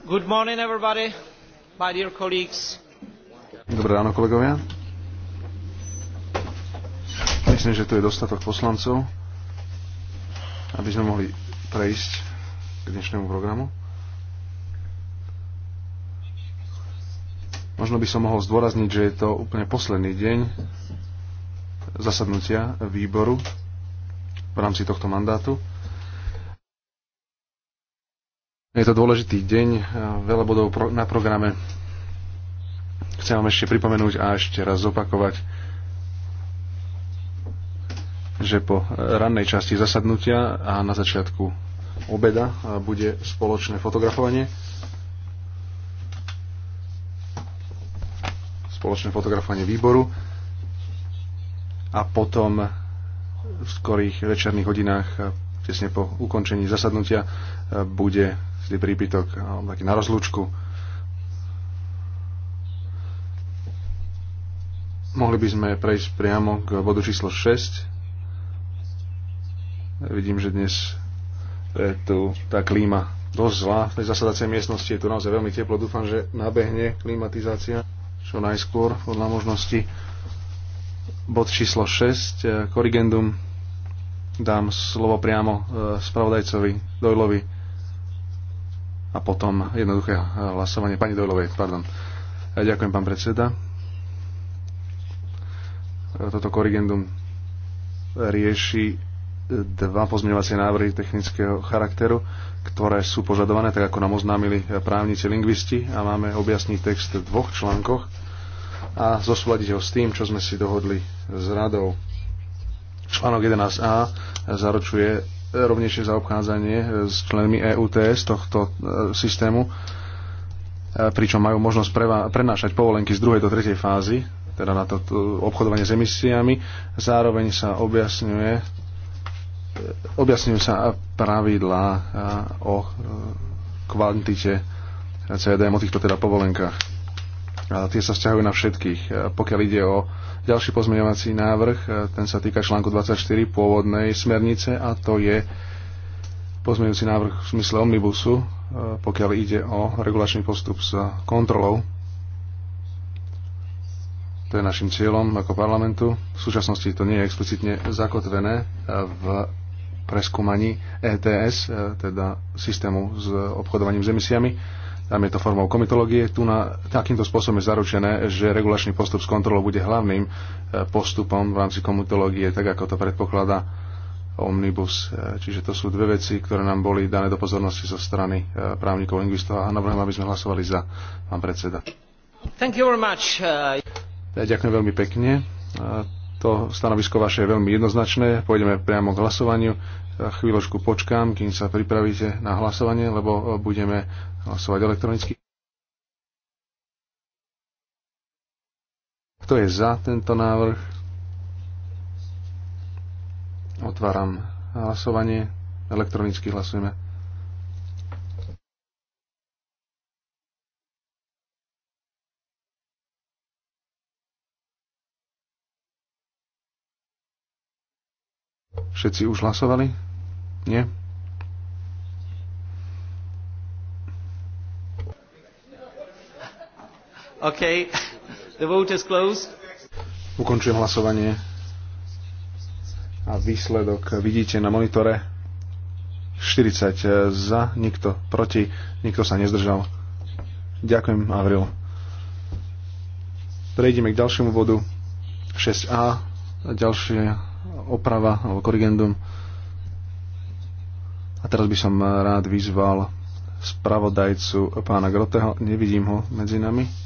Good morning everybody, my dear colleagues. Dobré ráno, kolegovia. Myslím, že tu je dostatok poslancov, aby sme mohli prejsť k dnešnému programu. Možno by som mohol zdôrazniť, že je to úplne posledný deň zasadnutia výboru v rámci tohto mandátu. Je to dôležitý deň, e, veľa bodov na programe. Chcem vám ešte pripomenúť a ešte raz zopakovať, že po e, rannej časti zasadnutia a na začiatku obeda e, bude spoločné fotografovanie. Spoločné fotografovanie výboru a potom v skorých večerných hodinách tesne po ukončení zasadnutia bude určitý príbytok, taký na rozlúčku. Mohli by sme prejsť priamo k bodu číslo 6. Vidím, že dnes je tu tá klíma dosť zlá. V tej zasadacej miestnosti je tu naozaj veľmi teplo. Dúfam, že nabehne klimatizácia čo najskôr podľa možnosti. Bod číslo 6, eh, korigendum. Dám slovo priamo eh, spravodajcovi Dojlovi a potom jednoduché eh, hlasovanie. Pani Dojlovej, pardon. Eh, ďakujem, pán predseda. Eh, toto korigendum rieši dva pozmeňovacie návrhy technického charakteru, ktoré sú požadované, tak ako nám oznámili právnici lingvisti a máme objasný text v dvoch článkoch a zosúľadiť ho s tým, čo sme si dohodli s radou. Článok 11a zaručuje rovnejšie zaobchádzanie e, s členmi EUTS tohto e, systému, e, pričom majú možnosť prenášať povolenky z druhej do tretej fázy, teda na to obchodovanie s emisiami. Zároveň sa objasňuje, objasňujú sa pravidlá o kvantite CDM, o týchto teda povolenkách. Tie sa vzťahujú na všetkých. E, pokiaľ ide o ďalší pozmeňovací návrh, e, ten sa týka článku 24 pôvodnej smernice a to je pozmeňujúci návrh v smysle omnibusu, e, pokiaľ ide o regulačný postup s kontrolou. To je našim cieľom ako parlamentu. V súčasnosti to nie je explicitne zakotvené v preskúmaní ETS, teda systému s obchodovaním s emisiami tam je to formou komitológie. Tu na, takýmto spôsobom je zaručené, že regulačný postup s kontrolou bude hlavným e, postupom v rámci komitológie, tak ako to predpokladá omnibus. E, čiže to sú dve veci, ktoré nám boli dané do pozornosti zo strany e, právnikov, lingvistov a navrhujem, aby sme hlasovali za, pán predseda. Thank you very much. Uh, ja ďakujem veľmi pekne. To stanovisko vaše je veľmi jednoznačné. Pôjdeme priamo k hlasovaniu. Chvíľočku počkám, kým sa pripravíte na hlasovanie, lebo budeme hlasovať elektronicky. Kto je za tento návrh? Otváram hlasovanie. Elektronicky hlasujeme. Všetci už hlasovali? Nie? Okay. The vote is closed. Ukončujem hlasovanie. A výsledok vidíte na monitore. 40 za, nikto proti, nikto sa nezdržal. Ďakujem, Avril. Prejdeme k ďalšiemu bodu. 6a, ďalšia oprava alebo korigendum. A teraz by som rád vyzval spravodajcu pána Groteho. Nevidím ho medzi nami.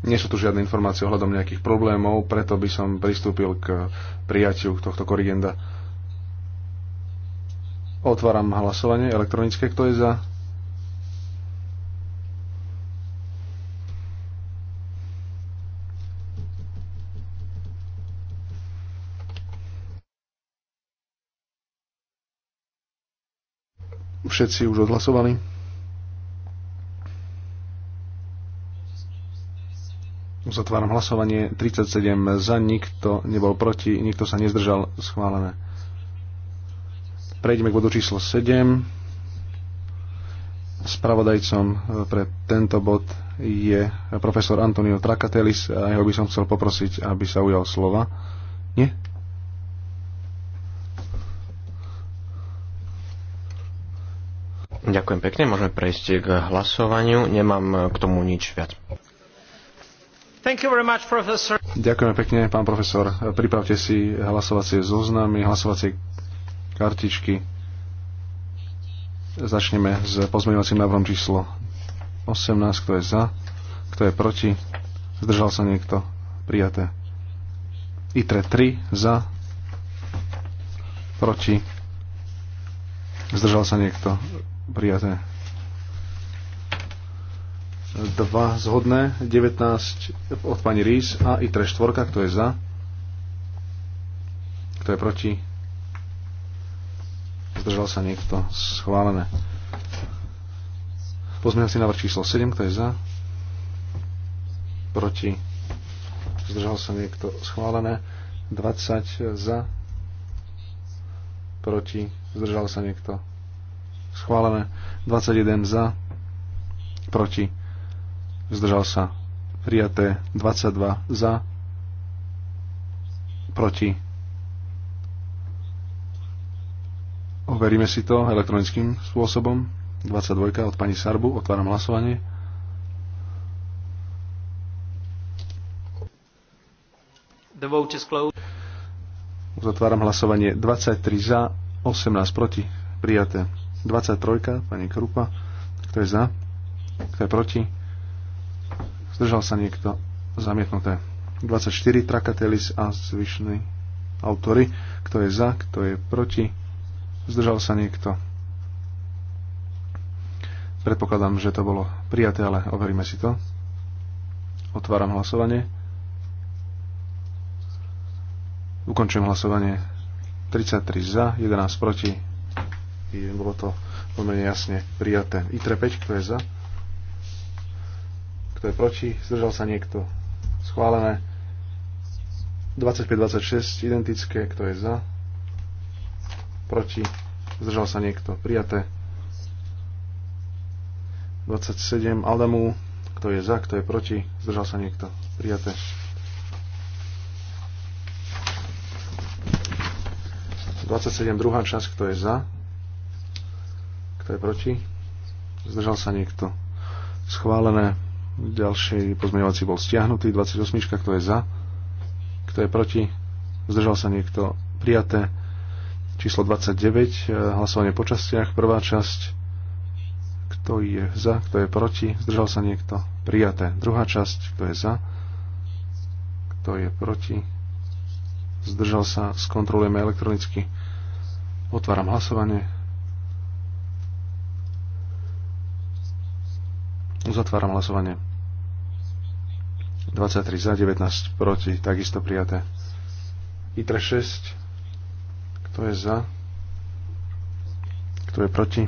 Nie sú tu žiadne informácie ohľadom nejakých problémov, preto by som pristúpil k prijatiu tohto korigenda. Otváram hlasovanie elektronické. Kto je za? Všetci už odhlasovali? Uzatváram hlasovanie 37 za, nikto nebol proti, nikto sa nezdržal schválené. Prejdeme k bodu číslo 7. Spravodajcom e, pre tento bod je profesor Antonio Trakatelis a jeho by som chcel poprosiť, aby sa ujal slova. Nie? Ďakujem pekne, môžeme prejsť k hlasovaniu. Nemám k tomu nič viac. Ďakujem pekne, pán profesor. Pripravte si hlasovacie zoznamy, hlasovacie kartičky. Začneme s pozmeňovacím návrhom číslo 18. Kto je za? Kto je proti? Zdržal sa niekto? Prijaté. ITRE 3 za? Proti? Zdržal sa niekto? Prijaté. 2 zhodné, 19 od pani Rís a i 3 štvorka, kto je za, kto je proti, zdržal sa niekto, schválené. si návrh číslo 7, kto je za, proti, zdržal sa niekto, schválené. 20 za, proti, zdržal sa niekto, schválené. 21 za, proti, zdržal sa prijaté 22 za, proti. Overíme si to elektronickým spôsobom. 22 od pani Sarbu, otváram hlasovanie. Uzatváram hlasovanie 23 za, 18 proti. Prijaté. 23, pani Krupa. Kto je za? Kto je proti? Zdržal sa niekto? Zamietnuté. 24 Trakatelis a zvyšný autory. Kto je za, kto je proti? Zdržal sa niekto? Predpokladám, že to bolo prijaté, ale overíme si to. Otváram hlasovanie. Ukončujem hlasovanie. 33 za, 11 proti. I bolo to pomerne jasne prijaté. ITRE 5, kto je za? Kto je proti? Zdržal sa niekto? Schválené. 25-26 identické. Kto je za? Proti? Zdržal sa niekto? Prijaté. 27 Adamu. Kto je za? Kto je proti? Zdržal sa niekto? Prijaté. 27 druhá časť. Kto je za? Kto je proti? Zdržal sa niekto? Schválené. Ďalší pozmeňovací bol stiahnutý. 28. Kto je za? Kto je proti? Zdržal sa niekto? Prijaté. Číslo 29. Eh, hlasovanie po častiach. Prvá časť. Kto je za? Kto je proti? Zdržal sa niekto? Prijaté. Druhá časť. Kto je za? Kto je proti? Zdržal sa? Skontrolujeme elektronicky. Otváram hlasovanie. Uzatváram hlasovanie. 23 za, 19 proti, takisto prijaté. ITRE 6, kto je za, kto je proti.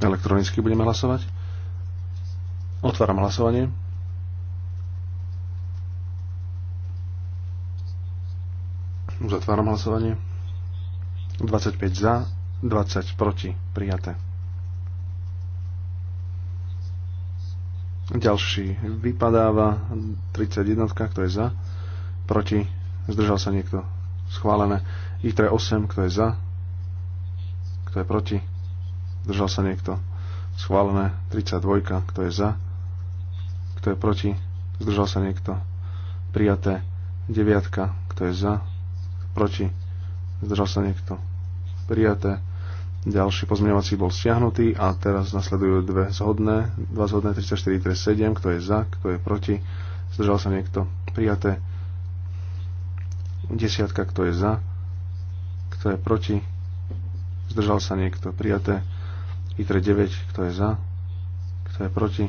Elektronicky budeme hlasovať. Otváram hlasovanie. Uzatváram hlasovanie. 25 za, 20 proti, prijaté. Ďalší vypadáva 31, kto je za. Proti. Zdržal sa niekto. Schválené. 3 8, kto je za. Kto je proti. Zdržal sa niekto. Schválené. 32, kto je za. Kto je proti. Zdržal sa niekto. Prijaté. 9, kto je za. Proti. Zdržal sa niekto. Prijaté. Ďalší pozmeňovací bol stiahnutý a teraz nasledujú dve zhodné, dva zhodné 34, 37, kto je za, kto je proti, zdržal sa niekto, prijaté. Desiatka, kto je za, kto je proti, zdržal sa niekto, prijaté. ITRE 9, kto je za, kto je proti,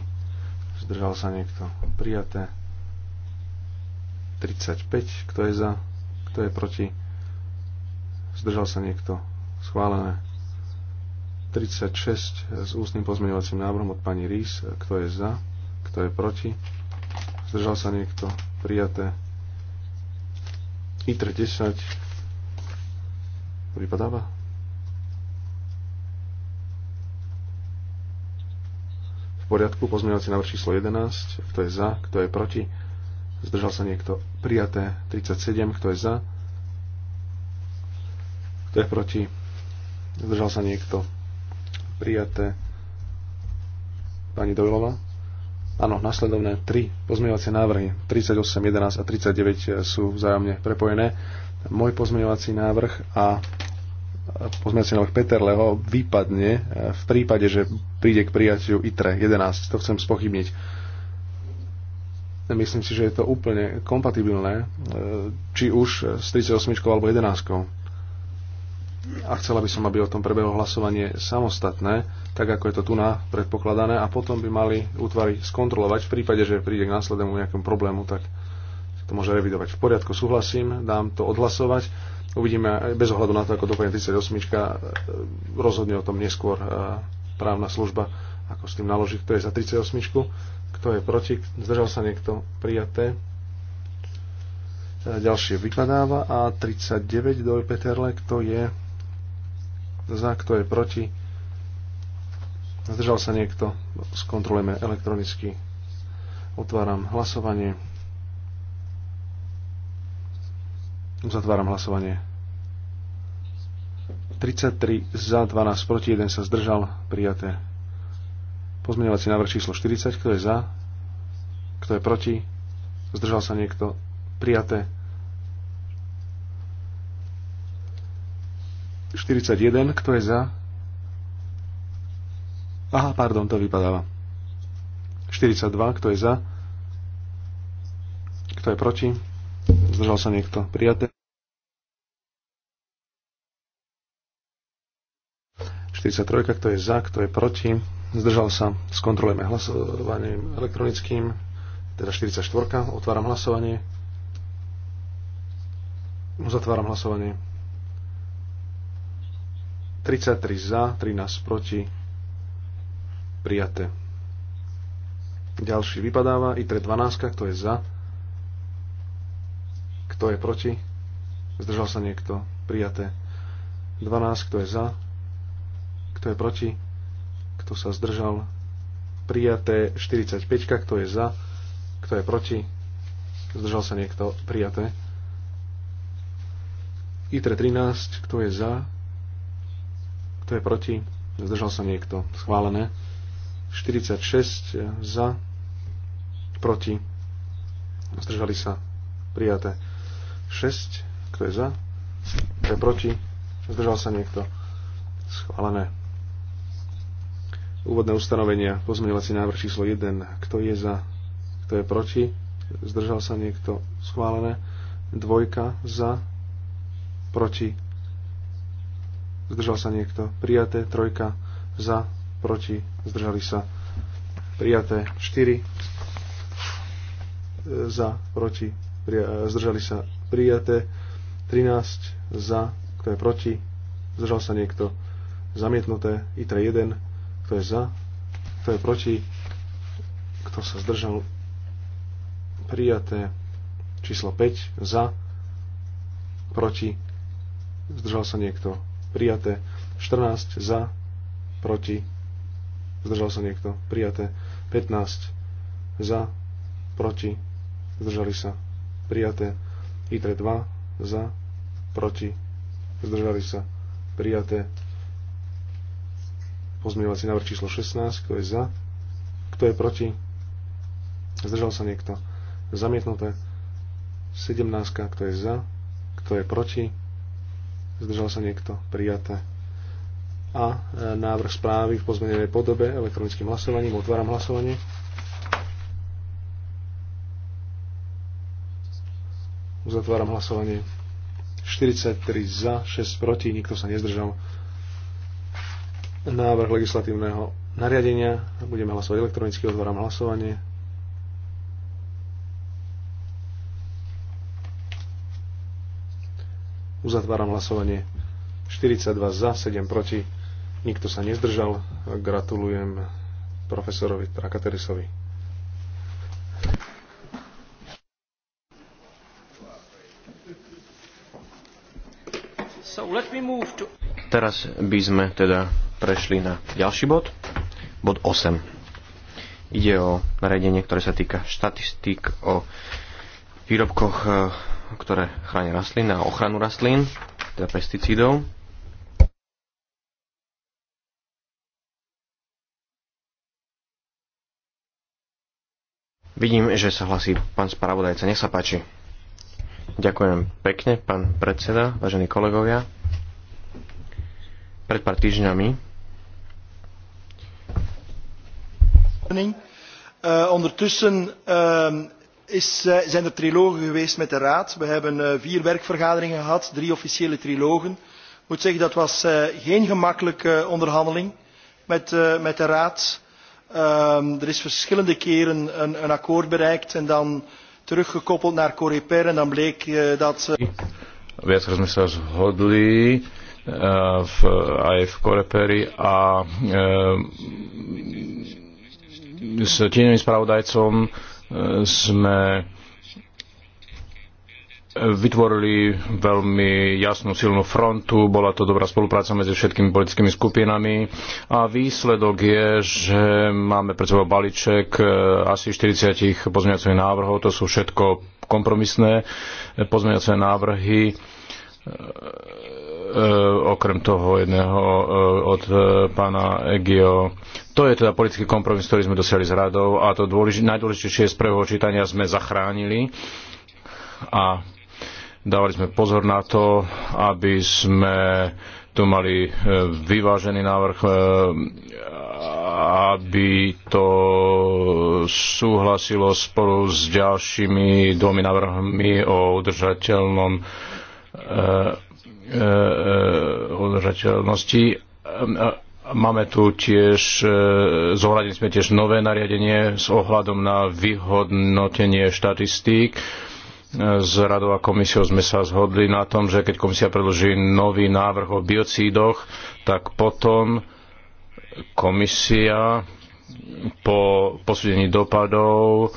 zdržal sa niekto, prijaté. 35, kto je za, kto je proti, zdržal sa niekto, schválené. 36 s ústnym pozmeňovacím návrhom od pani Rís. Kto je za? Kto je proti? Zdržal sa niekto? Prijaté. ITR 10. Vypadáva? V poriadku. Pozmeňovací návrh číslo 11. Kto je za? Kto je proti? Zdržal sa niekto? Prijaté. 37. Kto je za? Kto je proti? Zdržal sa niekto? prijaté. Pani Dojlova? Áno, nasledovné tri pozmeňovacie návrhy 38, 11 a 39 eh, sú vzájomne prepojené. Môj pozmeňovací návrh a pozmeňovací návrh Leho vypadne eh, v prípade, že príde k prijatiu ITRE 11. To chcem spochybniť. Myslím si, že je to úplne kompatibilné, eh, či už s 38 alebo 11 a chcela by som, aby o tom prebehlo hlasovanie samostatné, tak ako je to tu na predpokladané a potom by mali útvary skontrolovať v prípade, že príde k následnému nejakému problému, tak to môže revidovať. V poriadku, súhlasím, dám to odhlasovať. Uvidíme, bez ohľadu na to, ako dopadne 38, e, rozhodne o tom neskôr e, právna služba, ako s tým naloží, kto je za 38, kto je proti, zdržal sa niekto, prijaté e, ďalšie vykladáva a 39 do Peterle, kto je za, kto je proti. Zdržal sa niekto. Skontrolujeme elektronicky. Otváram hlasovanie. Zatváram hlasovanie. 33 za, 12 proti, 1 sa zdržal, prijaté. Pozmeňovací návrh číslo 40, kto je za? Kto je proti? Zdržal sa niekto? Prijaté. 41, kto je za? Aha, pardon, to vypadáva. 42, kto je za? Kto je proti? Zdržal sa niekto. Prijaté. 43, kto je za, kto je proti? Zdržal sa. Skontrolujeme hlasovaním elektronickým. Teda 44, otváram hlasovanie. Uzatváram hlasovanie. 33 za, 13 proti. Prijaté. Ďalší vypadáva. ITRE 12, kto je za? Kto je proti? Zdržal sa niekto? Prijaté. 12, kto je za? Kto je proti? Kto sa zdržal? Prijaté. 45, kto je za? Kto je proti? Zdržal sa niekto? Prijaté. ITRE 13, kto je za? Kto je proti? Zdržal sa niekto. Schválené. 46 e, za. Proti. Zdržali sa. Prijaté. 6. Kto je za? Kto je proti? Zdržal sa niekto. Schválené. Úvodné ustanovenia. Pozmeňovací návrh číslo 1. Kto je za? Kto je proti? Zdržal sa niekto. Schválené. Dvojka za. Proti zdržal sa niekto, prijaté, trojka, za, proti, zdržali sa, prijaté, 4, za, proti, prija, zdržali sa, prijaté, 13, za, kto je proti, zdržal sa niekto, zamietnuté, ITRE 1, kto je za, kto je proti, kto sa zdržal, prijaté, číslo 5, za, proti, zdržal sa niekto, prijaté. 14 za, proti, zdržal sa niekto, prijaté. 15 za, proti, zdržali sa, prijaté. itr 2 za, proti, zdržali sa, prijaté. si návrh číslo 16, kto je za, kto je proti, zdržal sa niekto, zamietnuté. 17, kto je za, kto je proti, zdržal sa niekto, prijaté. A e, návrh správy v pozmenenej podobe elektronickým hlasovaním. Otváram hlasovanie. Uzatváram hlasovanie. 43 za, 6 proti, nikto sa nezdržal. Návrh legislatívneho nariadenia. Budeme hlasovať elektronicky, otváram hlasovanie. Uzatváram hlasovanie. 42 za, 7 proti. Nikto sa nezdržal. Gratulujem profesorovi Trakaterisovi. Teraz by sme teda prešli na ďalší bod, bod 8. Ide o nariadenie, ktoré sa týka štatistík o výrobkoch eh, ktoré chráni rastlín a ochranu rastlín, teda pesticídov. Vidím, že sa hlasí pán spravodajca. Nech sa páči. Ďakujem pekne, pán predseda, vážení kolegovia. Pred pár týždňami eh, ondertussen eh, Eh, zijn er trilogen geweest met de Raad. We hebben eh, vier werkvergaderingen gehad, drie officiële trilogen. Ik moet zeggen, dat was eh, geen gemakkelijke onderhandeling met, met de Raad. Ehm, er is verschillende keren een, een akkoord bereikt en dan teruggekoppeld naar Coreper en dan bleek uh, dat... Uh... Viackrát sme sa a s tieňovým spravodajcom uh, sme vytvorili veľmi jasnú silnú frontu, bola to dobrá spolupráca medzi všetkými politickými skupinami a výsledok je, že máme pred sebou balíček e, asi 40 pozmeňacových návrhov, to sú všetko kompromisné pozmeňacové návrhy e, E, okrem toho jedného e, od e, pána Egio. To je teda politický kompromis, ktorý sme dosiahli s radou a to dôlež- najdôležitejšie z prvého čítania sme zachránili a dávali sme pozor na to, aby sme tu mali vyvážený návrh, aby to súhlasilo spolu s ďalšími dvomi návrhmi o udržateľnom E, e, udržateľnosti. E, máme tu tiež, zohľadili sme tiež nové nariadenie s ohľadom na vyhodnotenie štatistík. S radou a komisiou sme sa zhodli na tom, že keď komisia predloží nový návrh o biocídoch, tak potom komisia po posúdení dopadov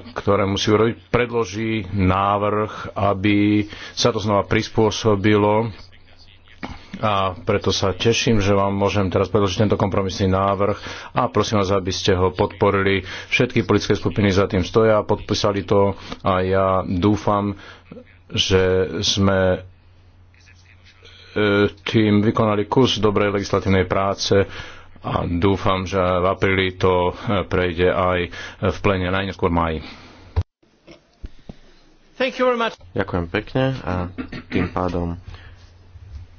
ktoré musí urobiť, predloží návrh, aby sa to znova prispôsobilo a preto sa teším, že vám môžem teraz predložiť tento kompromisný návrh a prosím vás, aby ste ho podporili. Všetky politické skupiny za tým stoja, podpísali to a ja dúfam, že sme e, tým vykonali kus dobrej legislatívnej práce a dúfam, že v apríli to eh, prejde aj eh, v plene najneskôr maji. Ďakujem pekne a tým pádom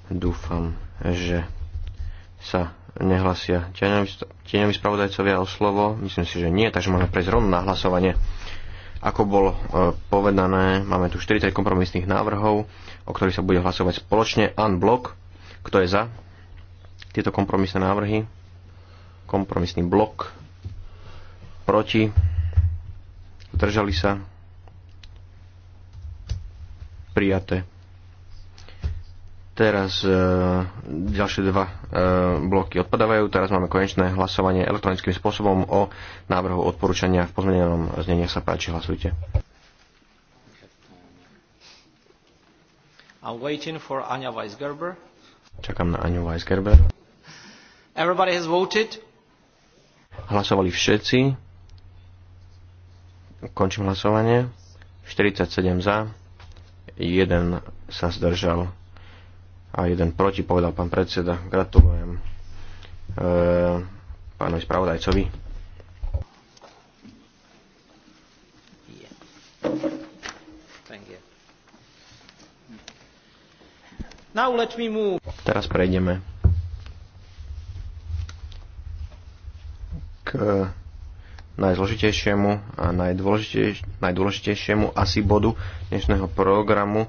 dúfam, že sa nehlasia tieňoví spravodajcovia o slovo. Myslím si, že nie, takže máme prejsť rovno na hlasovanie. Ako bolo eh, povedané, máme tu 40 kompromisných návrhov, o ktorých sa bude hlasovať spoločne unblock. Kto je za tieto kompromisné návrhy? Kompromisný blok. Proti. Zdržali sa. Prijaté. Teraz e, ďalšie dva e, bloky odpadávajú. Teraz máme konečné hlasovanie elektronickým spôsobom o návrhu odporúčania v pozmenenom znení. sa páči, hlasujte. I'm waiting for Anja Weisgerber. Čakám na Anju Weisgerber. Everybody has voted. Hlasovali všetci. Končím hlasovanie. 47 za, jeden sa zdržal a jeden proti, povedal pán predseda. Gratulujem e, pánovi spravodajcovi. Teraz prejdeme E, najzložitejšiemu a najdôležitej, najdôležitejšiemu asi bodu dnešného programu.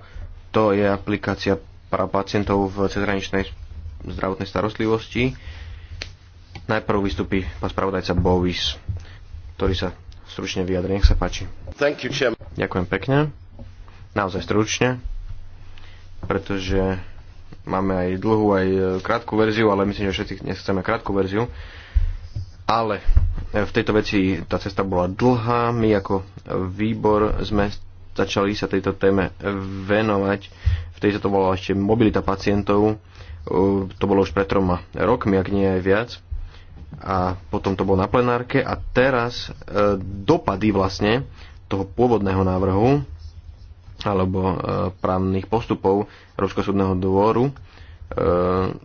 To je aplikácia pre pacientov v cezhraničnej zdravotnej starostlivosti. Najprv vystupí pán spravodajca Bovis, ktorý sa stručne vyjadri. Nech sa páči. Thank you, Ďakujem pekne. Naozaj stručne, pretože máme aj dlhú, aj e, krátku verziu, ale myslím, že všetci dnes chceme krátku verziu. Ale e, v tejto veci tá cesta bola dlhá. My ako výbor sme začali sa tejto téme venovať. Vtedy sa to bola ešte mobilita pacientov. E, to bolo už pred troma rokmi, ak nie aj viac. A potom to bolo na plenárke. A teraz e, dopady vlastne toho pôvodného návrhu alebo právnych postupov Európskeho súdneho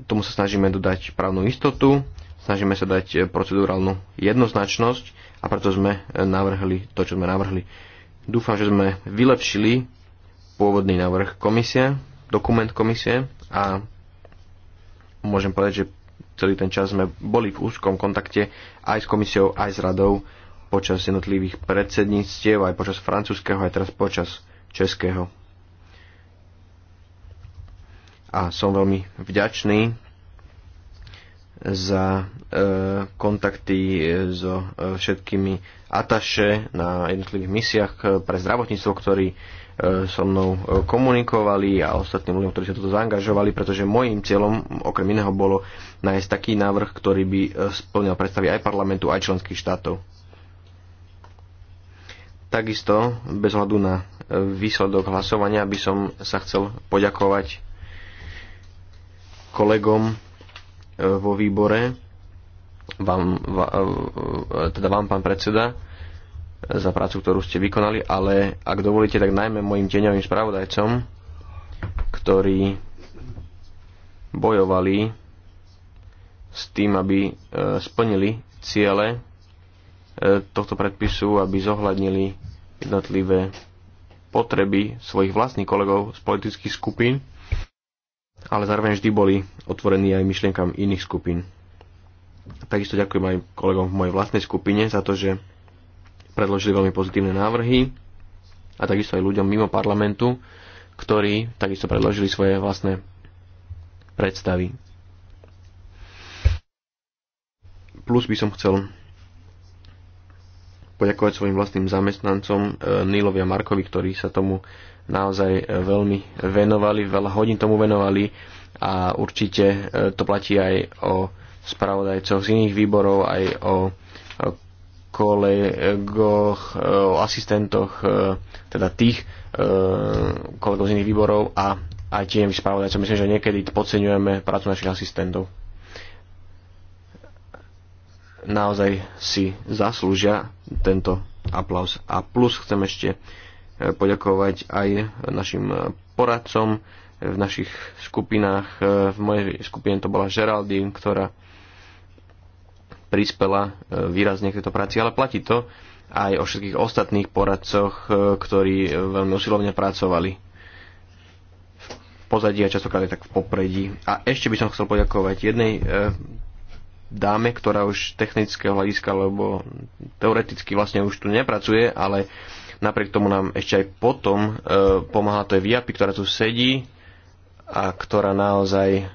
Tomu sa snažíme dodať právnu istotu snažíme sa dať e, procedurálnu jednoznačnosť a preto sme e, navrhli to, čo sme navrhli. Dúfam, že sme vylepšili pôvodný návrh komisie, dokument komisie a môžem povedať, že celý ten čas sme boli v úzkom kontakte aj s komisiou, aj s radou počas jednotlivých predsedníctiev, aj počas francúzského, aj teraz počas českého. A som veľmi vďačný za e, kontakty e, so e, všetkými ataše na jednotlivých misiách pre zdravotníctvo, ktorí so mnou komunikovali a ostatným ľuďom, ktorí sa toto zaangažovali, pretože môjim cieľom okrem iného bolo nájsť taký návrh, ktorý by splnil predstavy aj parlamentu, aj členských štátov. Takisto, bez hľadu na výsledok hlasovania, by som sa chcel poďakovať kolegom vo výbore, vám, e, teda vám, pán predseda, za prácu, ktorú ste vykonali, ale ak dovolíte, tak najmä mojim tieňovým spravodajcom, ktorí bojovali s tým, aby e, splnili ciele e, tohto predpisu, aby zohľadnili jednotlivé potreby svojich vlastných kolegov z politických skupín ale zároveň vždy boli otvorení aj myšlienkam iných skupín. Takisto ďakujem aj kolegom v mojej vlastnej skupine za to, že predložili veľmi pozitívne návrhy a takisto aj ľuďom mimo parlamentu, ktorí takisto predložili svoje vlastné predstavy. Plus by som chcel poďakovať svojim vlastným zamestnancom e, Nilovi a Markovi, ktorí sa tomu naozaj e, veľmi venovali, veľa hodín tomu venovali a určite e, to platí aj o spravodajcoch z iných výborov, aj o kolegoch, o asistentoch, teda tých kolegov z iných výborov a aj tiež spravodajcov. Myslím, že niekedy podceňujeme prácu našich asistentov naozaj si zaslúžia tento aplaus. A plus chcem ešte e, poďakovať aj našim poradcom v našich skupinách. E, v mojej skupine to bola Geraldine, ktorá prispela e, výrazne k tejto práci, ale platí to aj o všetkých ostatných poradcoch, ktorí veľmi usilovne pracovali v pozadí a častokrát aj tak v popredí. A ešte by som chcel poďakovať jednej dáme, ktorá už technického hľadiska, lebo teoreticky vlastne už tu nepracuje, ale napriek tomu nám ešte aj potom e, pomáha, to je Viapi, ktorá tu sedí a ktorá naozaj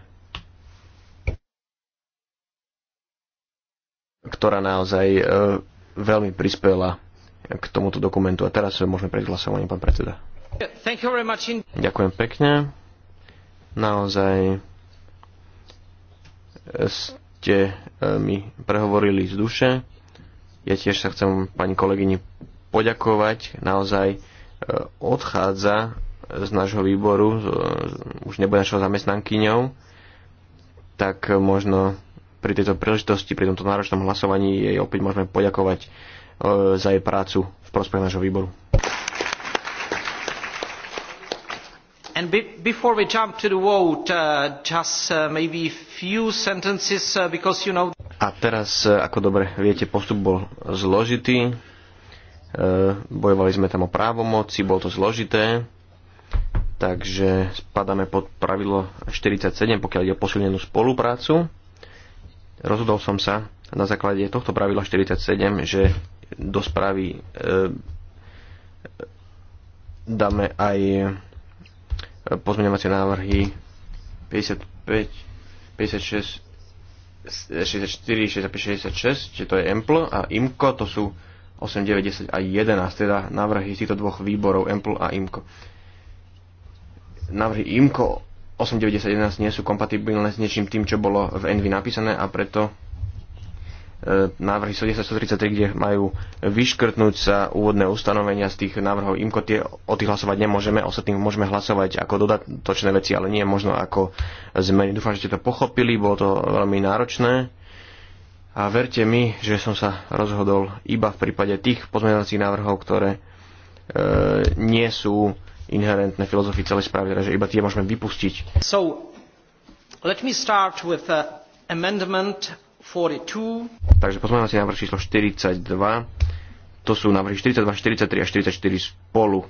ktorá naozaj e, veľmi prispela k tomuto dokumentu. A teraz môžeme prejsť hlasovanie, pán predseda. Ďakujem pekne. Naozaj e, ste e, mi prehovorili z duše. Ja tiež sa chcem pani kolegyni poďakovať. Naozaj e, odchádza z nášho výboru, e, už nebude našou zamestnankyňou, tak možno pri tejto príležitosti, pri tomto náročnom hlasovaní jej opäť môžeme poďakovať za jej prácu v prospech nášho výboru. And be before we jump to the vote, uh, just uh, maybe few sentences, uh, because you know... A teraz, uh, ako dobre viete, postup bol zložitý. Uh, bojovali sme tam o právomoci, bolo to zložité. Takže spadáme pod pravidlo 47, pokiaľ ide o posilnenú spoluprácu. Rozhodol som sa na základe tohto pravidla 47, že do správy e, dáme aj pozmeňovacie návrhy 55, 56, 64, 65, 66, čiže to je EMPL a IMCO, to sú 8, 9, 10 a 11, teda návrhy z týchto dvoch výborov EMPL a IMCO. Návrhy IMCO 8, 9, 10, 11 nie sú kompatibilné s niečím tým, čo bolo v Envy napísané a preto návrhy 1033, kde majú vyškrtnúť sa úvodné ustanovenia z tých návrhov IMKO, tie o tých hlasovať nemôžeme, ostatných môžeme hlasovať ako dodatočné veci, ale nie možno ako zmeny. Dúfam, že ste to pochopili, bolo to veľmi náročné. A verte mi, že som sa rozhodol iba v prípade tých pozmeňovacích návrhov, ktoré e, nie sú inherentné filozofii celej správy, že iba tie môžeme vypustiť. So, let me start with uh, amendment 42. Takže pozmeňovací návrh číslo 42. To sú návrhy 42, 43 a 44 spolu.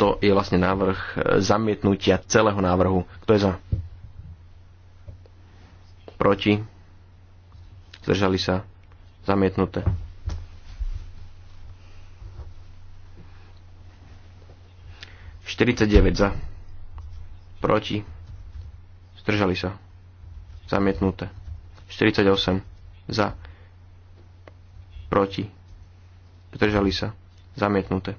To je vlastne návrh e, zamietnutia celého návrhu. Kto je za? Proti? Zdržali sa? Zamietnuté. Štyridsaťdeväť za. Proti. Zdržali sa. Zamietnuté. 48 za, proti, zdržali sa, zamietnuté.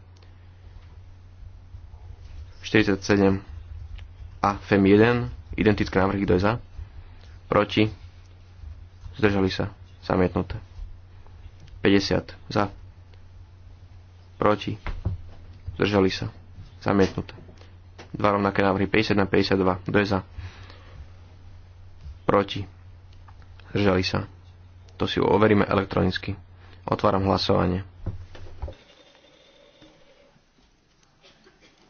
47 a FEM 1, identické návrhy, kto je za, proti, zdržali sa, zamietnuté. 50 za, proti, zdržali sa, zamietnuté. Dva rovnaké návrhy, 51 52, kto je za, proti, Zdržali sa. To si overíme elektronicky. Otváram hlasovanie.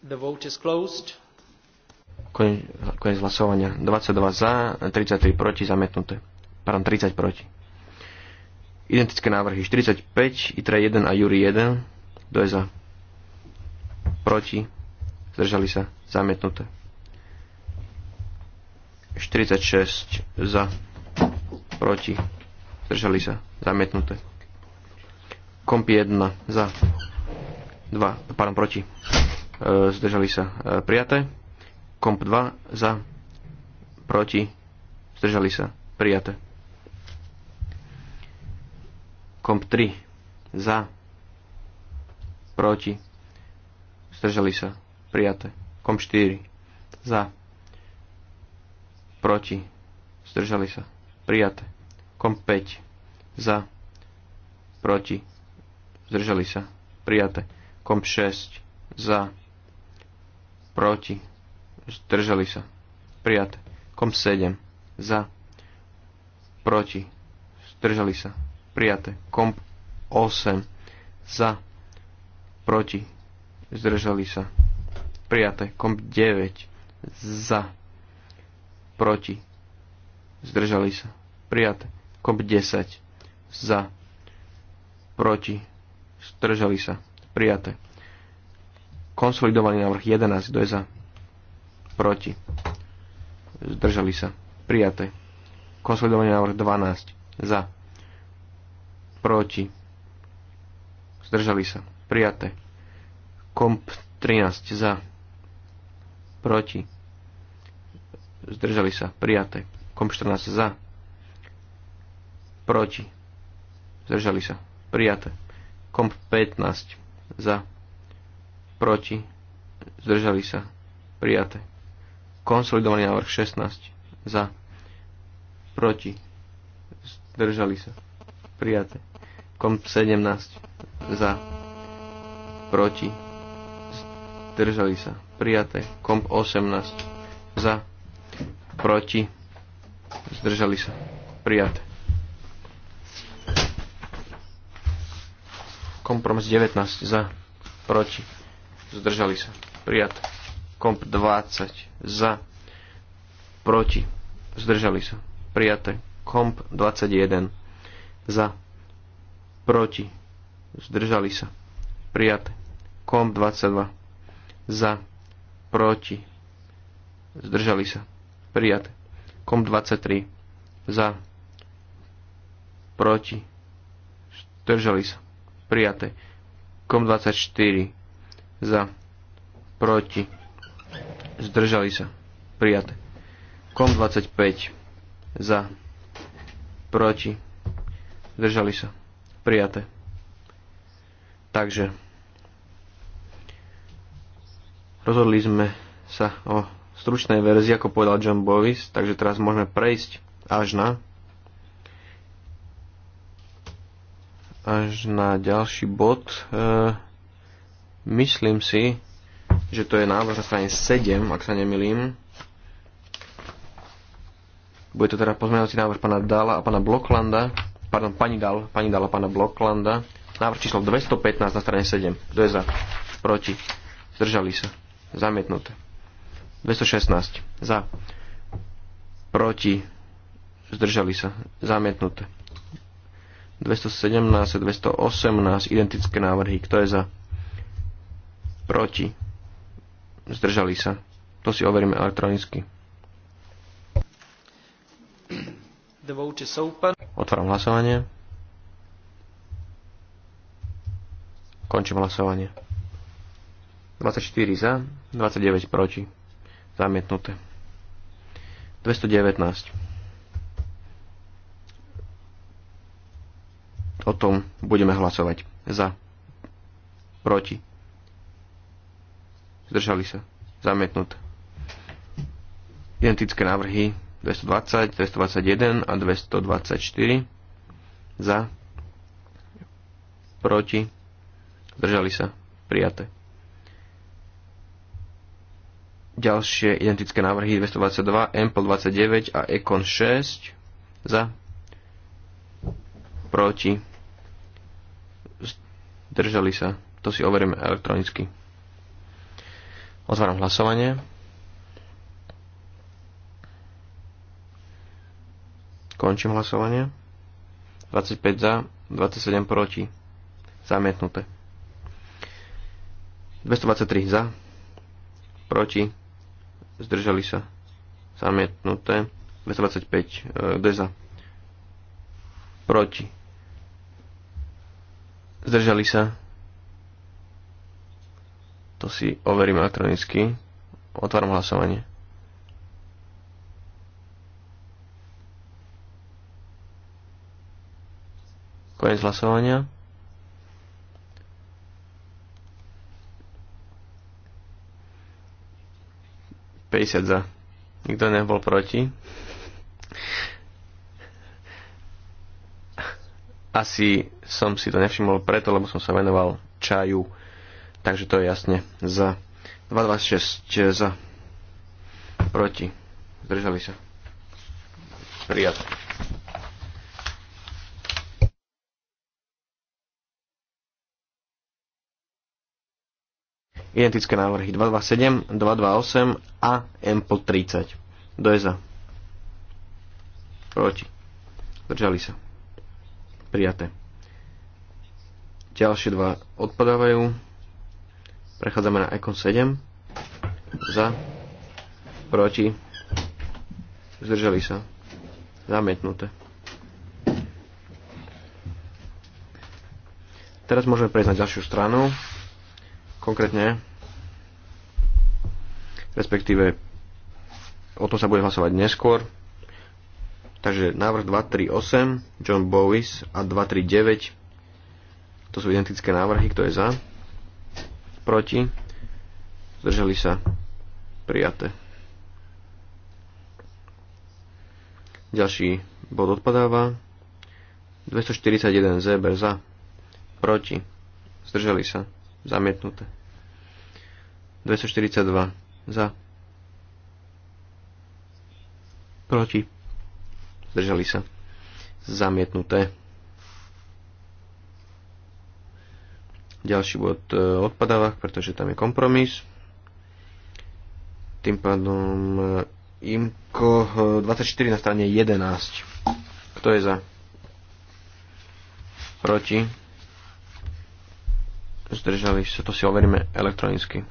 The vote is closed. Konec, hlasovania. 22 za, 33 proti, zamietnuté. Pardon, 30 proti. Identické návrhy 45, ITRE 1 a JURI 1. Kto je za? Proti. Zdržali sa. Zamietnuté. 46 za proti, zdržali sa, zamietnuté. Komp 1 za, 2, pardon, proti, e, zdržali sa, e, prijaté. Komp 2 za, proti, zdržali sa, prijaté. Komp 3 za, proti, zdržali sa, prijaté. Komp 4 za, proti, zdržali sa, prijaté. Kom 5 za, proti, zdržali sa, prijaté. Kom 6 za, proti, zdržali sa, prijaté. Kom 7 za, proti, zdržali sa, prijaté. Kom 8 za, proti, zdržali sa, prijaté. Kom 9 za, proti, zdržali sa, prijat Komp 10 za, proti, zdržali sa, prijaté. Konsolidovaný návrh 11, kto je za, proti, zdržali sa, prijaté. Konsolidovaný návrh 12, za, proti, zdržali sa, prijaté. Komp 13 za, proti, zdržali sa, prijaté. Komp 14 za, proti, zdržali sa, prijaté. Komp 15, za, proti, zdržali sa, prijaté. Konsolidovaný návrh 16, za, proti, zdržali sa, prijaté. Komp 17, za, proti, zdržali sa, prijaté. Komp 18, za, proti, zdržali sa, prijaté. Kompromis 19 za, proti, zdržali sa, prijat. Komp 20 za, proti, zdržali sa, prijaté. Komp 21 za, proti, zdržali sa, prijaté. Komp 22 za, proti, zdržali sa, prijaté. Komp 23 za, proti, zdržali sa, prijaté. Kom 24 za, proti, zdržali sa, prijaté. Kom 25 za, proti, zdržali sa, prijaté. Takže rozhodli sme sa o stručnej verzii, ako povedal John Bovis, takže teraz môžeme prejsť až na až na ďalší bod. E, myslím si, že to je návrh na strane 7, ak sa nemilím. Bude to teda pozmeňovací návrh pána Dala a pána Bloklanda. Pardon, pani Dal, pani Dala a pána Bloklanda. Návrh číslo 215 na strane 7. Kto je za? Proti. Zdržali sa. Zamietnuté. 216. Za. Proti. Zdržali sa. Zamietnuté. 217 a 218 identické návrhy. Kto je za? Proti. Zdržali sa. To si overíme elektronicky. Otváram hlasovanie. Končím hlasovanie. 24 za, 29 proti. Zamietnuté. 219. O tom budeme hlasovať. Za. Proti. Zdržali sa. Zamietnuté. Identické návrhy 220, 221 a 224. Za. Proti. Zdržali sa. Prijaté. Ďalšie identické návrhy 222, MPL 29 a Econ 6. Za. Proti Držali sa. To si overíme elektronicky. Otváram hlasovanie. Končím hlasovanie. 25 za, 27 proti. Zamietnuté. 223 za, proti, zdržali sa. Zamietnuté. 225 e, deza. Proti Zdržali sa? To si overím elektronicky. Otváram hlasovanie. Koniec hlasovania. Pejsať za. Nikto nebol proti. Asi som si to nevšimol preto, lebo som sa venoval čaju. Takže to je jasne za 226 eh, za proti. Zdržali sa. prijat. Identické návrhy 227, 228 a MPL 30. Kto je za? Proti. Zdržali sa. Prijaté. Ďalšie dva odpadávajú. Prechádzame na Icon 7. Za. Proti. Zdržali sa. Zamietnuté. Teraz môžeme prejsť na ďalšiu stranu. Konkrétne. Respektíve o tom sa bude hlasovať neskôr. Takže návrh 238 John Bowis a 239 to sú identické návrhy. Kto je za? Proti? Zdržali sa? Prijaté. Ďalší bod odpadáva. 241 ZB za. Proti. Zdržali sa. Zamietnuté. 242 za. Proti. Zdržali sa. Zamietnuté. Ďalší bod e, odpadáva, pretože tam je kompromis. Tým pádom e, IMKO 24 e, na strane 11. Kto je za? Proti? Zdržali sa, to si overíme elektronicky.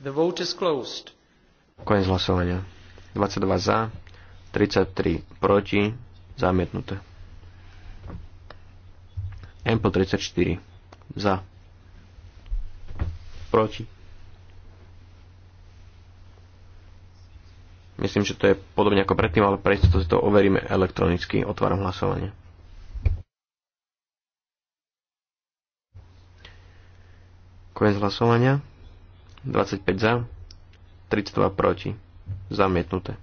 The vote is closed. Koniec hlasovania. 22 za, 33 proti, zamietnuté. Ample 34 za, proti. Myslím, že to je podobne ako predtým, ale pre to si to overíme elektronicky. Otváram hlasovanie. Koniec hlasovania. 25 za, 32 proti. Zamietnuté.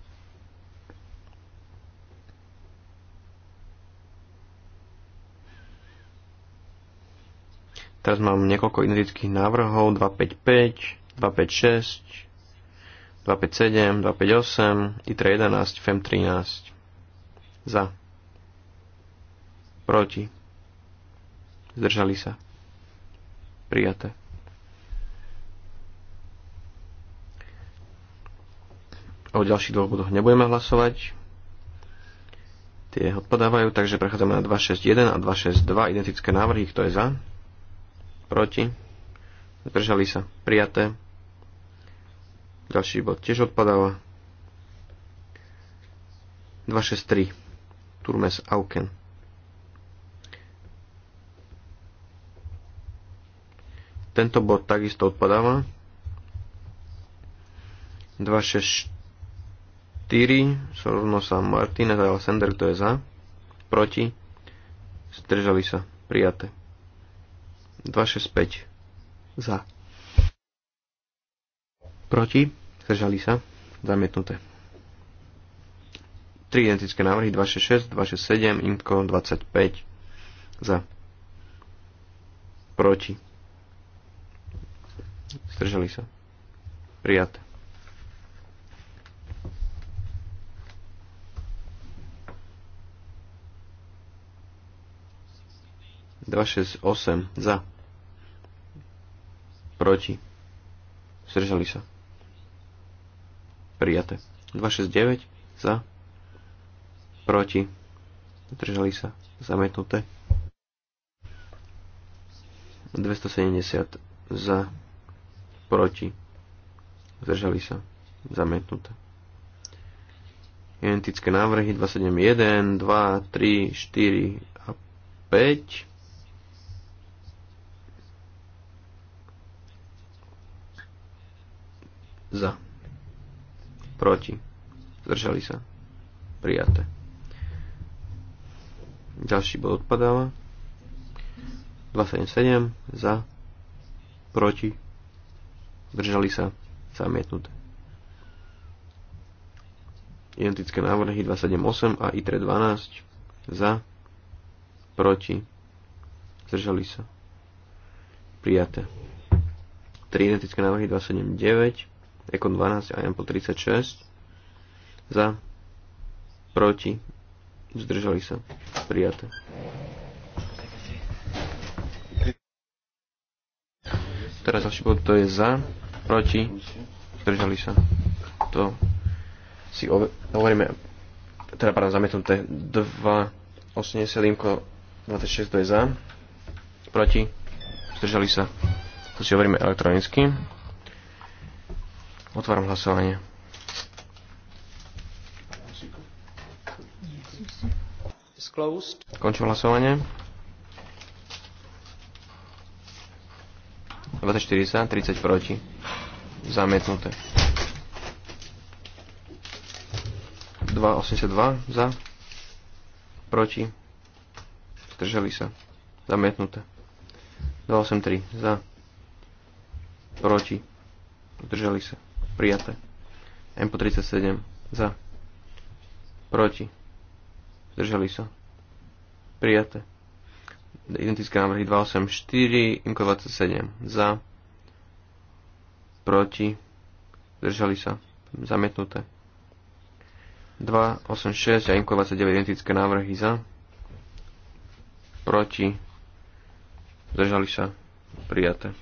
Teraz mám niekoľko identických návrhov, 255, 256, 257, 258, ITRE 11, FEM 13. Za. Proti. Zdržali sa. Prijaté. O ďalších dvoch bodoch nebudeme hlasovať. Tie odpadávajú, takže prechádzame na 261 a 262 identické návrhy. Kto je za? proti, zdržali sa, prijaté. Ďalší bod tiež odpadáva. 263. Turmes Auken. Tento bod takisto odpadáva. 264 Sorovno sa a Sender, kto je za, proti, zdržali sa, prijaté. 265 za. Proti, zdržali sa, zamietnuté. 3 identické návrhy 266, 267, INKO, 25 za. Proti. Zdržali sa. Prijaté. Dva, šesť, osem, za proti, zdržali sa. Prijaté. 269 za, proti, zdržali sa, zametnuté, 270 za, proti, zdržali sa, zamietnuté. Identické návrhy 271, 2, 3, 4 a 5 za, proti, zdržali sa, prijaté. Ďalší bod odpadáva. 277 za, proti, zdržali sa, zamietnuté. Identické návrhy 278 a I 12 za, proti, zdržali sa, prijaté. Tri identické návrhy 279 Ekon 12 a Ample 36 za, proti, zdržali sa, prijaté. Teraz ďalší bod, to je za, proti, zdržali sa. To si hovoríme, teda pardon, zamietnuté 2, 80, 26, to je za, proti, zdržali sa. To si hovoríme elektronicky. Otváram hlasovanie. Končím hlasovanie. 24 za, 30 proti. Zamietnuté. 2,82 za, proti, zdržali sa, zamietnuté. 2,83 za, proti, zdržali sa, Prijaté. mp 37 za. Proti. Zdržali sa. Prijaté. Identické návrhy 284, IMCO 27 za. Proti. Zdržali sa. Zamietnuté. 286 a IMCO 29 identické návrhy za. Proti. Zdržali sa. Prijaté.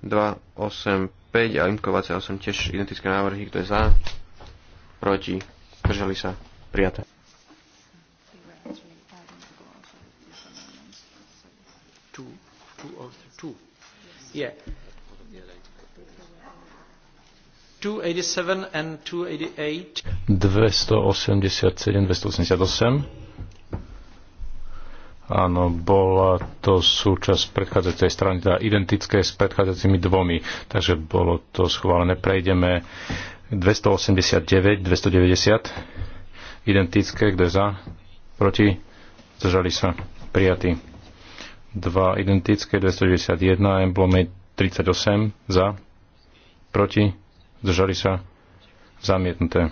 285 5 a IMKO 28 tiež identické návrhy. Kto je za? Proti? Držali sa? Prijaté. Yeah. 287 and 288. 287, 288. Áno, bola to súčasť predchádzajúcej strany, teda identické s predchádzajúcimi dvomi, takže bolo to schválené. Prejdeme 289, 290, identické, kto za, proti, zdržali sa, prijatí. Dva identické, 291, emblomy 38, za, proti, zdržali sa, zamietnuté.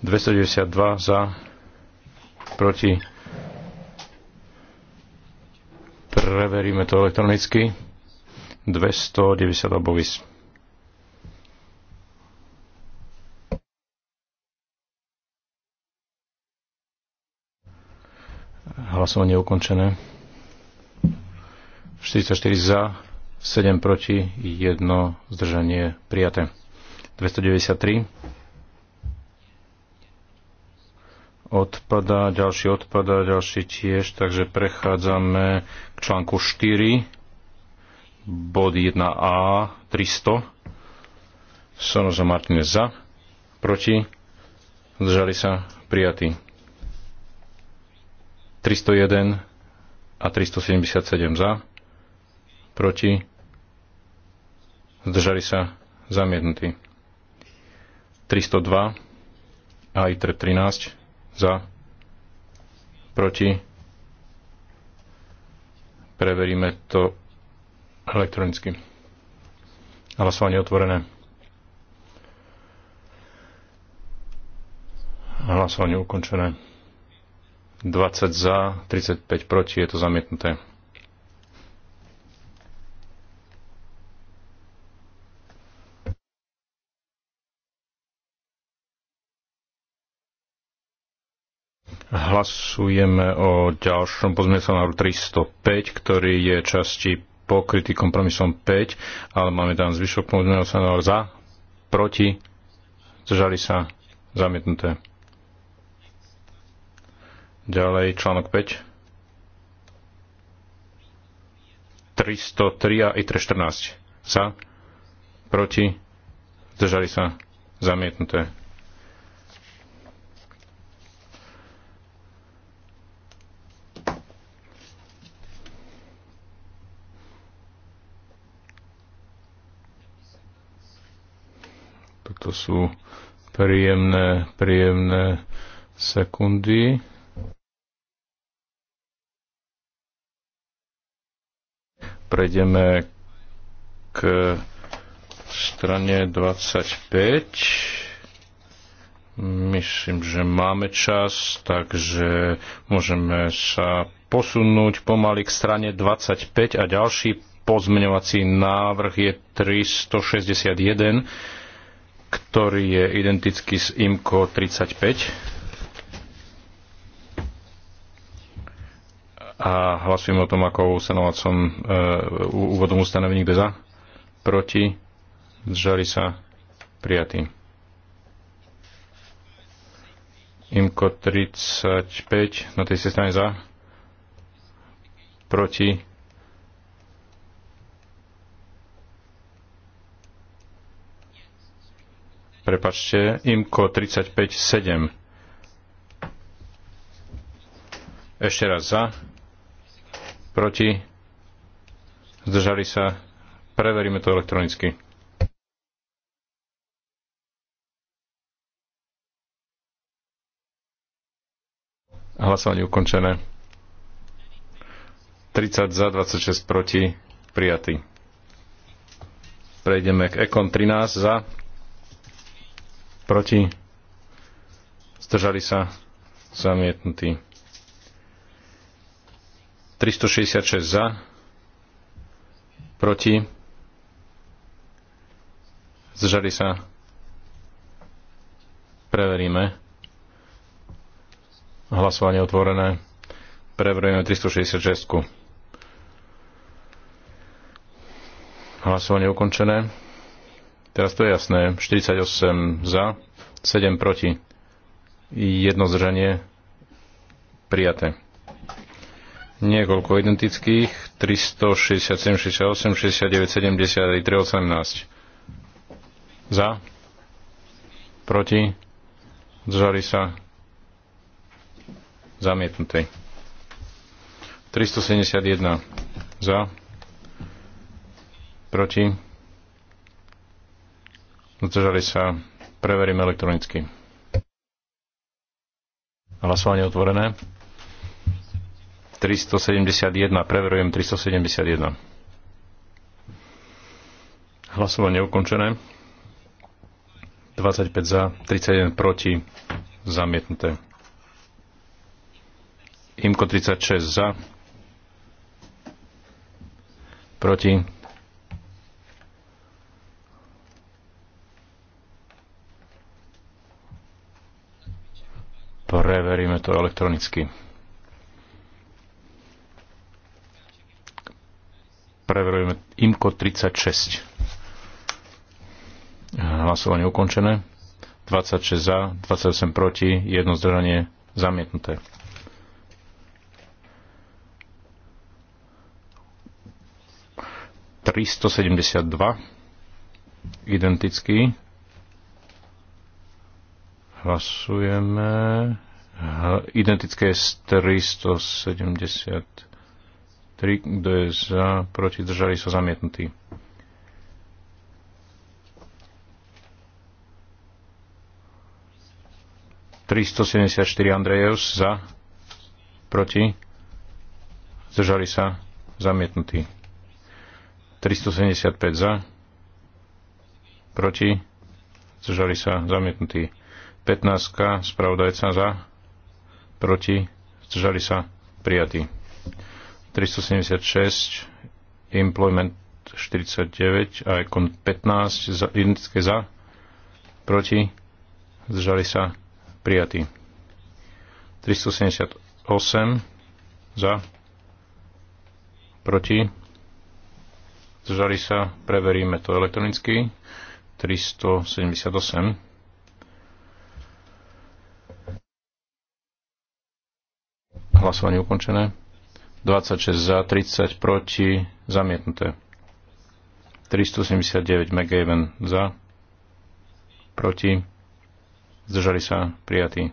292 za, proti, Preveríme to elektronicky. 290 obovis. Hlasovanie ukončené. 44 za, 7 proti, 1 zdržanie prijaté. 293. Odpada, ďalší odpada, ďalší tiež, takže prechádzame článku 4, bod 1a, 300. Sonoza Martinez za, proti, zdržali sa, prijatí. 301 a 377 za, proti, zdržali sa, zamietnutí. 302 a ITR 13 za, proti, Preveríme to elektronicky. Hlasovanie otvorené. Hlasovanie ukončené. 20 za, 35 proti, je to zamietnuté. Hlasujeme o ďalšom pozmeňovacom návrhu 305, ktorý je časti pokrytý kompromisom 5, ale máme tam zvyšok pozmeňovacieho návrhu za, proti, zdržali sa, zamietnuté. Ďalej článok 5. 303 a ITRE 14. Za, proti, zdržali sa, zamietnuté. to sú príjemné, príjemné sekundy. Prejdeme k strane 25. Myslím, že máme čas, takže môžeme sa posunúť pomaly k strane 25 a ďalší pozmeňovací návrh je 361 ktorý je identický s IMCO 35. A hlasujem o tom, ako ustanovacom e, úvodom ustanovení, kde za, proti, zžali sa, prijatý. IMCO 35, na tej strane za, proti, prepačte, IMCO 35.7. Ešte raz za, proti, zdržali sa, preveríme to elektronicky. Hlasovanie ukončené. 30 za, 26 proti, prijatý. Prejdeme k Ekon 13 za, proti, zdržali sa, zamietnutí. 366 za, proti, zdržali sa, preveríme. Hlasovanie otvorené. Preverujeme 366. Hlasovanie ukončené. Teraz to je jasné. 48 za, 7 proti. Jedno zdržanie prijaté. Niekoľko identických. 367, 68, 69, 70 i 318. Za. Proti. Zdržali sa. Zamietnutý. 371. Za. Proti Zdržali sa. Preverím elektronicky. Hlasovanie otvorené. 371. Preverujem 371. Hlasovanie ukončené. 25 za, 31 proti, zamietnuté. Imko 36 za, proti, Preveríme to elektronicky. Preverujeme IMCO 36. Hlasovanie ukončené. 26 za, 28 proti, jedno zdržanie zamietnuté. Tristo sedemdesiat dva identický Hlasujeme. Identické je 373. Kto je za? Proti? Držali sa zamietnutí. ...374 Andrejevs za, proti, zdržali sa, zamietnutí. 375 za, proti, zdržali sa, zamietnutí. 15. Spravodajca za. Proti. Zdržali sa. Prijatý. 376. Employment 49 a 15. Za, identické za. Proti. Zdržali sa. Prijatý. 378 za. Proti. Zdržali sa. Preveríme to elektronicky. 378. Hlasovanie ukončené. 26 za, 30 proti, zamietnuté. 379 McGaven za, proti, zdržali sa, prijatí.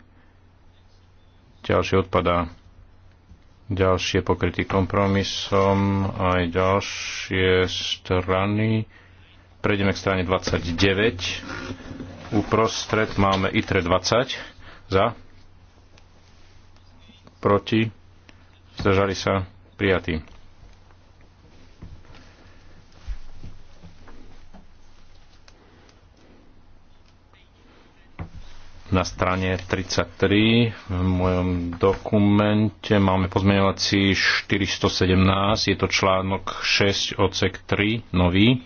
Ďalšie odpadá. Ďalšie pokrytý kompromisom, aj ďalšie strany. Prejdeme k strane 29. Uprostred máme ITRE 20 za, proti, zdržali sa, prijatí. Na strane 33 v mojom dokumente máme pozmeňovací 417, je to článok 6 odsek 3, nový.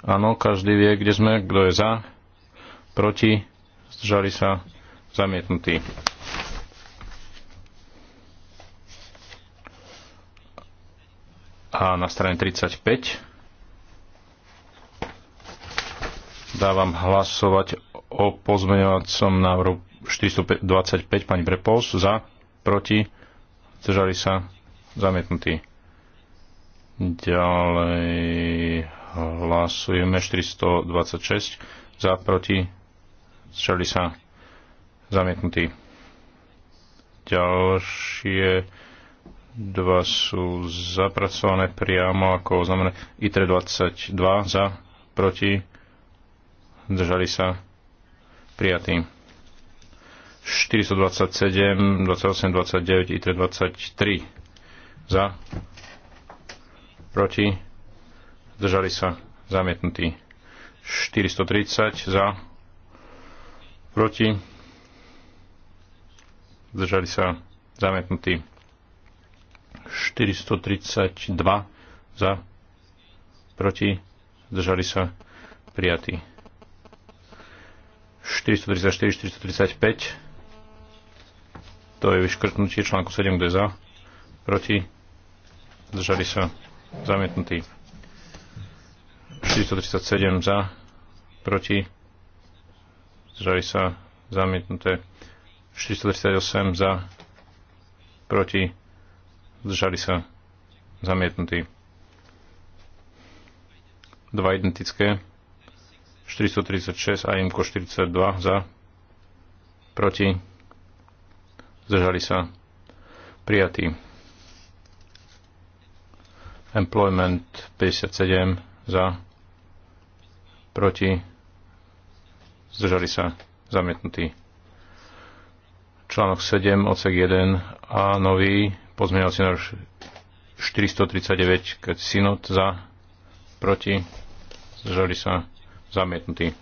Áno, každý vie, kde sme, kto je za, proti, zdržali sa, zamietnutí. a na strane 35 dávam hlasovať o pozmeňovacom návrhu 425 pani Brepols za, proti, zdržali sa, zamietnutí. Ďalej hlasujeme 426 za, proti, zdržali sa, zamietnutí. Ďalšie dva sú zapracované priamo ako oznamené ITRE 22 za, proti, držali sa prijatí. 427, 28, 29, ITRE 23 za, proti, držali sa zamietnutí. 430 za, proti, zdržali sa zamietnutí. 432 za, proti, zdržali sa prijatí. 434, 435 to je vyškrtnutie článku 7, kde za, proti, zdržali sa zamietnutí. 437 za, proti, zdržali sa zamietnuté. 438 za, proti, zdržali sa zamietnutí. Dva identické, 436 a IMKO 42 za, proti, zdržali sa prijatí. Employment 57 za, proti, zdržali sa zamietnutí. Článok 7, odsek 1 a nový Pozmeňovací návrh 439 keď synod za, proti, zdržali sa, zamietnutý.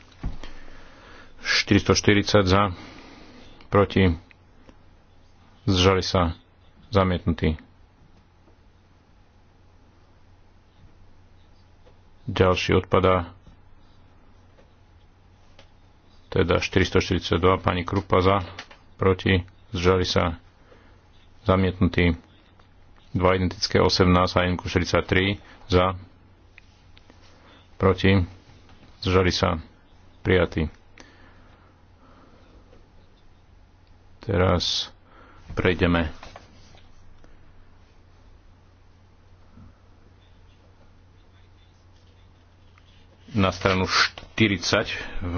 440 za, proti, zdržali sa, zamietnutý. Ďalší odpadá teda 442, pani Krupa za, proti, zdržali sa, zamietnutý. 2 identické 18 a IMQ 43 za, proti, zžali sa, prijatý Teraz prejdeme na stranu 40 v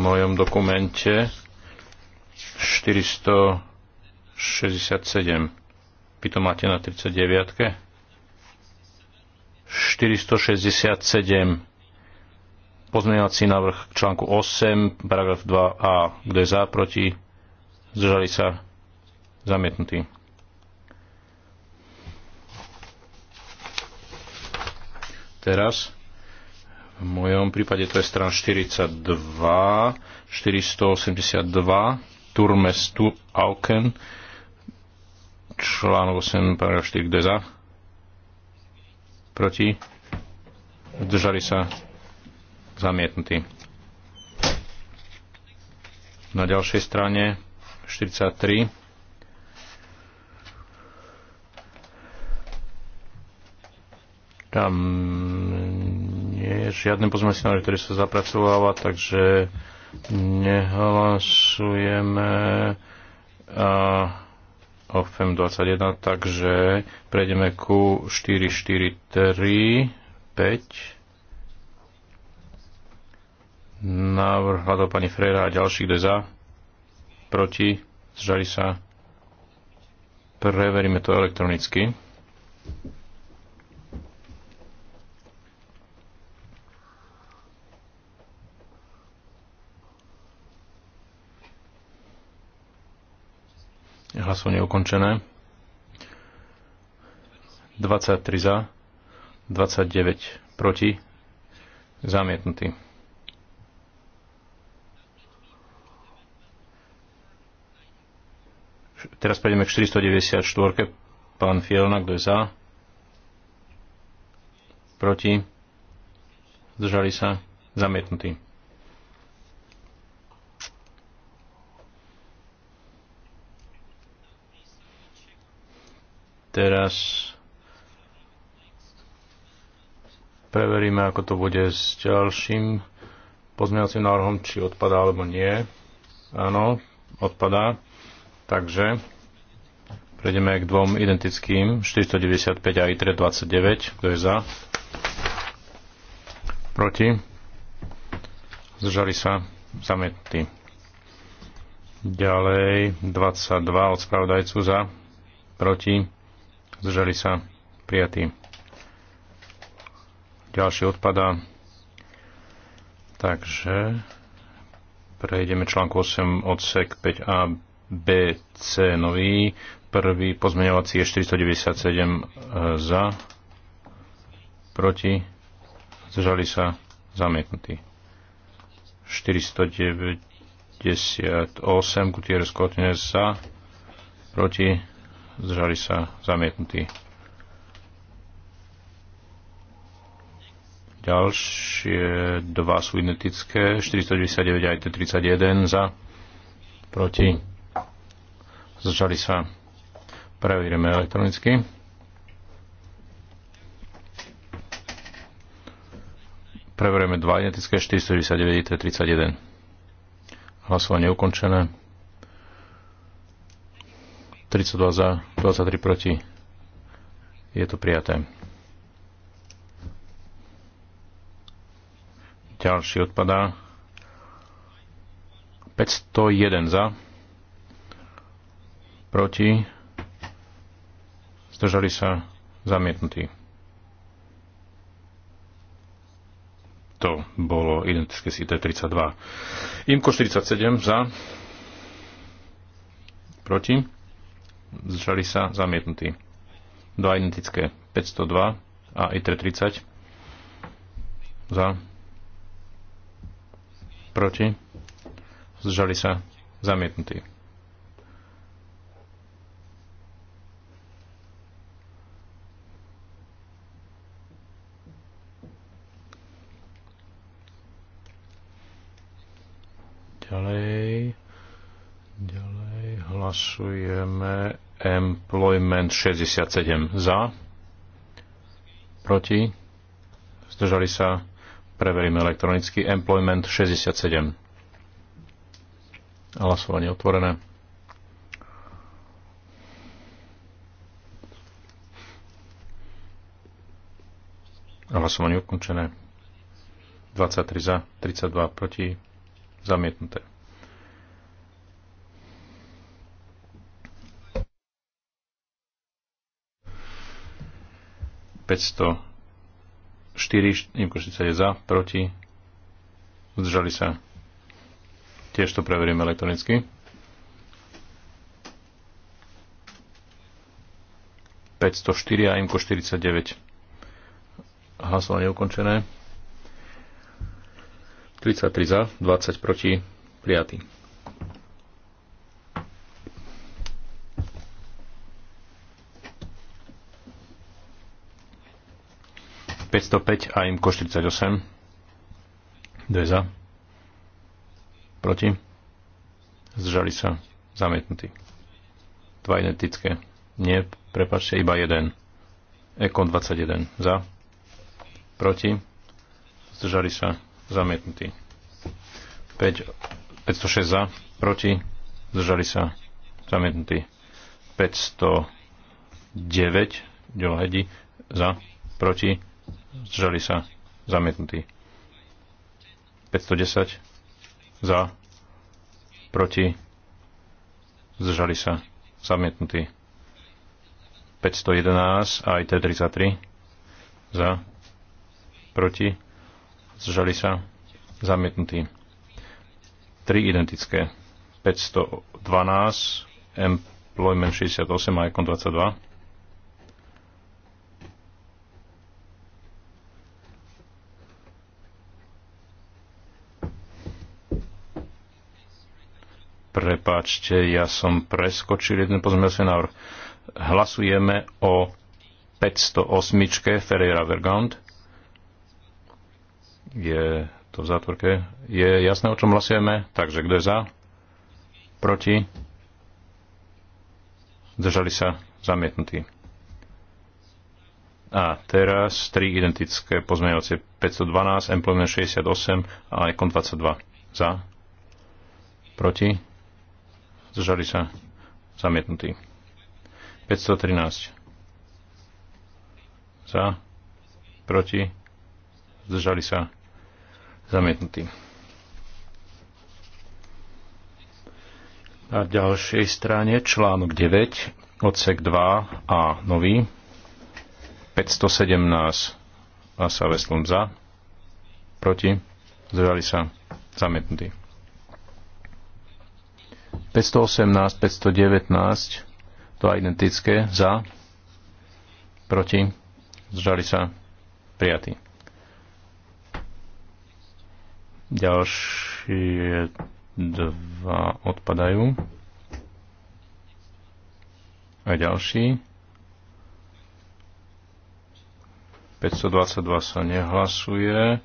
mojom dokumente 467. Vy to máte na 39. 467 pozmeňovací návrh k článku 8, paragraf 2a. Kto je za, proti? Zdržali sa? Zamietnutý. Teraz v mojom prípade to je stran 42, 482, Turmes tu Auken, Článok 8, paragraf 4, kto je za? Proti? Zdržali sa? Zamietnutí. Na ďalšej strane 43. Tam nie je žiadne pozmeňovanie, ktoré sa zapracováva, takže nehlasujeme. A 8 FM21, e takže prejdeme ku 443 5. Návrh hľadal pani Frera a ďalší, kde za, proti, Zžali sa. Preveríme to elektronicky. Hlasovanie ukončené. 23 za, 29 proti, zamietnutý. Teraz prejdeme k 494. Pán Fielna, kto je za? Proti? Zdržali sa? Zamietnutý. Teraz preveríme, ako to bude s ďalším pozmeňovacím návrhom, či odpadá alebo nie. Áno, odpadá. Takže prejdeme k dvom identickým, 495 a ITRE 29. Kto je za? Proti? Zdržali sa? zamietnutí. Ďalej 22 od spravodajcu za? Proti? zdržali sa, prijatí. Ďalší odpadá. Takže prejdeme článku 8 odsek 5a B, C nový. Prvý pozmeňovací je 497 e, za, proti, zdržali sa, zamietnutý. 498 Gutierrez Kotnes za, proti, zdržali sa zamietnutí. Ďalšie dva sú identické, 499 a 31 za, proti, zdržali sa, preveríme elektronicky. Preverujeme dva identické, 499 a 31. Hlasovanie ukončené. 32 za, 23 proti. Je to prijaté. Ďalší odpadá. 501 za. Proti. Zdržali sa zamietnutí. To bolo identické si t 32 IMKO 47 za. Proti zdržali sa, zamietnutí. Dva identické, 502 a ITR 30, za, proti, zdržali sa, zamietnutí. Ďalej. Hlasujeme employment 67 za, proti, zdržali sa, preveríme elektronicky, employment 67. Hlasovanie otvorené. Hlasovanie ukončené. 23 za, 32 proti, zamietnuté. 504, Imko 40 je za, proti, zdržali sa. Tiež to preveríme elektronicky. 504 a IMKO 49. Hlasovanie ukončené. 33 za, 20 proti, prijatý. 505 a IMKO 48. Kto za? Proti? Zdržali sa. Zamietnutí. Dva identické. Nie, prepačte, iba jeden. Ekon 21. Za? Proti? Zdržali sa. Zamietnutí. 5, 506 za, proti, zdržali sa, zamietnutí. 509, Ďohedi, za, proti, zdržali sa, zamietnutí. 510 za, proti, zdržali sa, zamietnutí. 511 a IT33 za, proti, zdržali sa, zamietnutí. 3 identické. 512, Employment 68 a Econ 22 Prepačte, ja som preskočil jeden pozmeňovací návrh. Hlasujeme o 508. Ferreira Vergant. Je to v zátvorke. Je jasné, o čom hlasujeme? Takže kto je za? Proti? Zdržali sa zamietnutí. A teraz tri identické pozmeňovacie 512, Employment 68 a Icon 22. Za? Proti? zdržali sa, zamietnutí. 513 za, proti, zdržali sa, zamietnutí. Na ďalšej strane článok 9, odsek 2 a nový, 517 a sa veslom za, proti, zdržali sa, zamietnutí. 518, 519, to je identické, za, proti, zdržali sa, prijatí. Ďalšie dva odpadajú. A ďalší. 522 sa nehlasuje.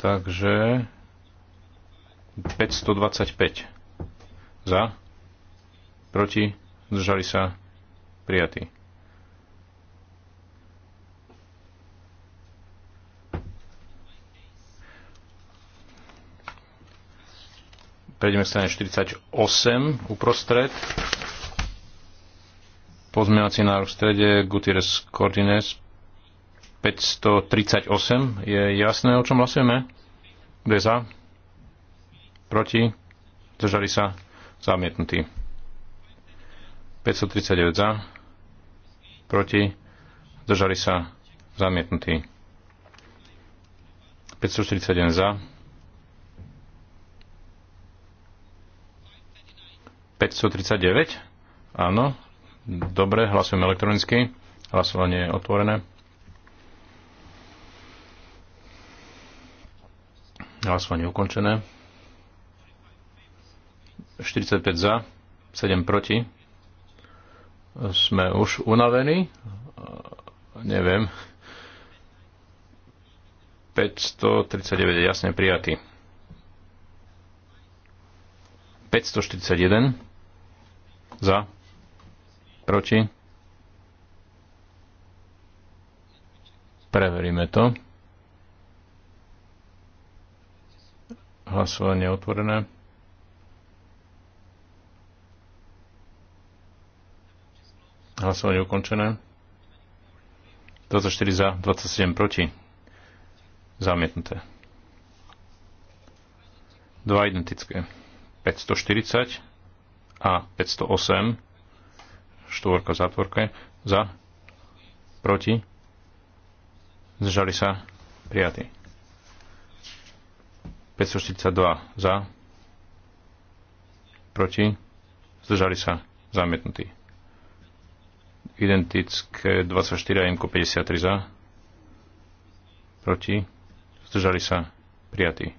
Takže 525. Za? Proti? Zdržali sa? Prijatí. Prejdeme k strane 48 uprostred. Pozmeňovací návrh v strede Gutierrez Cortines 538. Je jasné, o čom hlasujeme? Kto je za? Proti? Zdržali sa? Zamietnutý. 539 za. Proti. Zdržali sa. Zamietnutý. 541 za. 539? Áno. Dobre, hlasujem elektronicky. Hlasovanie je otvorené. Hlasovanie je ukončené. 45 za, 7 proti. Sme už unavení? Neviem. 539 je jasne prijatý. 541 za, proti. Preveríme to. Hlasovanie otvorené. Hlasovanie ukončené. 24 za, 27 proti. Zamietnuté. Dva identické. 540 a 508. Štvorka v zátvorke. Za. Proti. Zdržali sa. Prijatí. 542 za. Proti. Zdržali sa. Zamietnutí identické 24 a IMKO 53 za. Proti. Zdržali sa prijatí.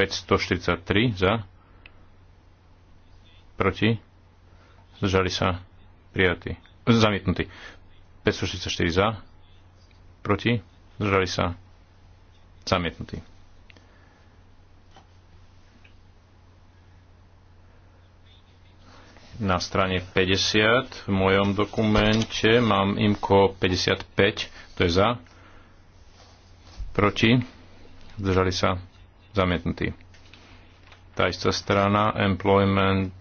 543 za. Proti. Zdržali sa prijatí. Zamietnutí. 564 za. Proti. Zdržali sa zamietnutí. na strane 50 v mojom dokumente mám IMCO 55, to je za, proti, zdržali sa zamietnutí. Tá istá strana Employment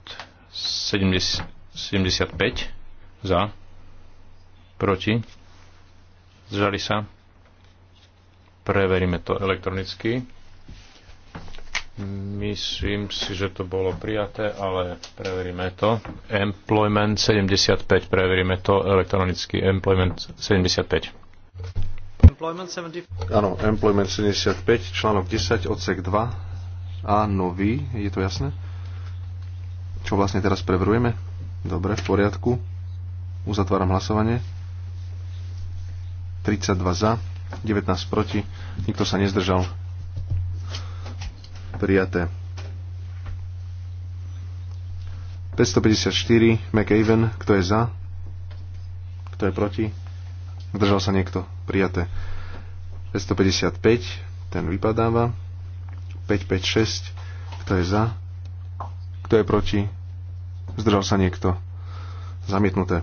70, 75 za, proti, zdržali sa. Preveríme to elektronicky. Myslím si, že to bolo prijaté, ale preveríme to. Employment 75, preveríme to elektronicky. Employment 75. Employment 75. Áno, Employment 75, článok 10, odsek 2 a nový, je to jasné? Čo vlastne teraz preverujeme? Dobre, v poriadku. Uzatváram hlasovanie. 32 za, 19 proti, nikto sa nezdržal prijaté. 554 McAven, kto je za? Kto je proti? Zdržal sa niekto? Prijaté. 555, ten vypadáva. 556, kto je za? Kto je proti? Zdržal sa niekto? Zamietnuté.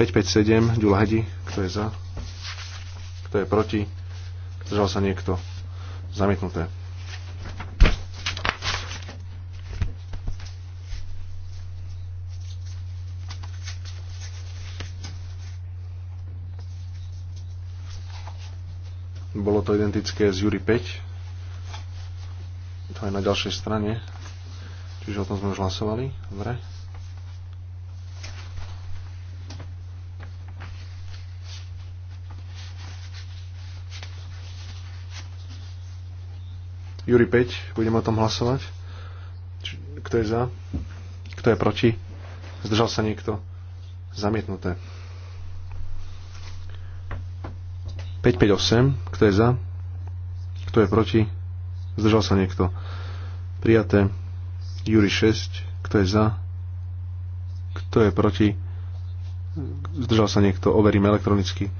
557, Ďula Hedi, kto je za? Kto je proti? Zdržal sa niekto? Zamietnuté. Bolo to identické z Jury 5. To je na ďalšej strane. Čiže o tom sme už hlasovali. Dobre. Juri 5, budeme o tom hlasovať. Kto je za? Kto je proti? Zdržal sa niekto? Zamietnuté. 558, kto je za? Kto je proti? Zdržal sa niekto? Prijaté. Juri 6, kto je za? Kto je proti? Zdržal sa niekto? Overím elektronicky.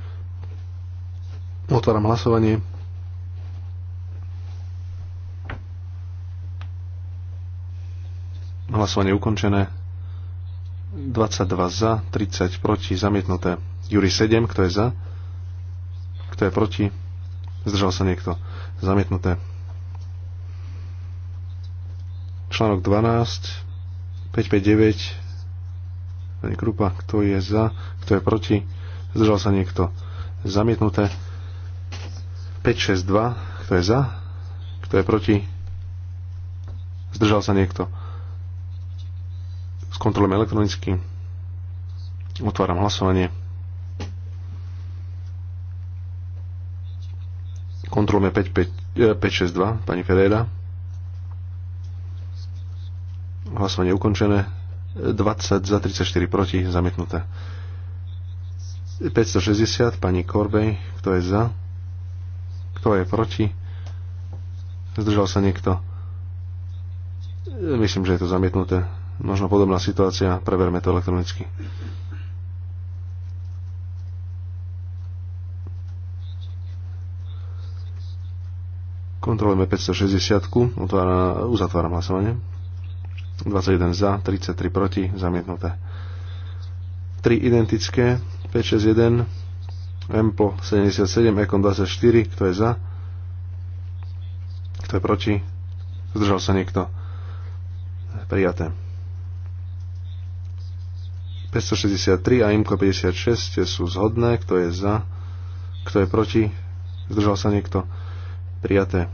Otváram hlasovanie. Hlasovanie ukončené. 22 za, 30 proti, zamietnuté. Juri 7, kto je za? Kto je proti? Zdržal sa niekto. Zamietnuté. Článok 12, 559, pani Krupa, kto je za, kto je proti, zdržal sa niekto. Zamietnuté. 562, kto je za, kto je proti, zdržal sa niekto Skontrolujeme elektronicky. Otváram hlasovanie. Kontrolujeme 562, eh, pani Ferreira. Hlasovanie ukončené. 20 za 34 proti, zamietnuté. 560, pani Korbej, kto je za? Kto je proti? Zdržal sa niekto? Eh, myslím, že je to zamietnuté možno podobná situácia, preverme to elektronicky. Kontrolujeme 560. Otvára, uzatváram hlasovanie. 21 za, 33 proti, zamietnuté. 3 identické, 561, MPO 77, EKON 24, kto je za? Kto je proti? Zdržal sa niekto? Prijaté. 563 a IMKO 56 sú zhodné. Kto je za? Kto je proti? Zdržal sa niekto? Prijaté.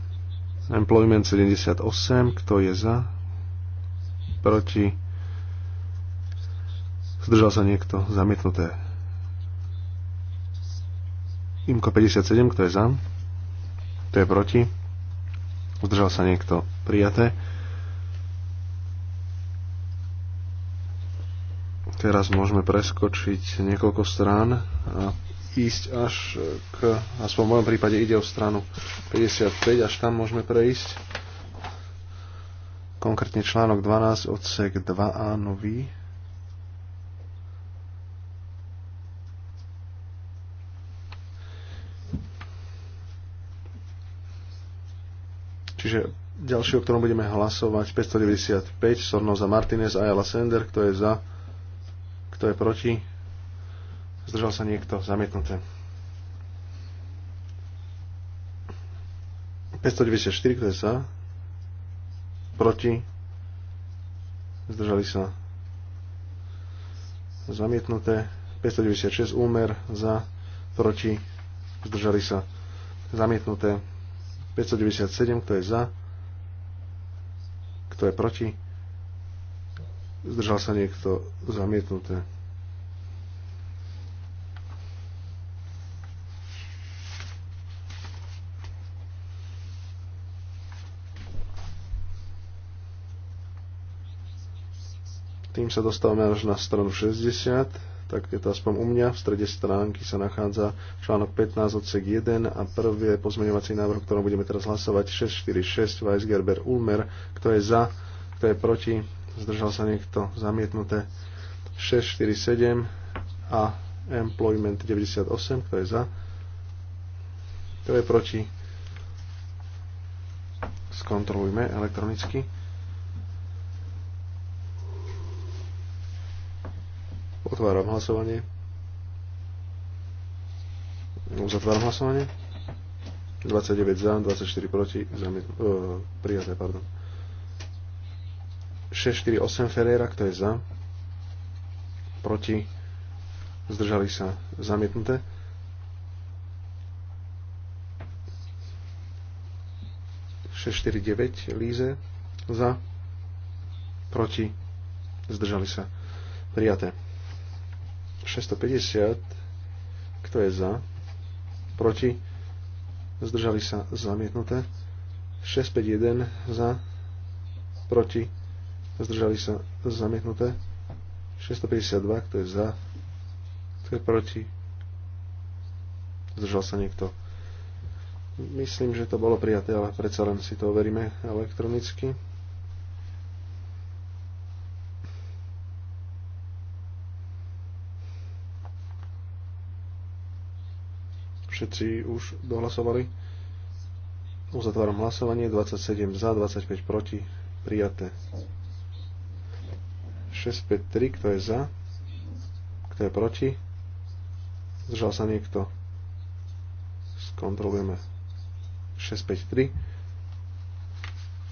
Employment 78. Kto je za? Proti? Zdržal sa niekto? Zamietnuté. IMKO 57. Kto je za? Kto je proti? Zdržal sa niekto? Prijaté. Teraz môžeme preskočiť niekoľko strán a ísť až k, aspoň v mojom prípade ide o stranu 55, až tam môžeme prejsť. Konkrétne článok 12, odsek 2a nový. Čiže ďalší, o ktorom budeme hlasovať, 595, Sornoza Martinez, Ayala Sender, kto je za, kto je proti? Zdržal sa niekto? Zamietnuté. 594, kto je za? Proti? Zdržali sa? Zamietnuté. 596, úmer, za, proti, zdržali sa. Zamietnuté. 597, kto je za? Kto je proti? Zdržal sa niekto zamietnuté. Tým sa dostávame až na stranu 60, tak je to aspoň u mňa. V strede stránky sa nachádza článok 15 odsek 1 a prvý je pozmeňovací návrh, ktorom budeme teraz hlasovať 646 Weisgerber Ulmer. Kto je za, kto je proti, zdržal sa niekto, zamietnuté 647 a Employment 98, kto je za, kto je proti, skontrolujme elektronicky. Otváram hlasovanie. Uzatváram hlasovanie. 29 za, 24 proti, zamiet, uh, prijaté, pardon. 648 Ferreira, kto je za? Proti? Zdržali sa zamietnuté. 649 Líze za, proti, zdržali sa, prijaté. 650, kto je za, proti, zdržali sa, zamietnuté. 651 za, proti, zdržali sa zamietnuté. 652, kto je za, kto je proti, zdržal sa niekto. Myslím, že to bolo prijaté, ale predsa len si to overíme elektronicky. Všetci už dohlasovali. Uzatváram hlasovanie. 27 za, 25 proti. Prijaté. 653, kto je za, kto je proti, zdržal sa niekto, skontrolujeme 653,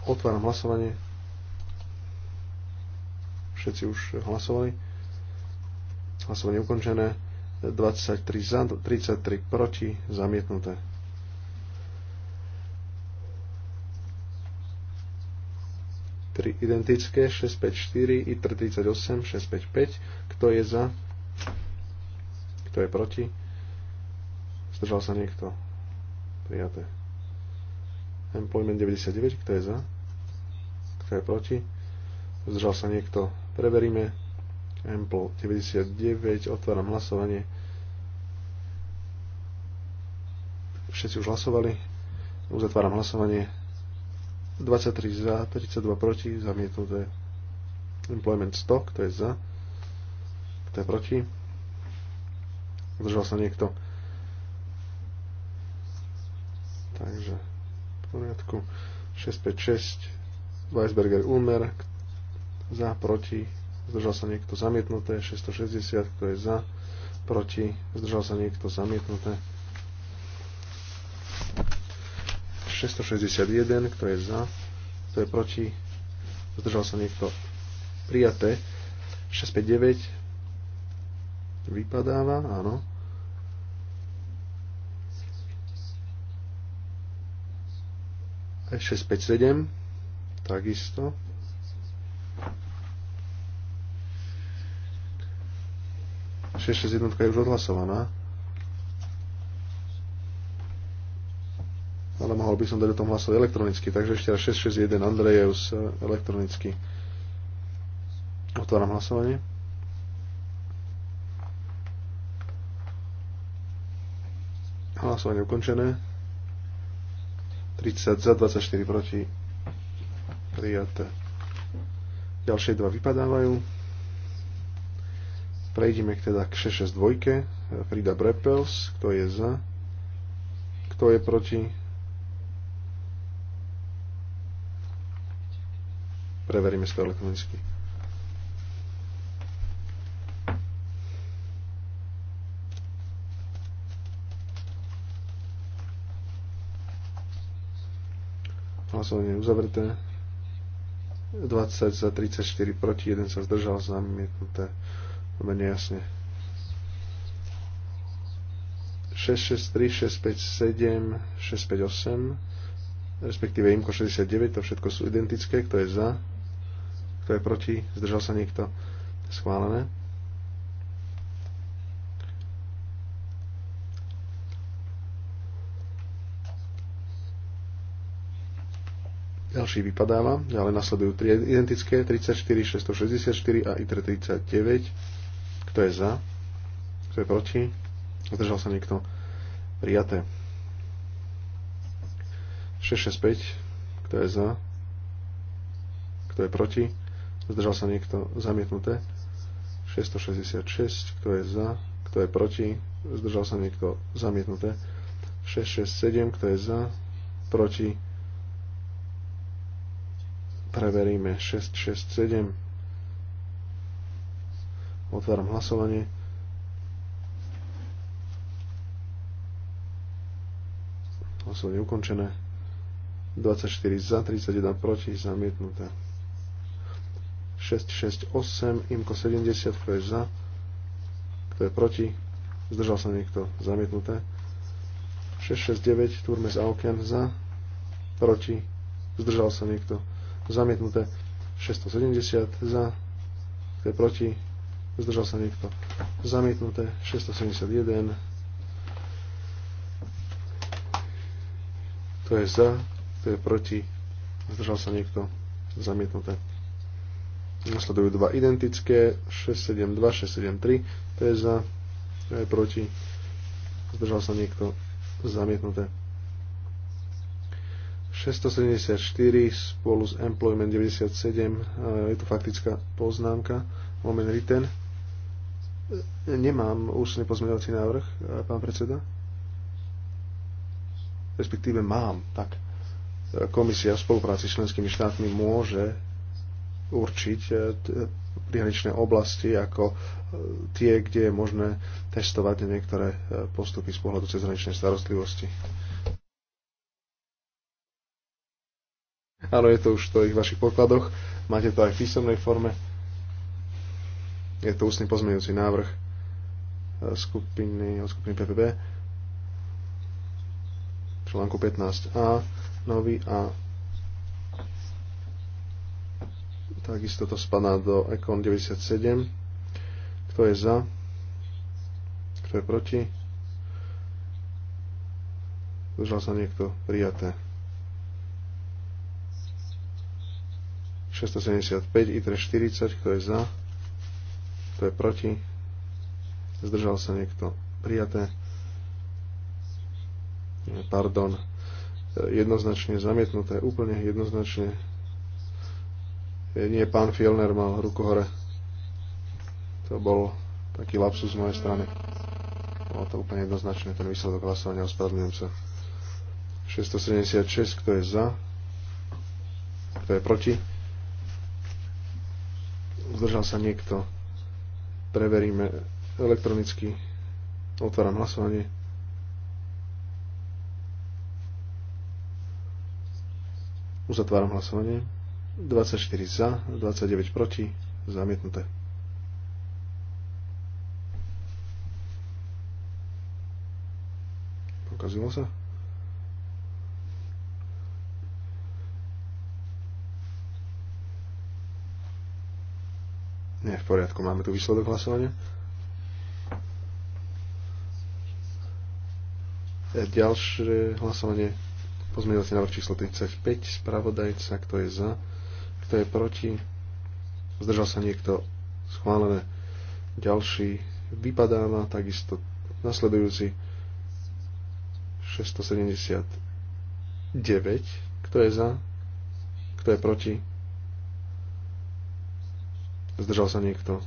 otváram hlasovanie, všetci už hlasovali, hlasovanie ukončené, 23 za, 33 proti, zamietnuté. 3 identické, 654, i 38, 655. Kto je za? Kto je proti? Zdržal sa niekto? Prijaté. Employment 99, kto je za? Kto je proti? Zdržal sa niekto? Preveríme. Ample 99, otváram hlasovanie. Všetci už hlasovali. Uzatváram hlasovanie. 23 za, 32 proti, zamietnuté. Employment 100, kto je za, kto je proti. Zdržal sa niekto. Takže v poriadku. 656, Weisberger Ulmer, za, proti, zdržal sa niekto zamietnuté, 660, kto je za, proti, zdržal sa niekto zamietnuté. 661, kto je za, kto je proti, zdržal sa niekto prijaté. 659 vypadáva, áno. 657 e, takisto. Šesť, šesť je už odhlasovaná. ale mohol by som dať o tom hlasovať elektronicky. Takže ešte raz 661 Andrejevs eh, elektronicky. Otváram hlasovanie. Hlasovanie ukončené. 30 za, 24 proti. Prijaté. Ďalšie dva vypadávajú. Prejdeme k teda k 662. Frida Brepels. Kto je za? Kto je proti? Preveríme si to elektronicky. Hlasovanie je uzavreté. 20 za 34 proti, 1 sa zdržal, zamietnuté. Menej nejasne. 663, 657, 658, respektíve IMCO 69, to všetko sú identické, kto je za, kto je proti? Zdržal sa niekto? Schválené. Ďalší vypadáva. Ďalej nasledujú tri identické 34, 664 a ITR 39. Kto je za? Kto je proti? Zdržal sa niekto? Prijaté. 665. Kto je za? Kto je proti? Zdržal sa niekto? Zamietnuté. 666. Kto je za? Kto je proti? Zdržal sa niekto? Zamietnuté. 667. Kto je za? Proti? Preveríme. 667. Otváram hlasovanie. Hlasovanie ukončené. 24 za, 31 proti, zamietnuté. 668, IMKO 70, kto je za, kto je proti, zdržal sa niekto, zamietnuté. 669, Turmes Auken, za, proti, zdržal sa niekto, zamietnuté. 670, za, kto je proti, zdržal sa niekto, zamietnuté. 671, kto je za, kto je proti, zdržal sa niekto, zamietnuté. Nasledujú dva identické, 672, 673, to je za, to je proti. Zdržal sa niekto zamietnuté. 674 spolu s Employment 97, eh, je tu faktická poznámka, moment written. Eh, nemám úsne pozmeňovací návrh, eh, pán predseda. Respektíve mám, tak komisia v spolupráci s členskými štátmi môže určiť e, e, prihraničné oblasti ako e, tie, kde je možné testovať niektoré postupy z pohľadu cezhraničnej starostlivosti. Áno, je to už v tých vašich pokladoch. Máte to aj v písomnej forme. Je to ústny pozmeňujúci návrh skupiny, od skupiny PPB. Článku 15a, nový a Takisto to spadá do Econ 97. Kto je za? Kto je proti? Zdržal sa niekto? Prijaté. 675, ITRE 40, kto je za? Kto je proti? Zdržal sa niekto? Prijaté. Pardon. Jednoznačne zamietnuté, úplne jednoznačne nie, pán Fielner mal ruku hore. To bol taký lapsus z mojej strany. Bolo to úplne jednoznačné, ten výsledok hlasovania, ospravedlňujem sa. 676, kto je za? Kto je proti? Zdržal sa niekto? Preveríme elektronicky. Otváram hlasovanie. Uzatváram hlasovanie. 24 za, 29 proti, zamietnuté. Pokazilo sa? Nie, v poriadku, máme tu výsledok hlasovania. E, ďalšie hlasovanie, pozmeňovací návrh číslo 35, spravodajca, kto je za? Kto je proti? Zdržal sa niekto? Schválené. Ďalší vypadáva, takisto nasledujúci 679. Kto je za? Kto je proti? Zdržal sa niekto?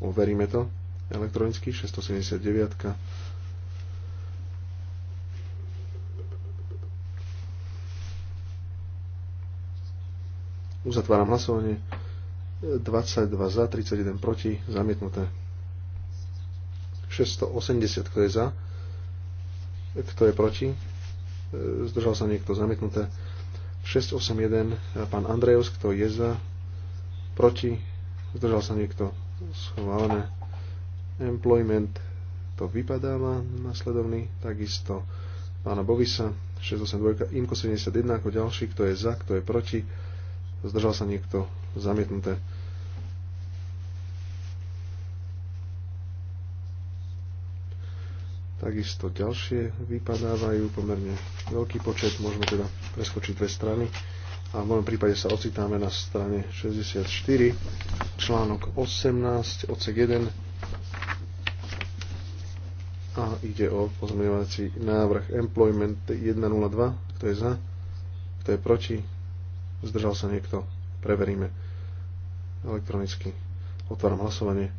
Overíme to. Elektronicky 679. Uzatváram hlasovanie. 22 za, 31 proti, zamietnuté. 680, kto je za, kto je proti, e, zdržal sa niekto, zamietnuté. 681, pán Andrejus, kto je za, proti, zdržal sa niekto, schválené. Employment, to vypadáva nasledovný, takisto pána Bovisa, 682, IMKO 71 ako ďalší, kto je za, kto je proti, Zdržal sa niekto? Zamietnuté. Takisto ďalšie vypadávajú pomerne veľký počet, môžeme teda preskočiť dve strany a v mojom prípade sa ocitáme na strane 64, článok 18, odsek 1 a ide o pozmeňovací návrh Employment 102, kto je za, kto je proti, Zdržal sa niekto? Preveríme. Elektronicky. Otváram hlasovanie.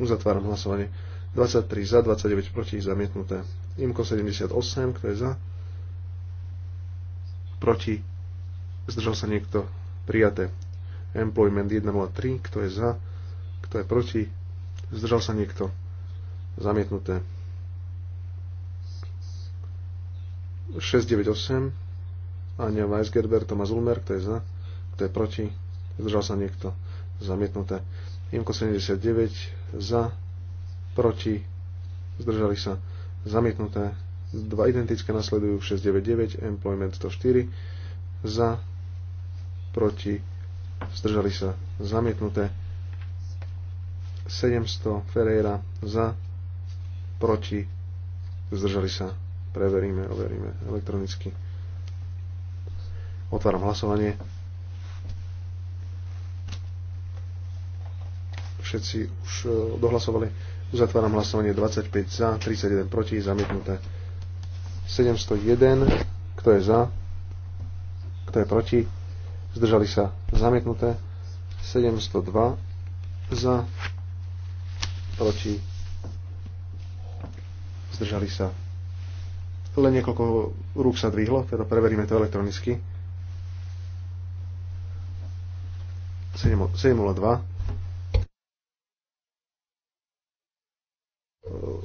Uzatváram hlasovanie. 23 za, 29 proti, zamietnuté. Imko 78, kto je za? Proti. Zdržal sa niekto? Prijaté. Employment 103, kto je za? Kto je proti? Zdržal sa niekto? Zamietnuté. 698. Ania Weisgerber, Tomas Ulmer, kto je za, kto je proti, zdržal sa niekto, zamietnuté. Imko 79, za, proti, zdržali sa, zamietnuté. Dva identické nasledujú 699, Employment 104, za, proti, zdržali sa, zamietnuté. 700 Ferreira za, proti, zdržali sa, Preveríme, overíme elektronicky. Otváram hlasovanie. Všetci už e, dohlasovali. Uzatváram hlasovanie 25 za, 31 proti, zamietnuté. 701, kto je za, kto je proti, zdržali sa zamietnuté. 702 za, proti, zdržali sa len niekoľko rúk sa dvihlo, teda preveríme to elektronicky. 702.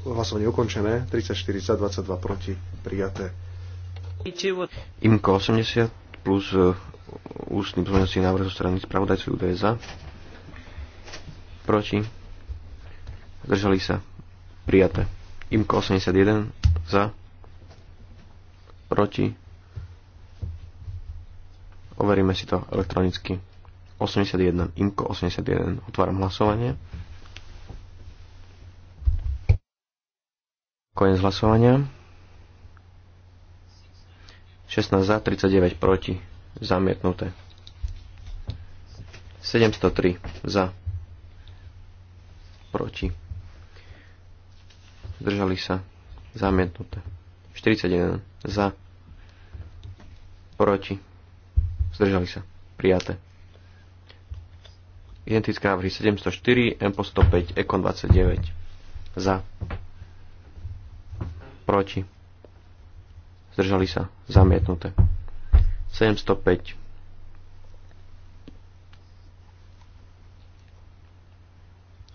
Hlasovanie ukončené. 34 za, 22 proti. Prijaté. Imko 80 plus e, ústny pozmeňovací návrh zo strany spravodajcov UDS za. Proti. Zdržali sa. Prijaté. Imko 81 za proti. Overíme si to elektronicky. 81, IMCO 81. Otváram hlasovanie. Koniec hlasovania. 16 za, 39 proti. Zamietnuté. 703 za. Proti. Zdržali sa. Zamietnuté. 41 za proti, zdržali sa, prijaté. Identické návrhy 704, M 105, Ekon 29, za, proti, zdržali sa, zamietnuté. 705,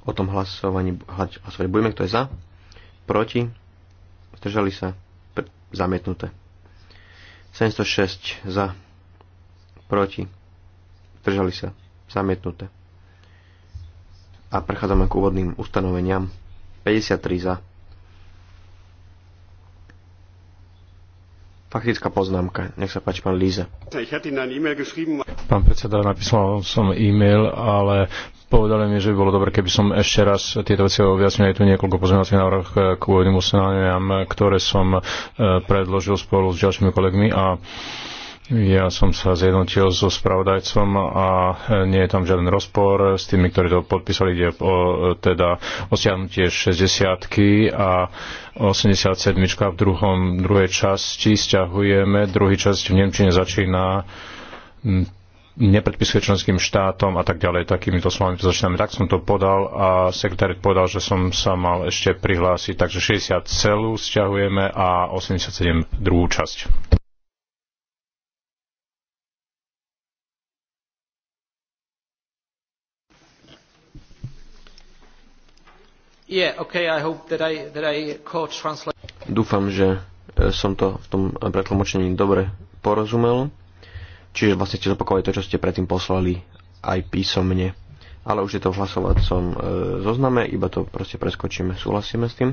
o tom hlasovaní hlasovať budeme, kto je za, proti, zdržali sa, zamietnuté. 706 za, proti, držali sa, zamietnuté. A prechádzame k úvodným ustanoveniam. 53 za. Faktická poznámka. Nech sa páči, pán Líze. Pán predseda, napísal som e-mail, ale Povedali mi, že by bolo dobre, keby som ešte raz tieto veci objasnil. aj tu niekoľko pozmeňovacích návrh eh, k úvodným usnáňam, ktoré som eh, predložil spolu s ďalšími kolegmi a ja som sa zjednotil so spravodajcom a eh, nie je tam žiaden rozpor s tými, ktorí to podpísali. Ide o, teda o stiahnutie 60 a 87 v druhom, druhej časti stiahujeme. Druhý časť v Nemčine začína hm, nepredpisuje členským štátom a tak ďalej. Takýmito slovami to začíname. Tak som to podal a sekretár povedal, že som sa mal ešte prihlásiť. Takže 60 celú stiahujeme a 87 druhú časť. Yeah, okay, I hope that I, that I caught translation. Dúfam, že e, som to v tom e, pretlmočení dobre porozumel. Čiže vlastne ste zopakovali to, čo ste predtým poslali aj písomne. Ale už je to v hlasovacom e, zozname, iba to proste preskočíme. Súhlasíme s tým?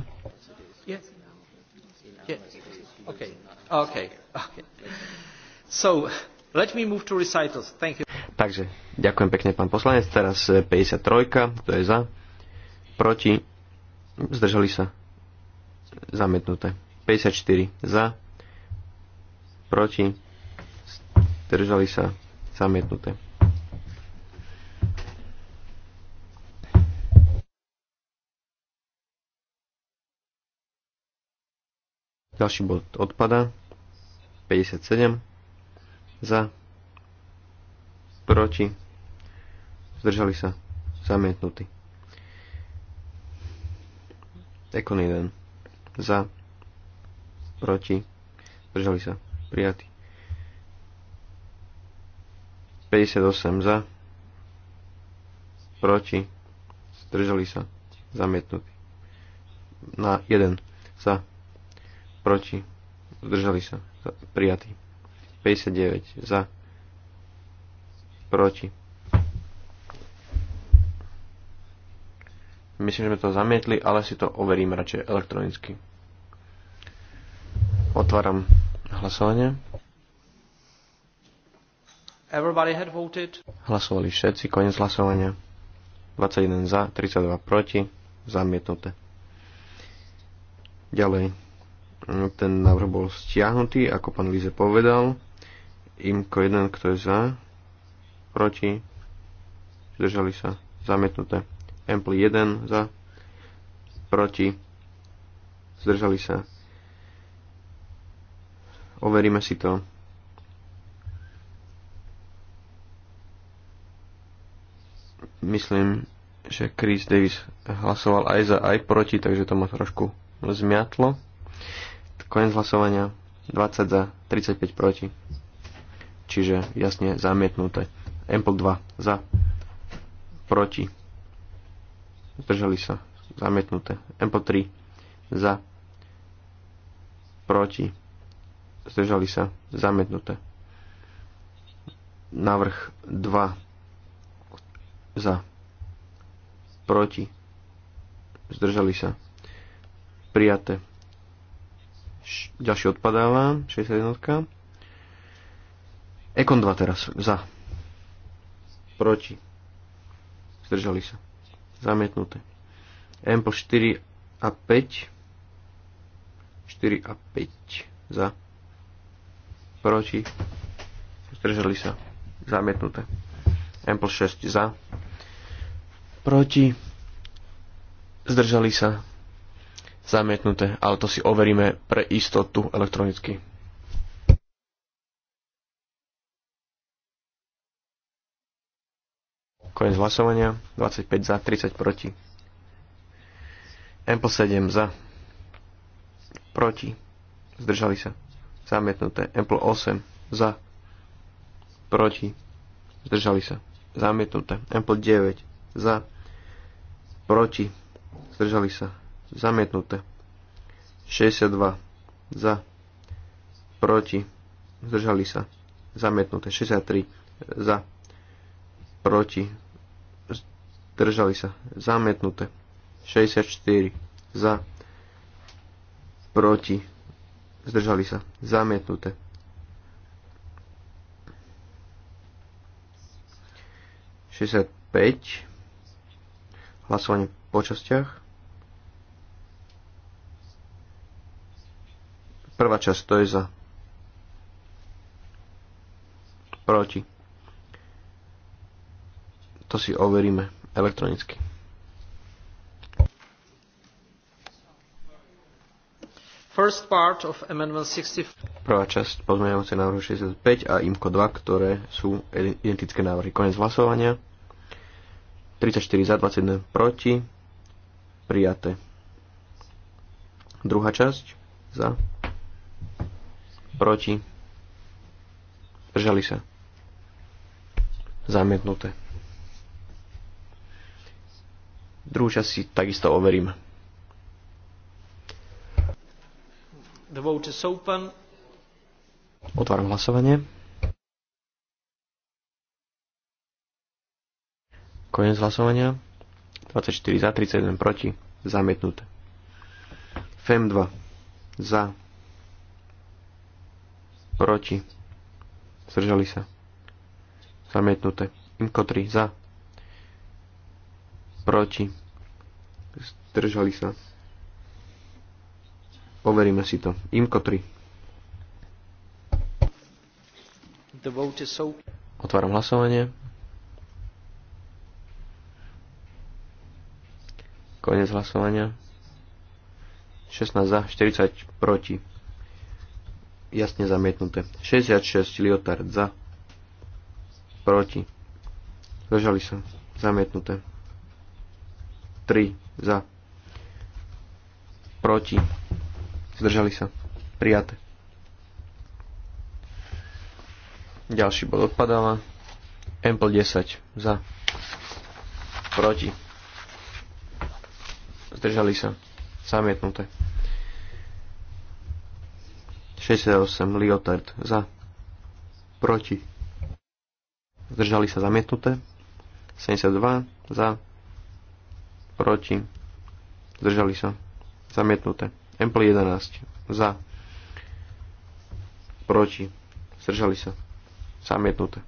Takže, ďakujem pekne, pán poslanec. Teraz 53, e, to je za. Proti. Zdržali sa. Zamietnuté. 54 za. Proti Držali sa zamietnuté. Ďalší bod odpada. 57 za proti zdržali sa zamietnutí. Ekon 1 za proti zdržali sa prijatí. 58 za, proti, zdržali sa, zamietnutí. Na 1 za, proti, zdržali sa, prijatí. 59 za, proti. Myslím, že sme to zamietli, ale si to overím radšej elektronicky. Otváram hlasovanie. Hlasovali všetci, koniec hlasovania. 21 za, 32 proti, zamietnuté. Ďalej. No, ten návrh bol stiahnutý, ako pán Lize povedal. Imko 1, kto je za, proti, zdržali sa, zamietnuté. Empli 1 za, proti, zdržali sa. Overíme si to. Myslím, že Chris Davis hlasoval aj za, aj proti, takže to ma trošku zmiatlo. Koniec hlasovania 20 za, 35 proti. Čiže jasne zamietnuté. Ample 2 za, proti. Zdržali sa, zamietnuté. Ample 3 za, proti. Zdržali sa, zamietnuté. Návrh 2 za, proti, zdržali sa, prijaté. Ďalší odpadáva, 61. Ekon 2 teraz, za, proti, zdržali sa, zamietnuté. M po 4 a 5, 4 a 5, za, proti, zdržali sa, zamietnuté. M plus 6 za, proti, zdržali sa, zamietnuté, ale to si overíme pre istotu elektronicky. Koniec hlasovania, 25 za, 30 proti. M 7 za, proti, zdržali sa, zamietnuté. M 8 za, proti, zdržali sa, zamietnuté. M 9 za, proti, zdržali sa, zamietnuté. 62 za, proti, zdržali sa, zamietnuté. 63 za, proti, zdržali sa, zamietnuté. 64 za, proti, zdržali sa, zamietnuté. 65 Hlasovanie po častiach. Prvá časť, to je za. Proti. To si overíme elektronicky. First part of amendment 60. Prvá časť pozmeňujúce návrhu 65 a IMCO 2, ktoré sú identické návrhy. Konec hlasovania. 34 za, 21 proti. Prijaté. Druhá časť. Za. Proti. Držali sa. Zamietnuté. Druhú časť si takisto overím. The vote is open. Otváram hlasovanie. Koniec hlasovania. 24 za, 31 proti. Zamietnuté. FEM 2. Za. Proti. Zdržali sa. Zamietnuté. IMKO 3. Za. Proti. Zdržali sa. Overíme si to. IMKO 3. Otváram hlasovanie. Konec hlasovania. 16 za, 40 proti. Jasne zamietnuté. 66 Liotard za. Proti. Zdržali sa. Zamietnuté. 3 za. Proti. Zdržali sa. Prijaté. Ďalší bod odpadáva. Ample 10 za. Proti zdržali sa, zamietnuté. 68 Liotard za, proti, zdržali sa, zamietnuté. 72 za, proti, zdržali sa, zamietnuté. Empl 11 za, proti, zdržali sa, zamietnuté.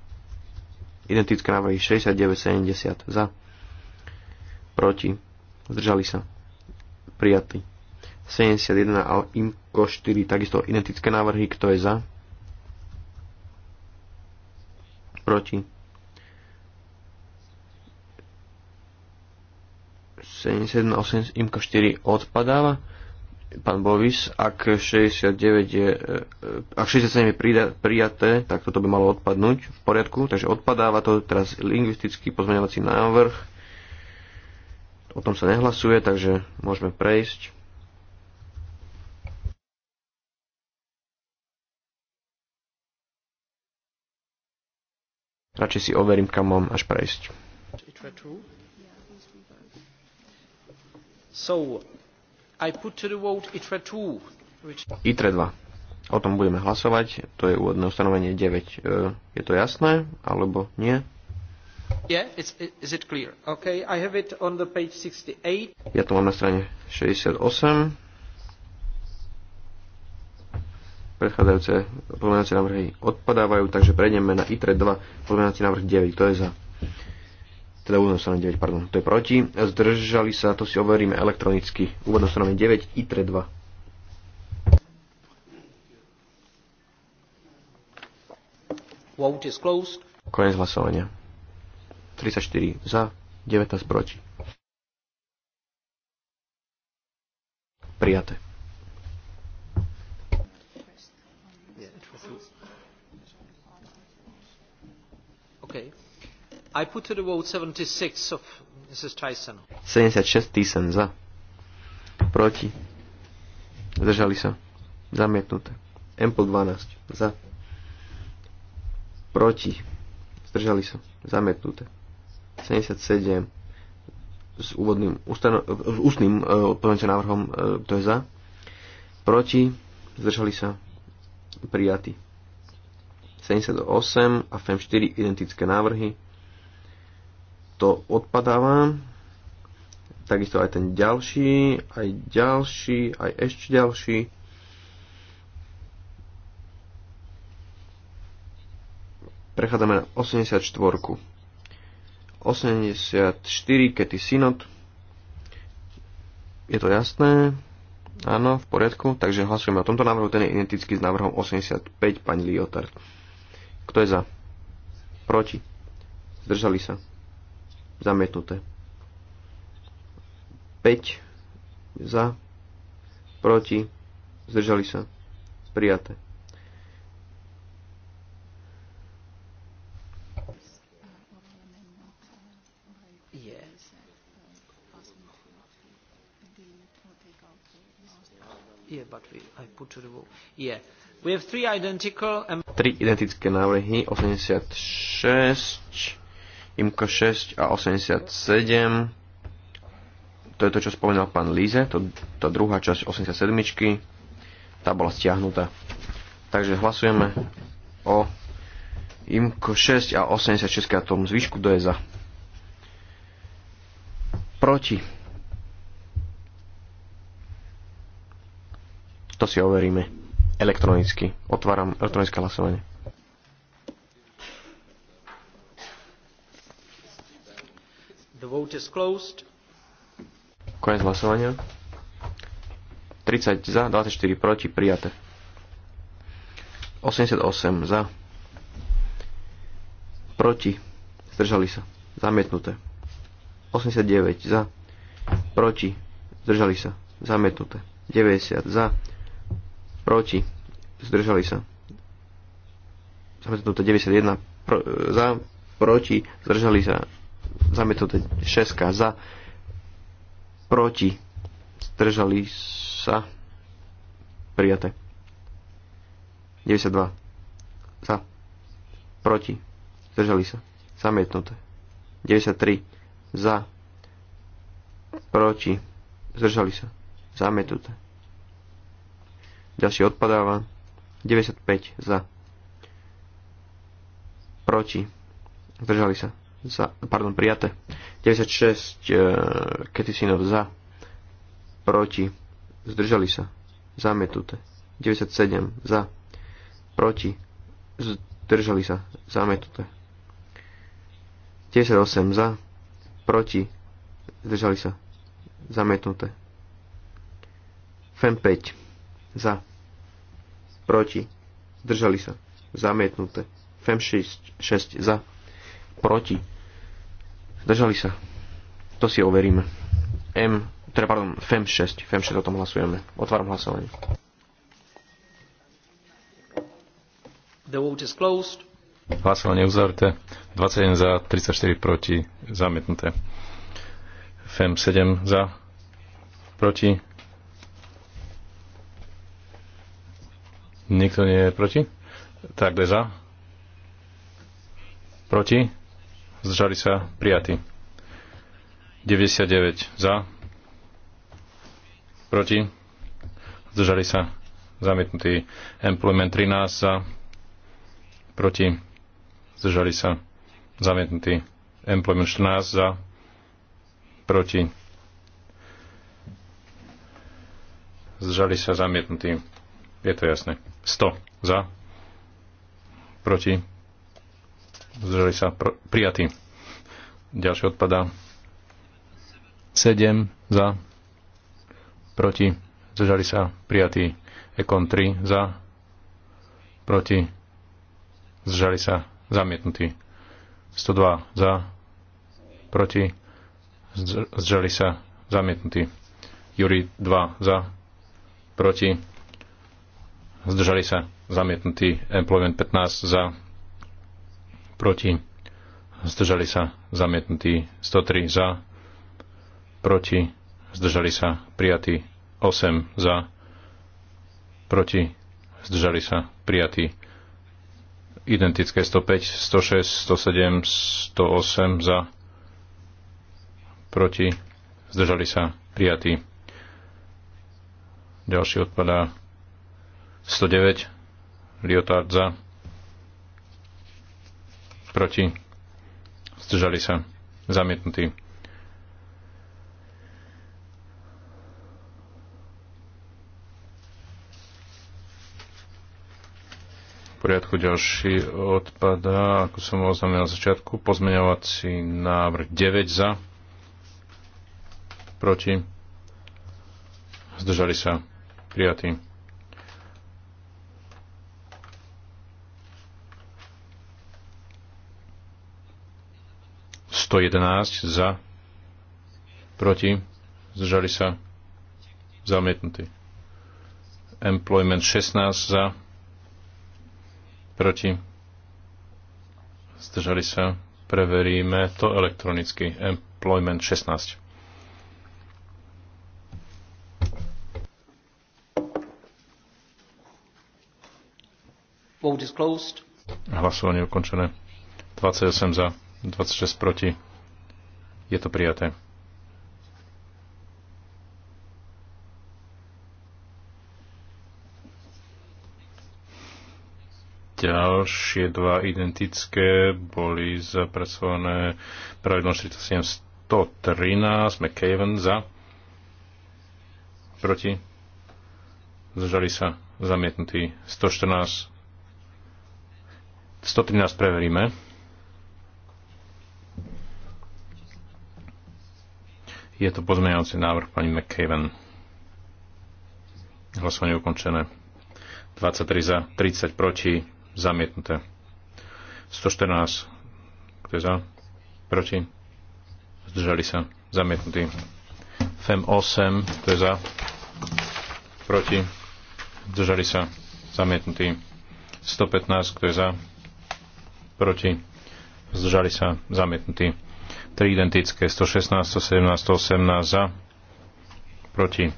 Identické návrhy 69-70 za, proti, zdržali sa, prijatý. 71 a IMKO 4, takisto identické návrhy, kto je za? Proti. 71 a 8, IMKO 4 odpadáva. Pán Bovis, ak 69 je, e, e, ak 67 je prijaté, tak toto by malo odpadnúť v poriadku, takže odpadáva to teraz lingvistický pozmeňovací návrh O tom sa nehlasuje, takže môžeme prejsť. Radšej si overím, kam mám až prejsť. So, I put to the vote ITRE 2. Which... ITRE 2. O tom budeme hlasovať. To je úvodné ustanovenie 9. E, je to jasné, alebo nie? Ja to mám na strane 68. Predchádzajúce pozmeňovacie návrhy odpadávajú, takže prejdeme na ITRE 2, pozmeňovací návrh 9, to je za. Teda úvodná strana 9, pardon, to je proti. Zdržali sa, to si overíme elektronicky. Úvodná strana 9, ITRE 2. Vote is closed. Koniec hlasovania. 34 za, 19 proti. Prijaté. Okay. I put to the vote 76 of Mrs. Tyson. 76 Tyson za. Proti. Zdržali sa. Zamietnuté. Ample 12 za. Proti. Zdržali sa. Zamietnuté. 77 s úvodným ustano- s ústnym odpovedňujúcim e, návrhom, e, to je za. Proti, zdržali sa, prijatí. 78 a FEM 4 identické návrhy. To odpadáva. Takisto aj ten ďalší, aj ďalší, aj ešte ďalší. Prechádzame na 84. 84 ty Synod. Je to jasné? Áno, v poriadku. Takže hlasujeme o tomto návrhu. Ten je identický s návrhom 85 pani Liotard. Kto je za? Proti? Zdržali sa? Zamietnuté. 5 za, proti, zdržali sa, prijaté. Tri identické návrhy, 86, IMKO 6 a 87. To je to, čo spomenal pán Líze, to, tá druhá časť 87, tá bola stiahnutá. Takže hlasujeme o IMKO 6 a 86 a tom zvyšku, do je za. Proti To si overíme elektronicky. Otváram elektronické hlasovanie. The vote is closed. Konec hlasovania. 30 za, 24 proti, prijaté. 88 za. Proti. Zdržali sa. Zamietnuté. 89 za. Proti. Zdržali sa. Zamietnuté. 90 za proti, zdržali sa. Zamietnuté 91 pro, za, proti, zdržali sa. Zamietnuté 6 za, proti, zdržali sa. Prijaté. 92 za, proti, zdržali sa. Zamietnuté. 93 za, proti, zdržali sa. Zamietnuté ďalšie odpadáva, 95 za, proti, zdržali sa, za, pardon, prijaté, 96 uh, e, Ketisinov za, proti, zdržali sa, zamietnuté, 97 za, proti, zdržali sa, zamietnuté, 98 za, proti, zdržali sa, zamietnuté, FEM 5 za, proti, zdržali sa, zamietnuté. FEM 6, 6 za, proti, zdržali sa. To si overíme. M, teda pardon, FEM 6, FEM 6 o tom hlasujeme. Otváram hlasovanie. The vote is closed. Hlasovanie uzavreté. 21 za, 34 proti, zamietnuté. FEM 7 za, proti, Nikto nie je proti? Tak, za? Proti? Zdržali sa prijatí. 99 za. Proti? Zdržali sa zamietnutý employment 13 za. Proti? Zdržali sa zamietnutý employment 14 za. Proti? Zdržali sa zamietnutý. Je to jasné. 100 za, proti, zdržali sa pr- prijatí. Ďalšie odpadá 7 za, proti, zdržali sa prijatí. Ekon 3 za, proti, zdržali sa zamietnutí. 102 za, proti, zdržali sa zamietnutí. Juri 2 za, proti, zdržali sa zamietnutý employment 15 za, proti, zdržali sa zamietnutý 103 za, proti, zdržali sa prijatý 8 za, proti, zdržali sa prijatý identické 105, 106, 107, 108 za, proti, zdržali sa prijatí. Ďalší odpadá 109 Lyotard za. Proti. Zdržali sa. zamietnutí. V poriadku ďalší odpada, ako som oznámil na začiatku, pozmeňovací návrh 9 za, proti, zdržali sa, prijatý. 111 za, proti, zdržali sa, zamietnutí. Employment 16 za, proti, zdržali sa, preveríme to elektronicky. Employment 16. Hlasovanie ukončené. 28 za, 26 proti. Je to prijaté. Ďalšie dva identické boli zapracované pravidlom 47 113 McCaven za proti zažali sa zamietnutí 114 113 preveríme Je to pozmeňovací návrh pani McCaven. Hlasovanie ukončené. 23 za, 30 proti, zamietnuté. 114, kto je za? Proti? Zdržali sa, zamietnutí. FEM 8, kto je za? Proti? Zdržali sa, zamietnutí. 115, kto je za? Proti? Zdržali sa, zamietnutí. 3 identické, 116, 117, 118 za, proti,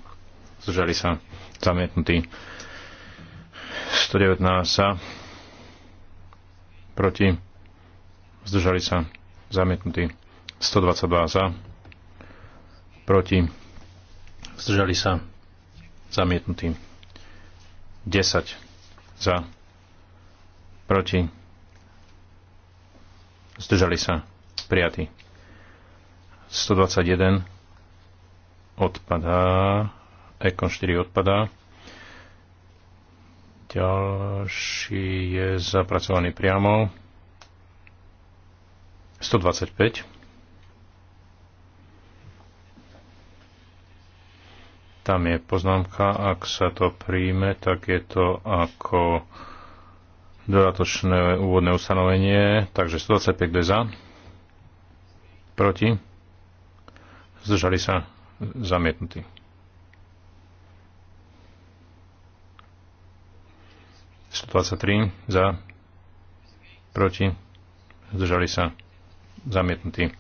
zdržali sa, zamietnutí, 119 za, proti, zdržali sa, zamietnutí, 122 za, proti, zdržali sa, zamietnutí, 10 za, proti, zdržali sa, prijatí. 121 odpadá, Econ 4 odpadá. Ďalší je zapracovaný priamo. 125. Tam je poznámka, ak sa to príjme, tak je to ako dodatočné úvodné ustanovenie. Takže 125 kde za? Proti? zdržali sa zamietnutí. ...123 za, proti, zdržali sa zamietnutí.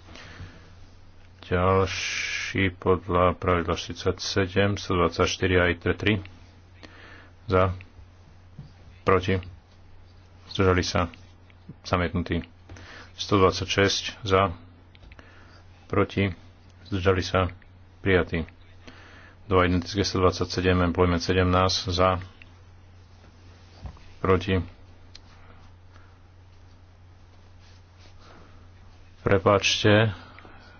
Ďalší podľa pravidla 47, 124 a ITRE 3 za, proti, zdržali sa zamietnutí. 126 za, proti, zdržali sa, prijatí. Do identické 127, employment 17, za, proti. Prepáčte,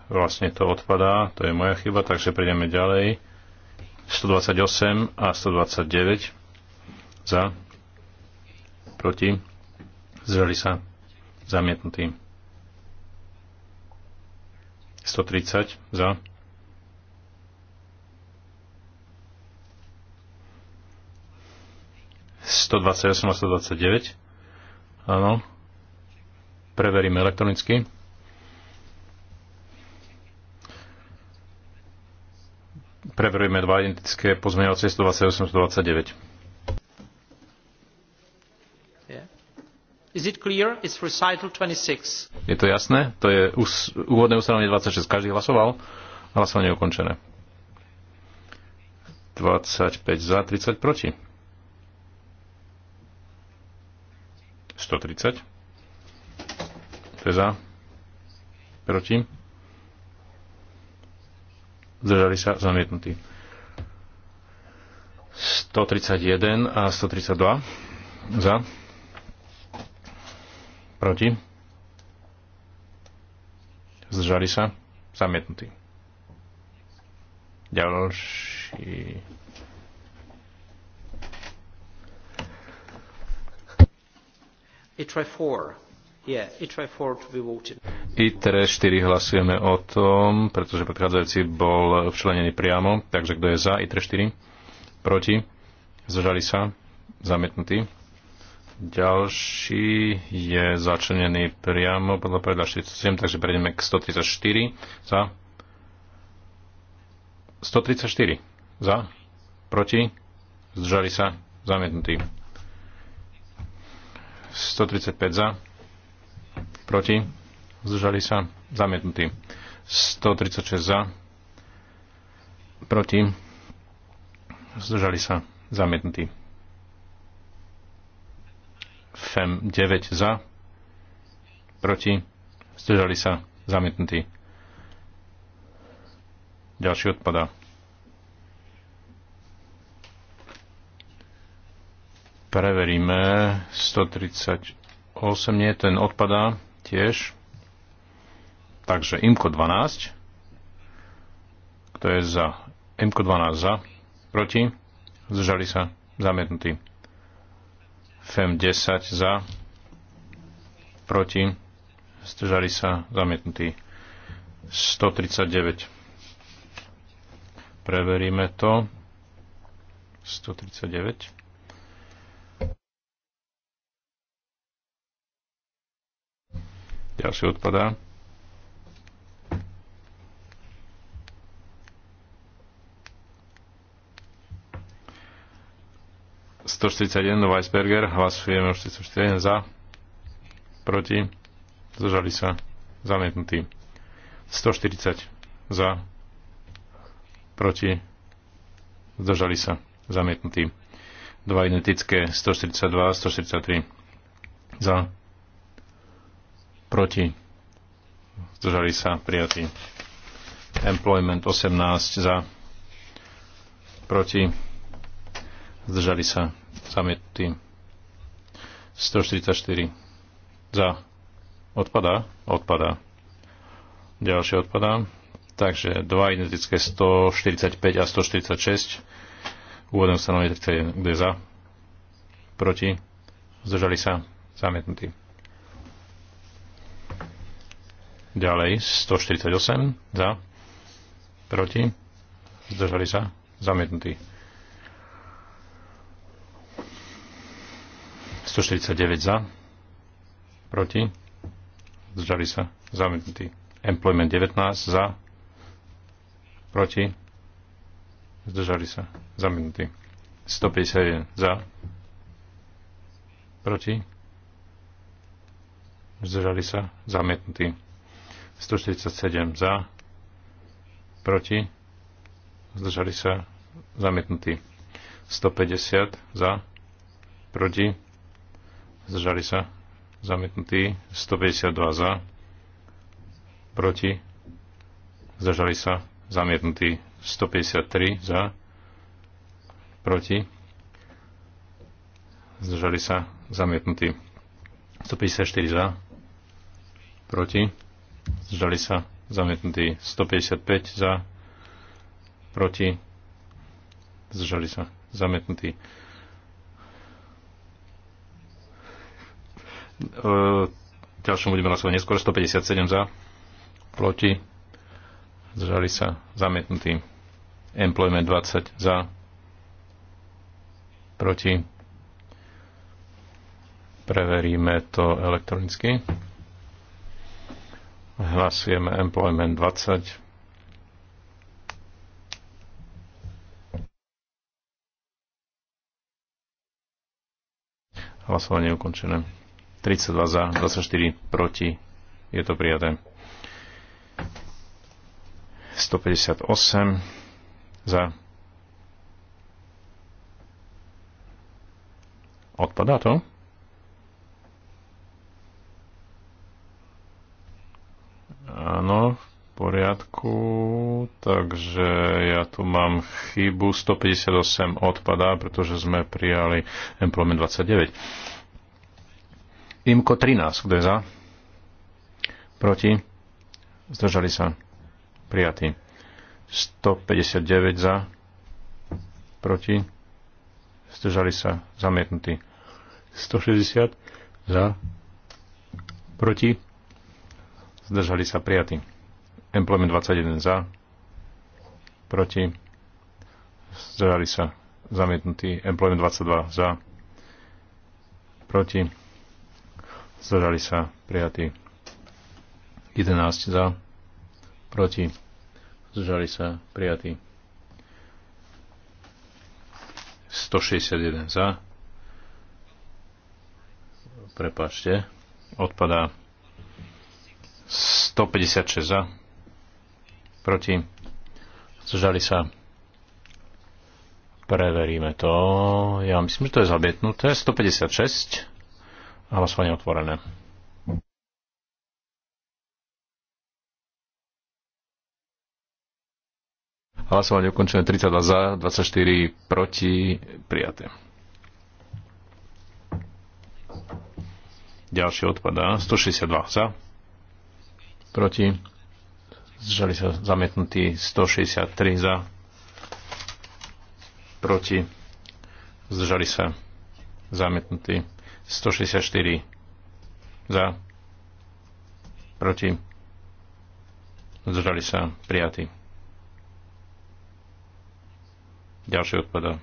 vlastne to odpadá, to je moja chyba, takže prejdeme ďalej. 128 a 129 za, proti, zreli sa, zamietnutým. 130 za. Sto a Áno. Preveríme elektronicky. Preverujeme dva identické pozmeňovacie 128 129. Je to jasné? To je úvodné ustanovenie 26. Každý hlasoval? Hlasovanie je ukončené. 25 za, 30 proti. 130. To je za. Proti. Zdržali sa zamietnutí. 131 a 132 za Proti? Zdržali sa? Zamietnutý. Ďalší... ITRE 4. Yeah, 4 hlasujeme o tom, pretože predchádzajúci bol včlenený priamo. Takže kto je za ITRE 4? Proti? Zdržali sa? Zamietnutý. Ďalší je začlenený priamo podľa pravidla 47, takže prejdeme k 134 za. 134 za. Proti. Zdržali sa. Zamietnutý. 135 za. Proti. Zdržali sa. Zamietnutý. 136 za. Proti. Zdržali sa. Zamietnutý. FEM 9 za, proti, zdržali sa, zamietnutí. Ďalší odpadá. Preveríme 138, nie, ten odpadá tiež. Takže IMKO 12, kto je za, IMKO 12 za, proti, zdržali sa, zamietnutí. FEM 10 za, proti, zdržali sa zamietnutí 139. Preveríme to. 139. Ďalšie odpadá. 141 Weisberger, hlasujeme o 441 za, proti, zdržali sa, zamietnutí. 140 za, proti, zdržali sa, zamietnutí. Dva identické, 142 143 za, proti, zdržali sa, prijatí. Employment 18 za, proti, zdržali sa samety. 144 za. Odpadá? Odpadá. Ďalšie odpadá. Takže dva identické 145 a 146. Úvodné ustanovenie 31. kde je za? Proti? Zdržali sa? zamietnutí. Ďalej 148 za. Proti? Zdržali sa? zamietnutí. 149 za, proti, zdržali sa, zamietnutý. Employment 19 za, proti, zdržali sa, zamietnutý. 151 za, proti, zdržali sa, zamietnutý. 147 za, proti, zdržali sa, zamietnutý. 150 za, proti, zdržali sa, zamietnutí, 152 za, proti, zdržali sa, zamietnutí, 153 za, proti, zdržali sa, zamietnutí, 154 za, proti, zdržali sa, zamietnutí, 155 za, proti, zdržali sa, zamietnutí, E, ďalšom budeme hlasovať neskôr 157 za, proti, zdržali sa zamietnutý. Employment 20 za, proti. Preveríme to elektronicky. Hlasujeme Employment 20. Hlasovanie je ukončené. 32 za, 24 proti. Je to prijaté. 158 za. Odpadá to? Áno, v poriadku. Takže ja tu mám chybu. 158 odpadá, pretože sme prijali employment 29. Výmko 13. Kto je za? Proti? Zdržali sa. Prijatý. 159 za. Proti? Zdržali sa. Zamietnutý. 160 za. Proti? Zdržali sa. Prijatý. Employment 21 za. Proti? Zdržali sa. Zamietnutý. Employment 22 za. Proti? zdržali sa prijatí. 11 za, proti, zdržali sa prijatí. 161 za, prepačte, odpadá 156 za, proti, zdržali sa Preveríme to. Ja myslím, že to je zabietnuté. 156. Hlasovanie otvorené. Hlasovanie ukončené 32 za, 24 proti, prijaté. Ďalšie odpadá 162 za, proti, zžali sa zamietnutí 163 za, proti, zdržali sa zamietnutí 164 za, proti, zdržali sa, prijatí. Ďalšie odpada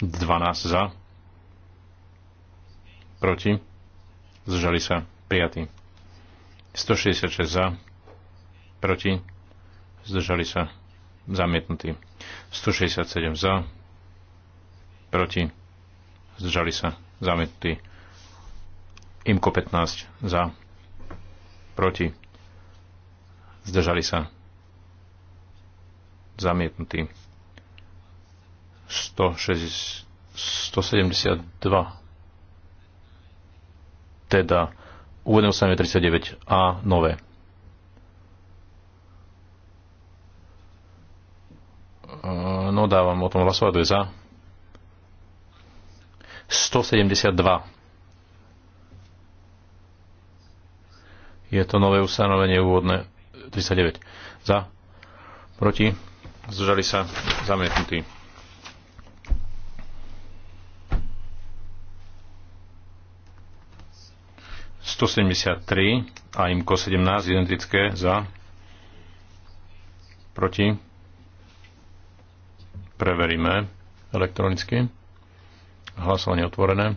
Dvanásť za, proti, zdržali sa, prijatí. 166 za, proti, zdržali sa, zamietnutí. 167 za, proti, zdržali sa, zamietli. Imko 15 za, proti, zdržali sa, zamietnutí. 172 teda uvedom sa 39a nové Áno, dávam o tom hlasovať, to je za. 172. Je to nové ustanovenie úvodné 39. Za. Proti. Zdržali sa. Zamietnutí. a imko 17 identické za proti Preveríme elektronicky. Hlasovanie otvorené.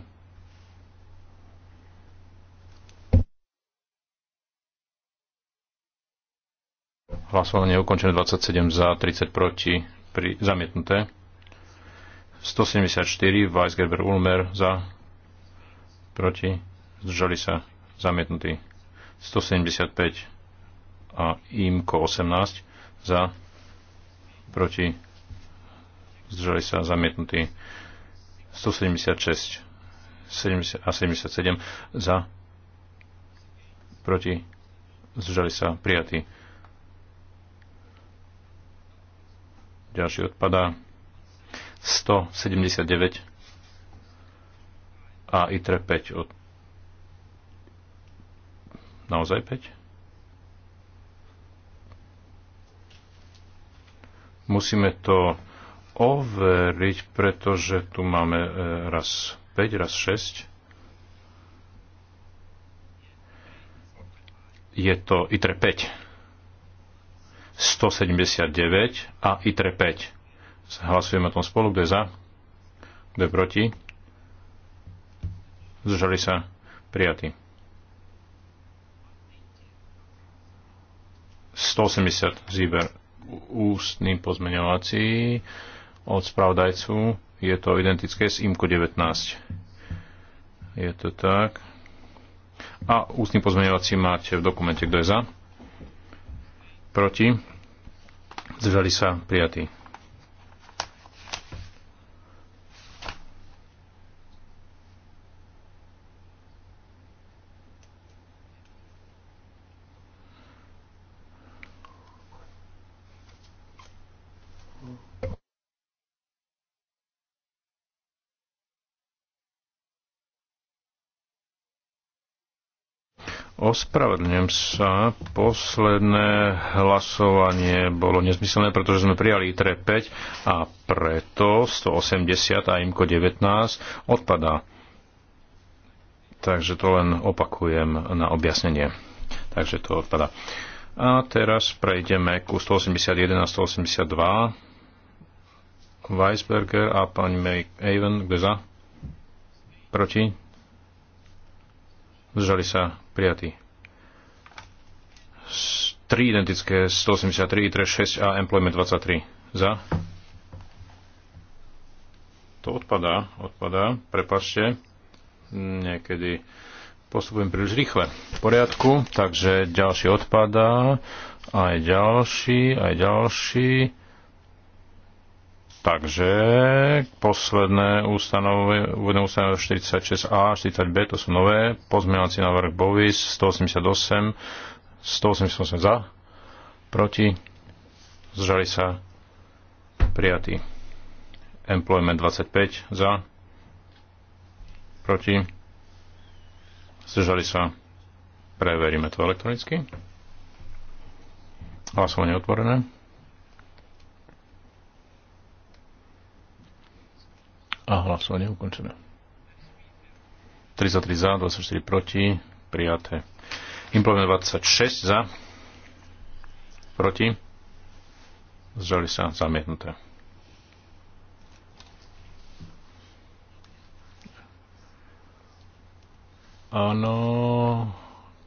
Hlasovanie je ukončené 27 za, 30 proti, pri, zamietnuté. 174, Weisgerber Ulmer za, proti, zdržali sa, zamietnutí. 175 a IMKO 18 za, proti, zdržali sa zamietnutí 176 70 a 77 za, proti, zdržali sa prijatí. Ďalší odpadá 179 a ITRE 5 od... Naozaj 5? Musíme to overiť, pretože tu máme e, raz 5, raz 6. Je to ITRE 5. 179 a ITRE 5. Hlasujeme o tom spolu. Kto je za? Kto je proti? Zdržali sa prijatí. 180 zíber ústny pozmeňovací od spravodajcu. Je to identické s IMKO 19. Je to tak. A ústny pozmeňovací máte v dokumente, kto je za. Proti. Zdržali sa prijatí. Ospravedlňujem sa. Posledné hlasovanie bolo nezmyselné, pretože sme prijali ITRE 5 a preto 180 a IMKO 19 odpadá. Takže to len opakujem na objasnenie. Takže to odpadá. A teraz prejdeme ku 181 a 182. Weisberger a pani May Aven, kde za? Proti? zdržali sa prijatí. 3 identické 183, 36 a Employment 23. Za? To odpadá, odpadá, prepašte. Niekedy postupujem príliš rýchle. V poriadku, takže ďalší odpadá, aj ďalší, aj ďalší. Takže posledné ústanové, úvodné 46a, 40b, to sú nové, pozmeňovací návrh Bovis 188, 188 za, proti, zžali sa, prijatý. Employment 25 za, proti, zdržali sa, preveríme to elektronicky. Hlasovanie otvorené. A hlasovanie ukončené. 33 za, 24 proti, prijaté. Implement 26 za, proti, zdržali sa, zamietnuté. Áno,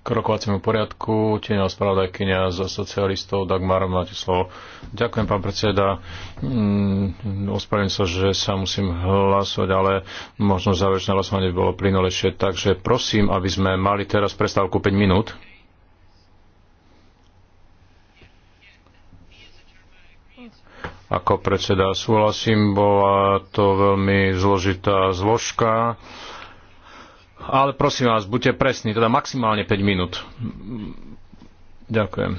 k rokovaciemu poriadku. Tieňa spravodajkynia za socialistov Dagmar, máte slovo. Ďakujem, pán predseda. Mm, ospravedlňujem sa, že sa musím hlasovať, ale možno záverečné hlasovanie by bolo plynulejšie. Takže prosím, aby sme mali teraz prestávku 5 minút. Ako predseda súhlasím, bola to veľmi zložitá zložka. Ale prosím vás, buďte presní, teda maximálne 5 minút. Ďakujem.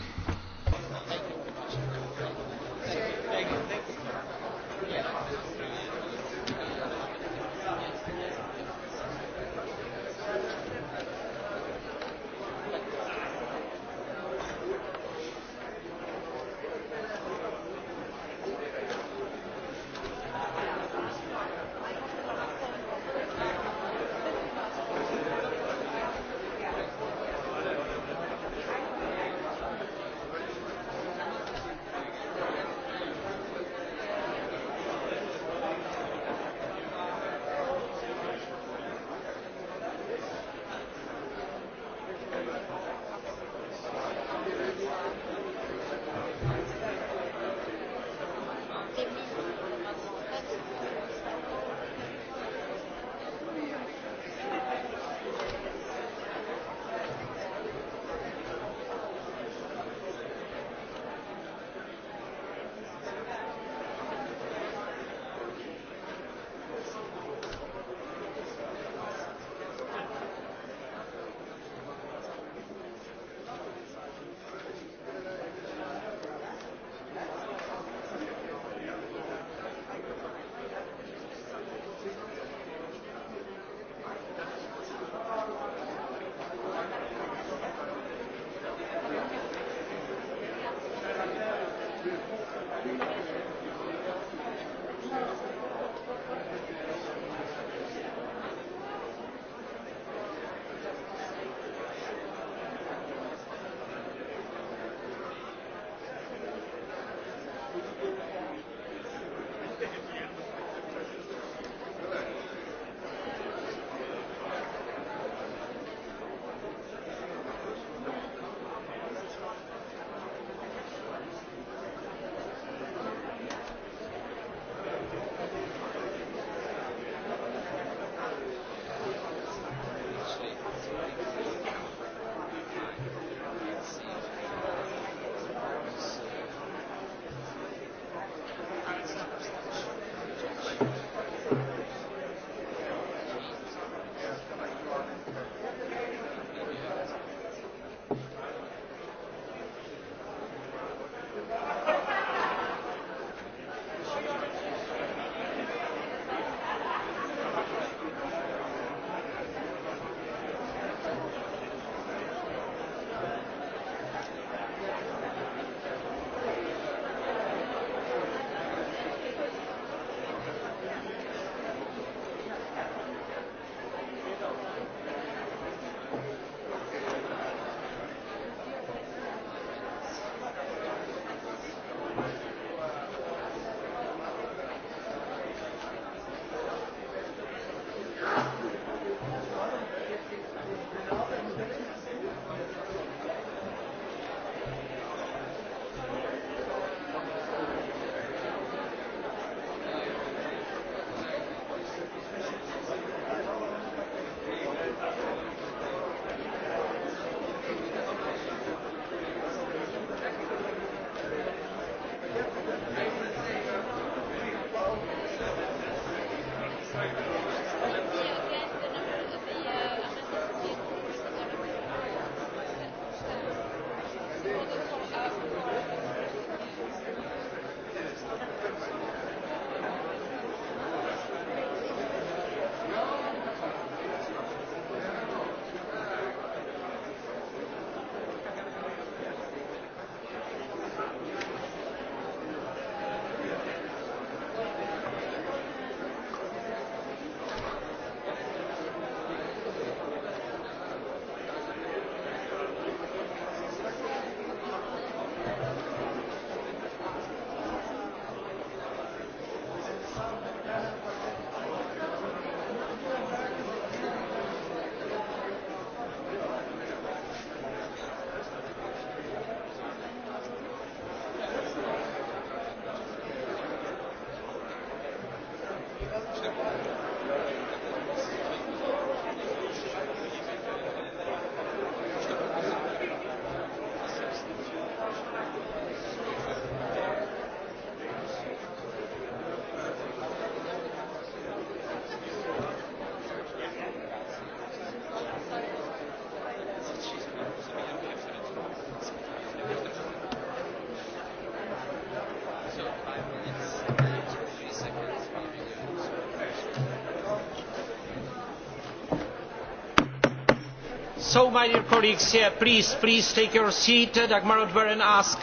So, my dear colleagues, please, please take your seat. Uh, Dagmar ask.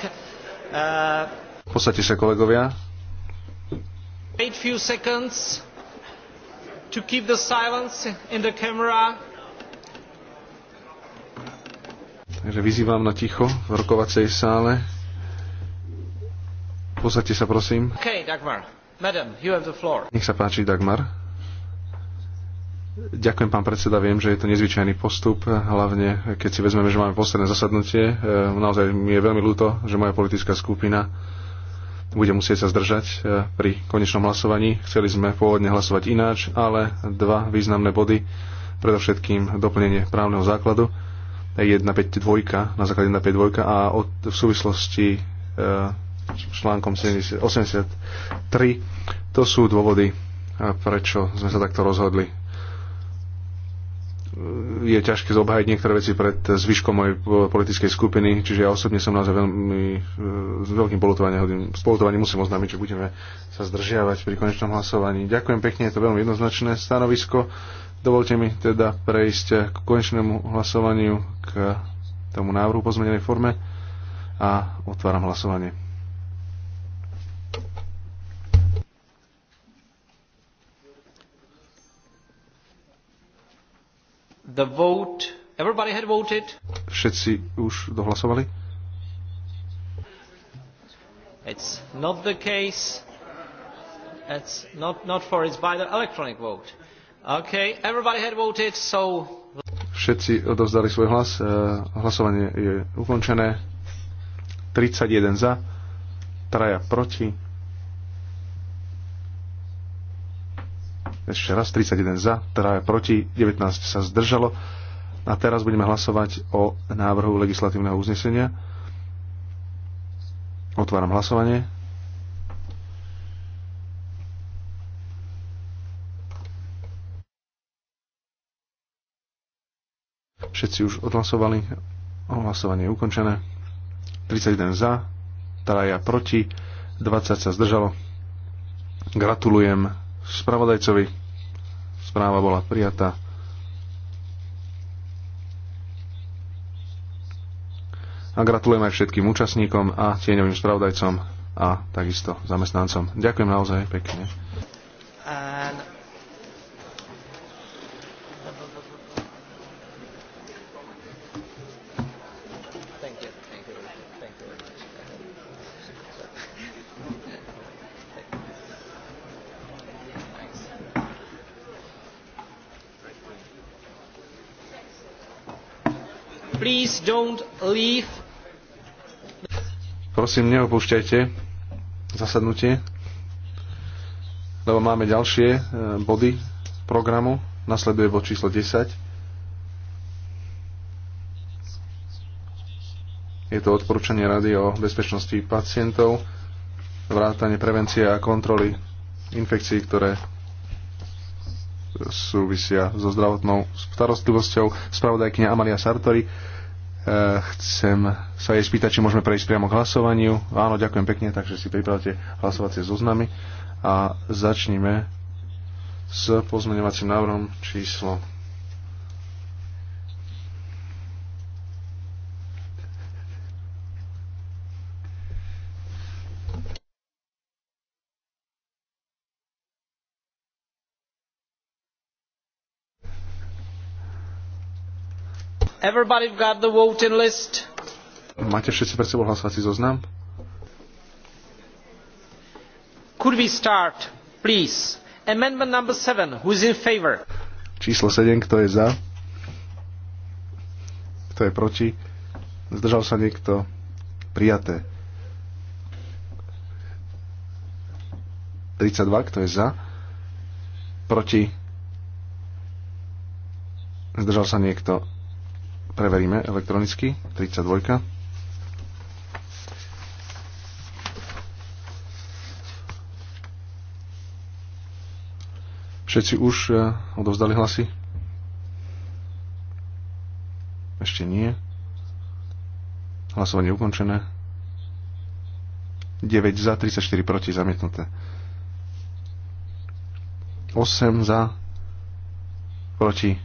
Uh, Posadte sa, kolegovia. Wait few seconds to keep the silence in the camera. Takže vyzývam na ticho v rokovacej sále. Posadte sa, prosím. Okay, Dagmar. Madam, you have the floor. Nech sa páči, Dagmar. Ďakujem, pán predseda. Viem, že je to nezvyčajný postup, hlavne keď si vezmeme, že máme posledné zasadnutie. E, naozaj mi je veľmi ľúto, že moja politická skupina bude musieť sa zdržať e, pri konečnom hlasovaní. Chceli sme pôvodne hlasovať ináč, ale dva významné body, predovšetkým doplnenie právneho základu 152 na základe 152 a od, v súvislosti e, článkom 70, 83. To sú dôvody, e, prečo sme sa takto rozhodli je ťažké zobhajiť niektoré veci pred zvyškom mojej politickej skupiny, čiže ja osobne som naozaj veľmi e, s veľkým polutovaním s Spolutovaním musím oznámiť, že budeme sa zdržiavať pri konečnom hlasovaní. Ďakujem pekne, je to veľmi jednoznačné stanovisko. Dovolte mi teda prejsť k konečnému hlasovaniu, k tomu návrhu po zmenenej forme a otváram hlasovanie. The vote. Everybody had voted. Všetci už dohlasovali? It's not the case. It's not, not for it's by the electronic vote. Okay, everybody had voted, so... Všetci odovzdali svoj hlas. Eh, hlasovanie je ukončené. 31 za, traja proti. Ešte raz 31 za, teda proti, 19 sa zdržalo. A teraz budeme hlasovať o návrhu legislatívneho uznesenia. Otváram hlasovanie. Všetci už odhlasovali. Hlasovanie je ukončené. 31 za, traja proti, 20 sa zdržalo. Gratulujem spravodajcovi. Správa bola prijatá. A gratulujem aj všetkým účastníkom a tieňovým spravodajcom a takisto zamestnancom. Ďakujem naozaj pekne. And... don't leave. Prosím, neopúšťajte zasadnutie, lebo máme ďalšie e, body programu. Nasleduje bod číslo 10. Je to odporúčanie Rady o bezpečnosti pacientov, vrátanie prevencie a kontroly infekcií, ktoré súvisia so zdravotnou starostlivosťou. Spravodajkynia Amalia Sartori E, chcem sa jej spýtať, či môžeme prejsť priamo k hlasovaniu. Áno, ďakujem pekne, takže si pripravte hlasovacie zoznamy a začnime s pozmeňovacím návrhom číslo Everybody got the voting list? Máte všetci pre sebou hlasovací zoznam? Could we start, please? Amendment number 7, is in favor? Číslo 7, kto je za? Kto je proti? Zdržal sa niekto? Prijaté. 32, kto je za? Proti? Zdržal sa niekto? Preveríme elektronicky. 32. Všetci už e, odovzdali hlasy? Ešte nie. Hlasovanie ukončené. 9 za, 34 proti, zamietnuté. 8 za, proti,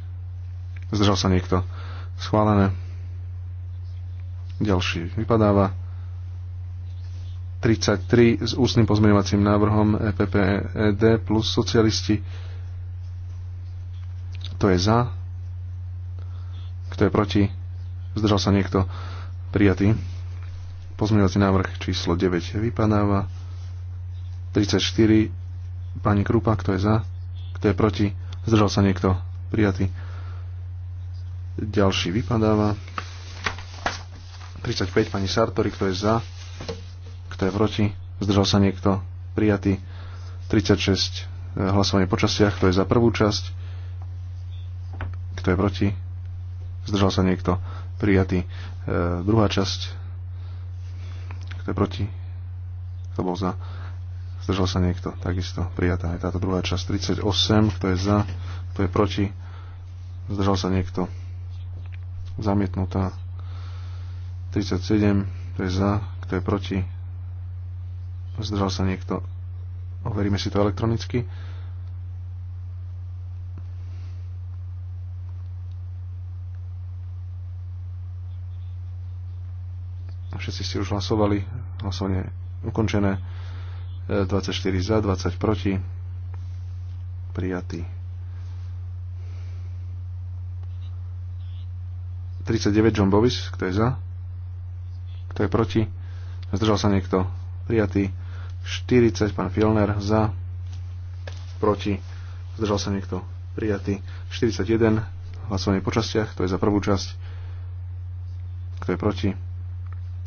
zdržal sa niekto. Schválené. Ďalší vypadáva. 33 s ústnym pozmeňovacím návrhom EPPED plus socialisti. Kto je za? Kto je proti? Zdržal sa niekto? Prijatý. Pozmeňovací návrh číslo 9 vypadáva. 34. Pani Krupa, kto je za? Kto je proti? Zdržal sa niekto? Prijatý. Ďalší vypadáva. 35, pani Sartori, kto je za, kto je proti, zdržal sa niekto, prijatý. 36, eh, hlasovanie po častiach, kto je za prvú časť, kto je proti, zdržal sa niekto, prijatý. E, druhá časť, kto je proti, kto bol za, zdržal sa niekto, takisto prijatá je táto druhá časť. 38, kto je za, kto je proti, zdržal sa niekto, zamietnutá. 37, to je za, kto je proti, zdržal sa niekto. Overíme si to elektronicky. Všetci ste už hlasovali. Hlasovanie ukončené. 24 e, za, 20 proti. Prijatý. 39 John Bovis, kto je za? Kto je proti? Zdržal sa niekto? Prijatý. 40 pán Fielner za. Proti. Zdržal sa niekto? Prijatý. 41 hlasovanie po častiach, to je za prvú časť. Kto je proti?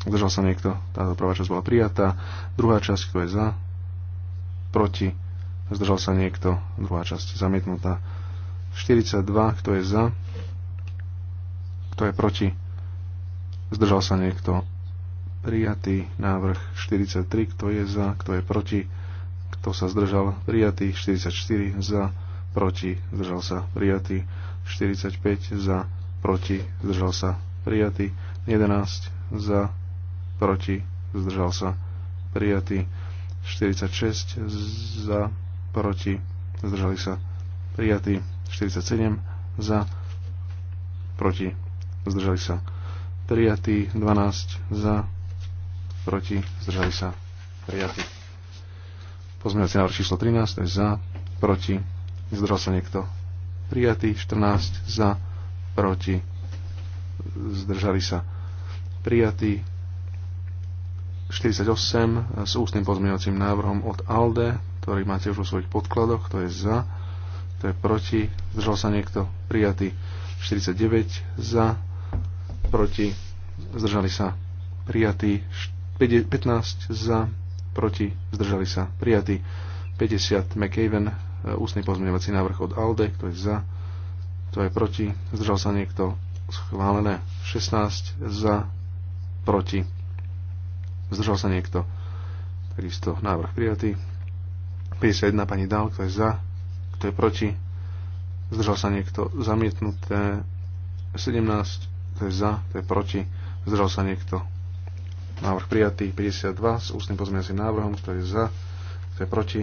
Zdržal sa niekto? Táto prvá časť bola prijatá. Druhá časť, kto je za? Proti. Zdržal sa niekto? Druhá časť zamietnutá. 42, kto je za? Kto je proti? Zdržal sa niekto? Prijatý návrh 43. Kto je za? Kto je proti? Kto sa zdržal? Prijatý 44. Za? Proti? Zdržal sa? Prijatý 45. Za? Proti? Zdržal sa? Prijatý 11. Za? Proti? Zdržal sa? Prijatý 46. Za? Proti? Zdržali sa? Prijatý 47. Za? Proti? zdržali sa prijatí, 12 za, proti, zdržali sa prijatí. Pozmeňovací návrh číslo 13, to je za, proti, zdržal sa niekto prijatý, 14 za, proti, zdržali sa prijatí, 48 s ústnym pozmeňovacím návrhom od ALDE, ktorý máte už vo svojich podkladoch, to je za, to je proti, zdržal sa niekto prijatý, 49 za, proti, zdržali sa prijatí, 15 za, proti, zdržali sa prijatí, 50 McAven, e, ústny pozmeňovací návrh od ALDE, kto je za, kto je proti, zdržal sa niekto, schválené, 16 za, proti, zdržal sa niekto, takisto návrh prijatý, 51 pani Dal, kto je za, kto je proti, zdržal sa niekto, zamietnuté, 17 to je za, to je proti, zdržal sa niekto. Návrh prijatý 52 s ústnym pozmeňacím návrhom, kto je za, kto je proti,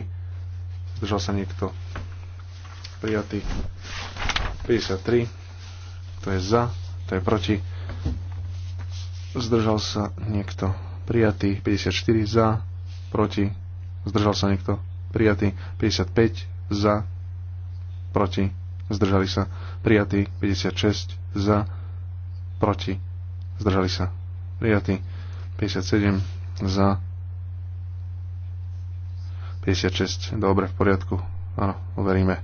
zdržal sa niekto. Prijatý 53, kto je za, kto je proti, zdržal sa niekto. Prijatý 54 za, proti, zdržal sa niekto. Prijatý 55 za, proti, zdržali sa. Prijatý 56 za, proti, zdržali sa, prijatí, 57 za, 56, dobre, v poriadku, áno, overíme.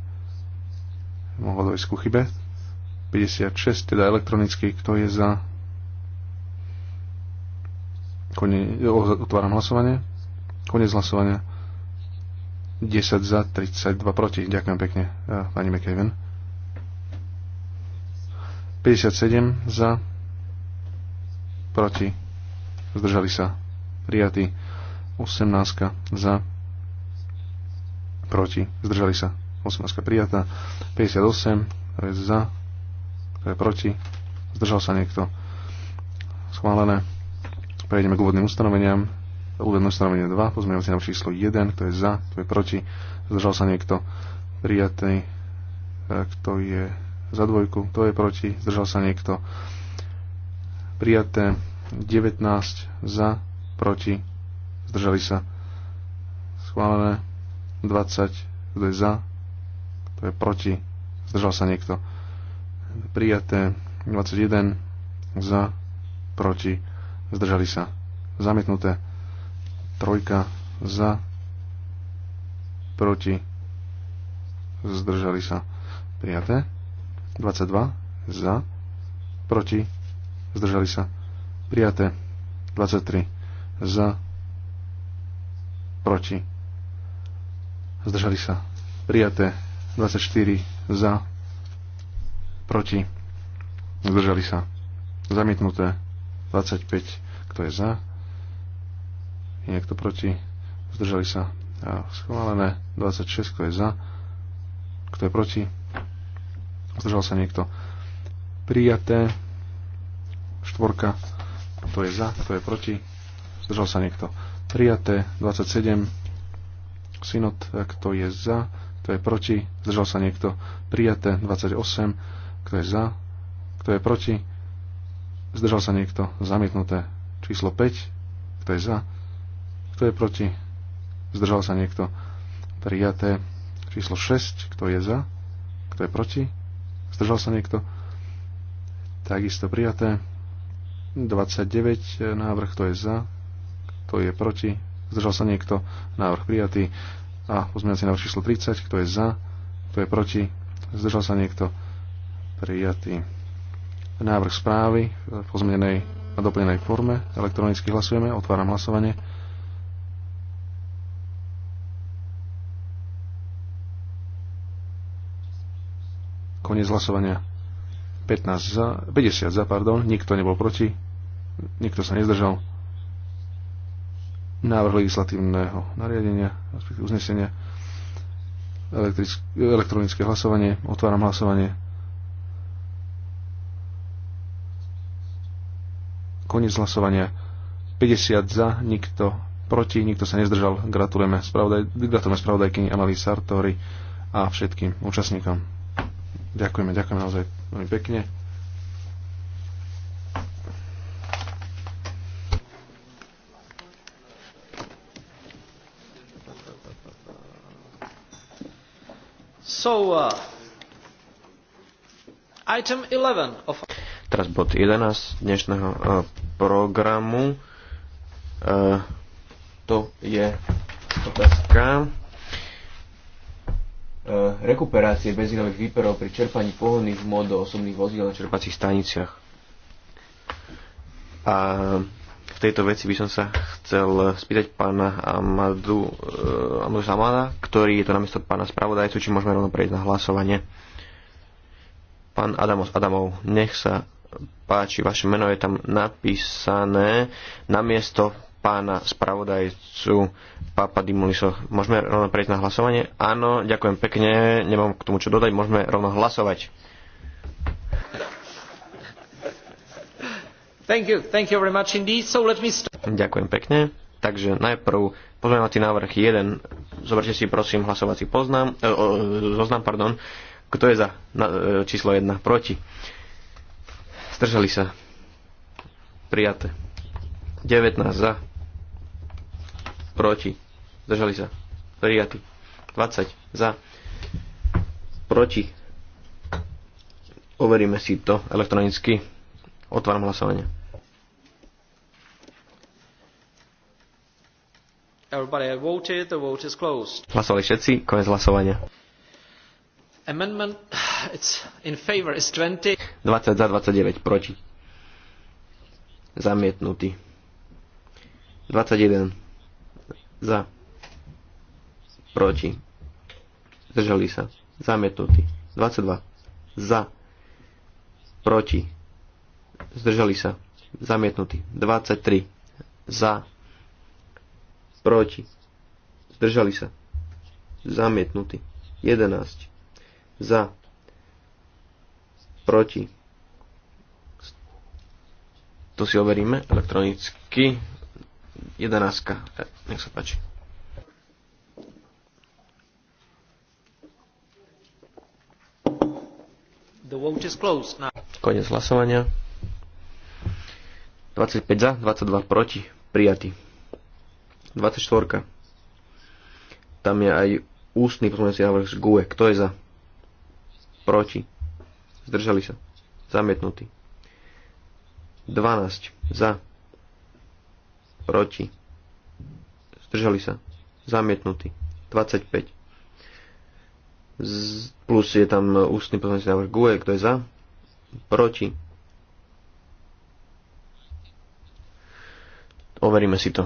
Mohlo dojsť ku chybe. 56, teda elektronicky, kto je za? Kone, otváram hlasovanie. Konec hlasovania. 10 za, 32 proti. Ďakujem pekne, eh, pani McAven. 57 za, proti, zdržali sa, prijatí. 18 za, proti, zdržali sa, 18 prijatá. 58, to je za, to je proti, zdržal sa niekto. Schválené. Prejdeme k úvodným ustanoveniam. Úvodné ustanovenie 2, si na číslo 1, kto je za, kto je proti, zdržal sa niekto prijatý, e, kto je za dvojku, to je proti, zdržal sa niekto. Prijaté 19 za, proti, zdržali sa. Schválené 20, kto je za, kto je proti, zdržal sa niekto. Prijaté 21 za, proti, zdržali sa. Zamietnuté trojka za, proti, zdržali sa. Prijaté. 22 za, proti, zdržali sa, prijaté 23 za, proti, zdržali sa, prijaté 24 za, proti, zdržali sa, zamietnuté 25, kto je za, je niekto proti, zdržali sa, schválené 26, kto je za, kto je proti, Zdržal sa niekto. Prijaté. Štvorka. To je za, to je proti. Zdržal sa niekto. Prijaté. 27. Synod. Kto je za, kto je proti. Zdržal sa niekto. Prijaté. 28. Kto je za, kto je proti. Zdržal sa niekto. Zamietnuté. Číslo 5. Kto je za, kto je proti. Zdržal sa niekto. Prijaté. Číslo 6. Kto je za? Kto je proti? Zdržal sa niekto? Takisto prijaté. 29. E, návrh, kto je za? Kto je proti? Zdržal sa niekto? Návrh prijatý. A pozmeňací návrh číslo 30. Kto je za? Kto je proti? Zdržal sa niekto? Prijatý. Návrh správy v e, pozmenenej a doplnenej forme. Elektronicky hlasujeme. Otváram hlasovanie. Koniec hlasovania. 15 za, 50 za, pardon, nikto nebol proti, nikto sa nezdržal. Návrh legislatívneho nariadenia, respektíve uznesenia, elektronické hlasovanie, otváram hlasovanie. Koniec hlasovania. 50 za, nikto proti, nikto sa nezdržal. Gratulujeme, spravodaj, gratulujeme spravodajkyni Amalie Sartori a všetkým účastníkom. Ďakujeme, ďakujem naozaj veľmi pekne. So, uh, item 11 of... Teraz bod 11 dnešného uh, programu. Uh, to je otázka E, rekuperácie benzínových výperov pri čerpaní pohodných mod do osobných vozidel na čerpacích staniciach. A v tejto veci by som sa chcel spýtať pána Amadu, uh, e, Amadu Samana, ktorý je to namiesto pána spravodajcu, či môžeme rovno prejsť na hlasovanie. Pán Adamos Adamov, nech sa páči, vaše meno je tam napísané namiesto pána spravodajcu Papa Dimuliso. Môžeme rovno prejsť na hlasovanie? Áno, ďakujem pekne, nemám k tomu čo dodať, môžeme rovno hlasovať. Thank you, thank you very much indeed. So let me start. Ďakujem pekne. Takže najprv pozmeňovací návrh 1. Zoberte si prosím hlasovací poznám, e, o, zoznam, pardon. Kto je za na, e, číslo 1? Proti. Stržali sa. Prijaté. 19 za proti, zdržali sa, prijatý. 20 za, proti. Overíme si to elektronicky. Otváram hlasovanie. Everybody had voted, the vote is closed. Hlasovali všetci, koniec hlasovania. Amendment, it's in favor is 20. 20 za 29, proti. Zamietnutý. 21 za, proti, zdržali sa, zamietnutí. 22 za, proti, zdržali sa, zamietnutí. 23 za, proti, zdržali sa, zamietnutí. 11 za, proti, to si overíme elektronicky. 11, Nech sa páči. The vote is closed now. Konec hlasovania. 25 za, 22 proti. Prijatý. 24. Tam je aj ústny pozmeňovací návrh z GUE. Kto je za? Proti. Zdržali sa. Zamietnutý. 12. Za proti, zdržali sa, zamietnutý, 25. Z, plus je tam ústny pozmeňujúci návrh GUE, kto je za, proti. Overíme si to.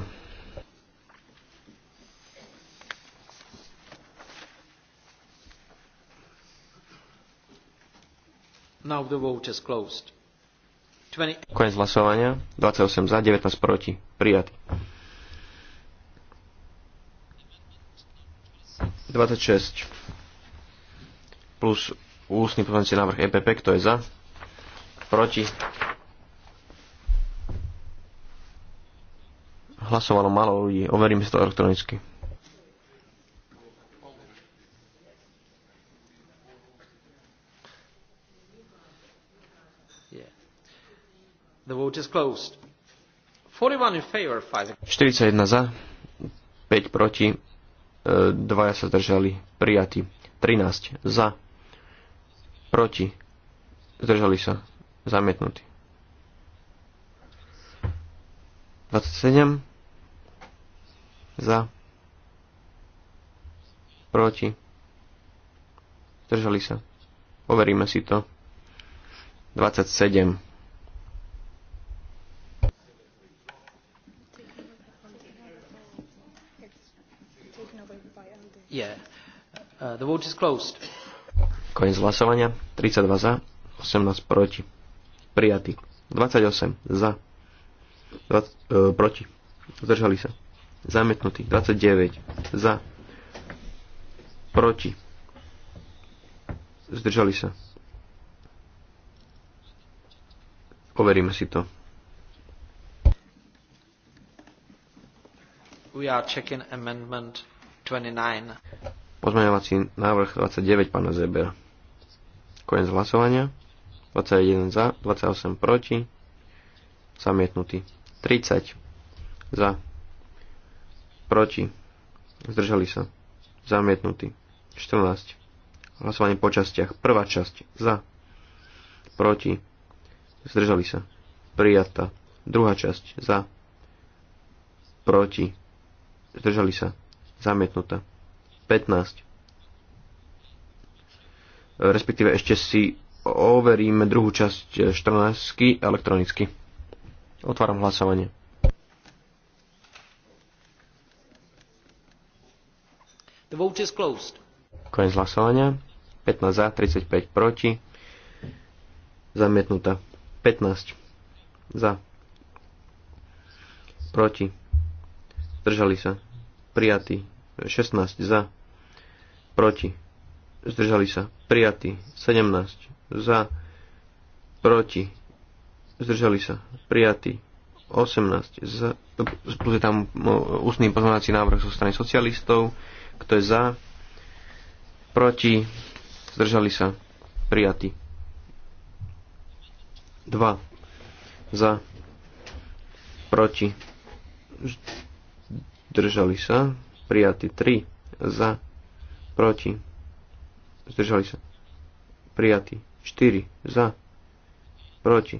Now the vote is closed. Konec hlasovania. 28 za, 19 proti. Prijatý. 26 plus ústny pozmeňujúci návrh EPP, kto je za? Proti? Hlasovalo malo ľudí, overíme si to elektronicky. 41 za, 5 proti, 2 e, sa zdržali, prijatí. 13 za, proti, zdržali sa, zamietnutí. 27 za, proti, zdržali sa. Overíme si to. 27 Uh, Koniec hlasovania. 32 za, 18 proti. Prijatý. 28 za, 20, uh, e, proti. Zdržali sa. Zametnutý. 29 za, proti. Zdržali sa. Overíme si to. We are checking amendment 29. Pozmeňovací návrh 29 pána Zebera. Koniec hlasovania. 21 za, 28 proti. Zamietnutý. 30 za, proti. Zdržali sa. Zamietnutý. 14. Hlasovanie po častiach. Prvá časť za, proti. Zdržali sa. Prijatá. Druhá časť za, proti. Zdržali sa Zamietnutá 15. E, respektíve ešte si overíme druhú časť 14 e, elektronicky. Otváram hlasovanie. The vote is closed. Koniec hlasovania. 15 za, 35 proti. Zamietnutá. 15 za. Proti. Zdržali sa prijatý. 16 za, proti, zdržali sa, prijatý. 17 za, proti, zdržali sa, prijatý. 18 za, plus je tam no, ústný poznávací návrh zo strany socialistov, kto je za, proti, zdržali sa, prijatý. 2 za, proti, zdržali sa, prijatí 3 za, proti, zdržali sa, prijatí 4 za, proti,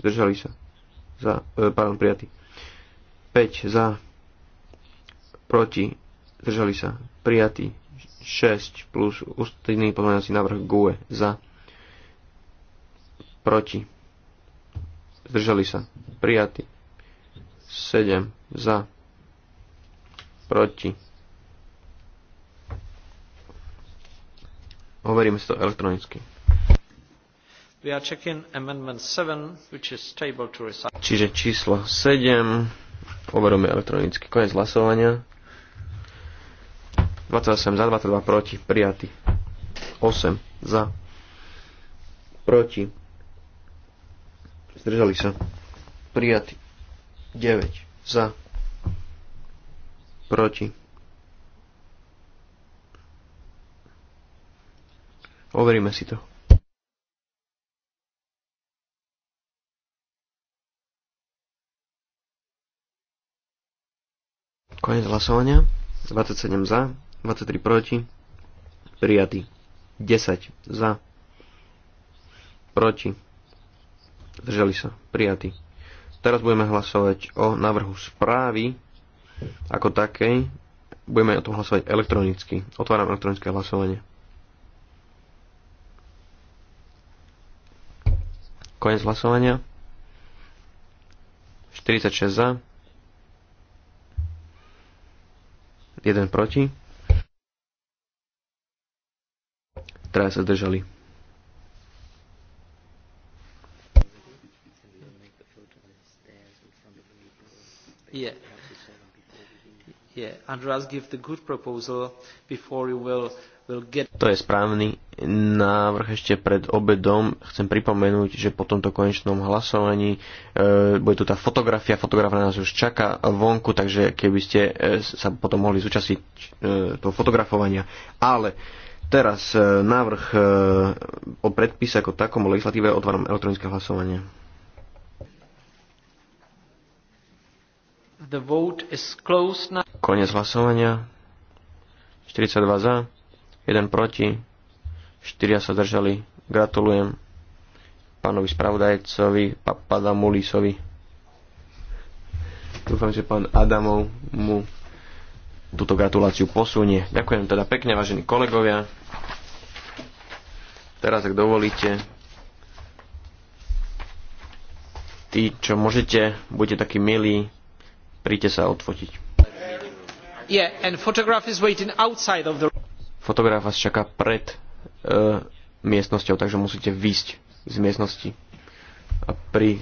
zdržali sa, za, e, pardon, prijatí 5 za, proti, zdržali sa, prijatí 6 plus ústredný pozmeňovací návrh GUE za, proti, zdržali sa, prijatí 7 za, Proti. Overíme si to elektronicky. We are checking amendment 7, which is table to recite. Čiže číslo 7. hovoríme elektronicky. Konec hlasovania. 28 za, 22 proti. Prijatý. 8 za. Proti. Zdržali sa. Prijatý. 9 za Proti. Overíme si to. Konec hlasovania. 27 za, 23 proti. Prijatý. 10 za. Proti. Zdržali sa. Prijatý. Teraz budeme hlasovať o návrhu správy ako takej. Budeme o tom hlasovať elektronicky. Otváram elektronické hlasovanie. Koniec hlasovania. 46 za. 1 proti. Traja sa zdržali. Yeah to je správny návrh ešte pred obedom. Chcem pripomenúť, že po tomto konečnom hlasovaní e, bude tu tá fotografia, fotograf na nás už čaká vonku, takže keby ste e, sa potom mohli zúčastniť e, toho fotografovania. Ale teraz e, návrh e, o predpise ako takom o legislatíve otváram elektronické hlasovanie. The vote is closed now. Konec hlasovania. 42 za, 1 proti, 4 sa držali, Gratulujem pánovi spravodajcovi Papadamulisovi. Dúfam, že pán Adamov mu túto gratuláciu posunie. Ďakujem teda pekne, vážení kolegovia. Teraz, ak dovolíte, tí, čo môžete, buďte takí milí, Príďte sa odfotiť. Yeah, and photograph is waiting outside of the... Fotograf vás čaká pred eh, miestnosťou, takže musíte výjsť z miestnosti. A pri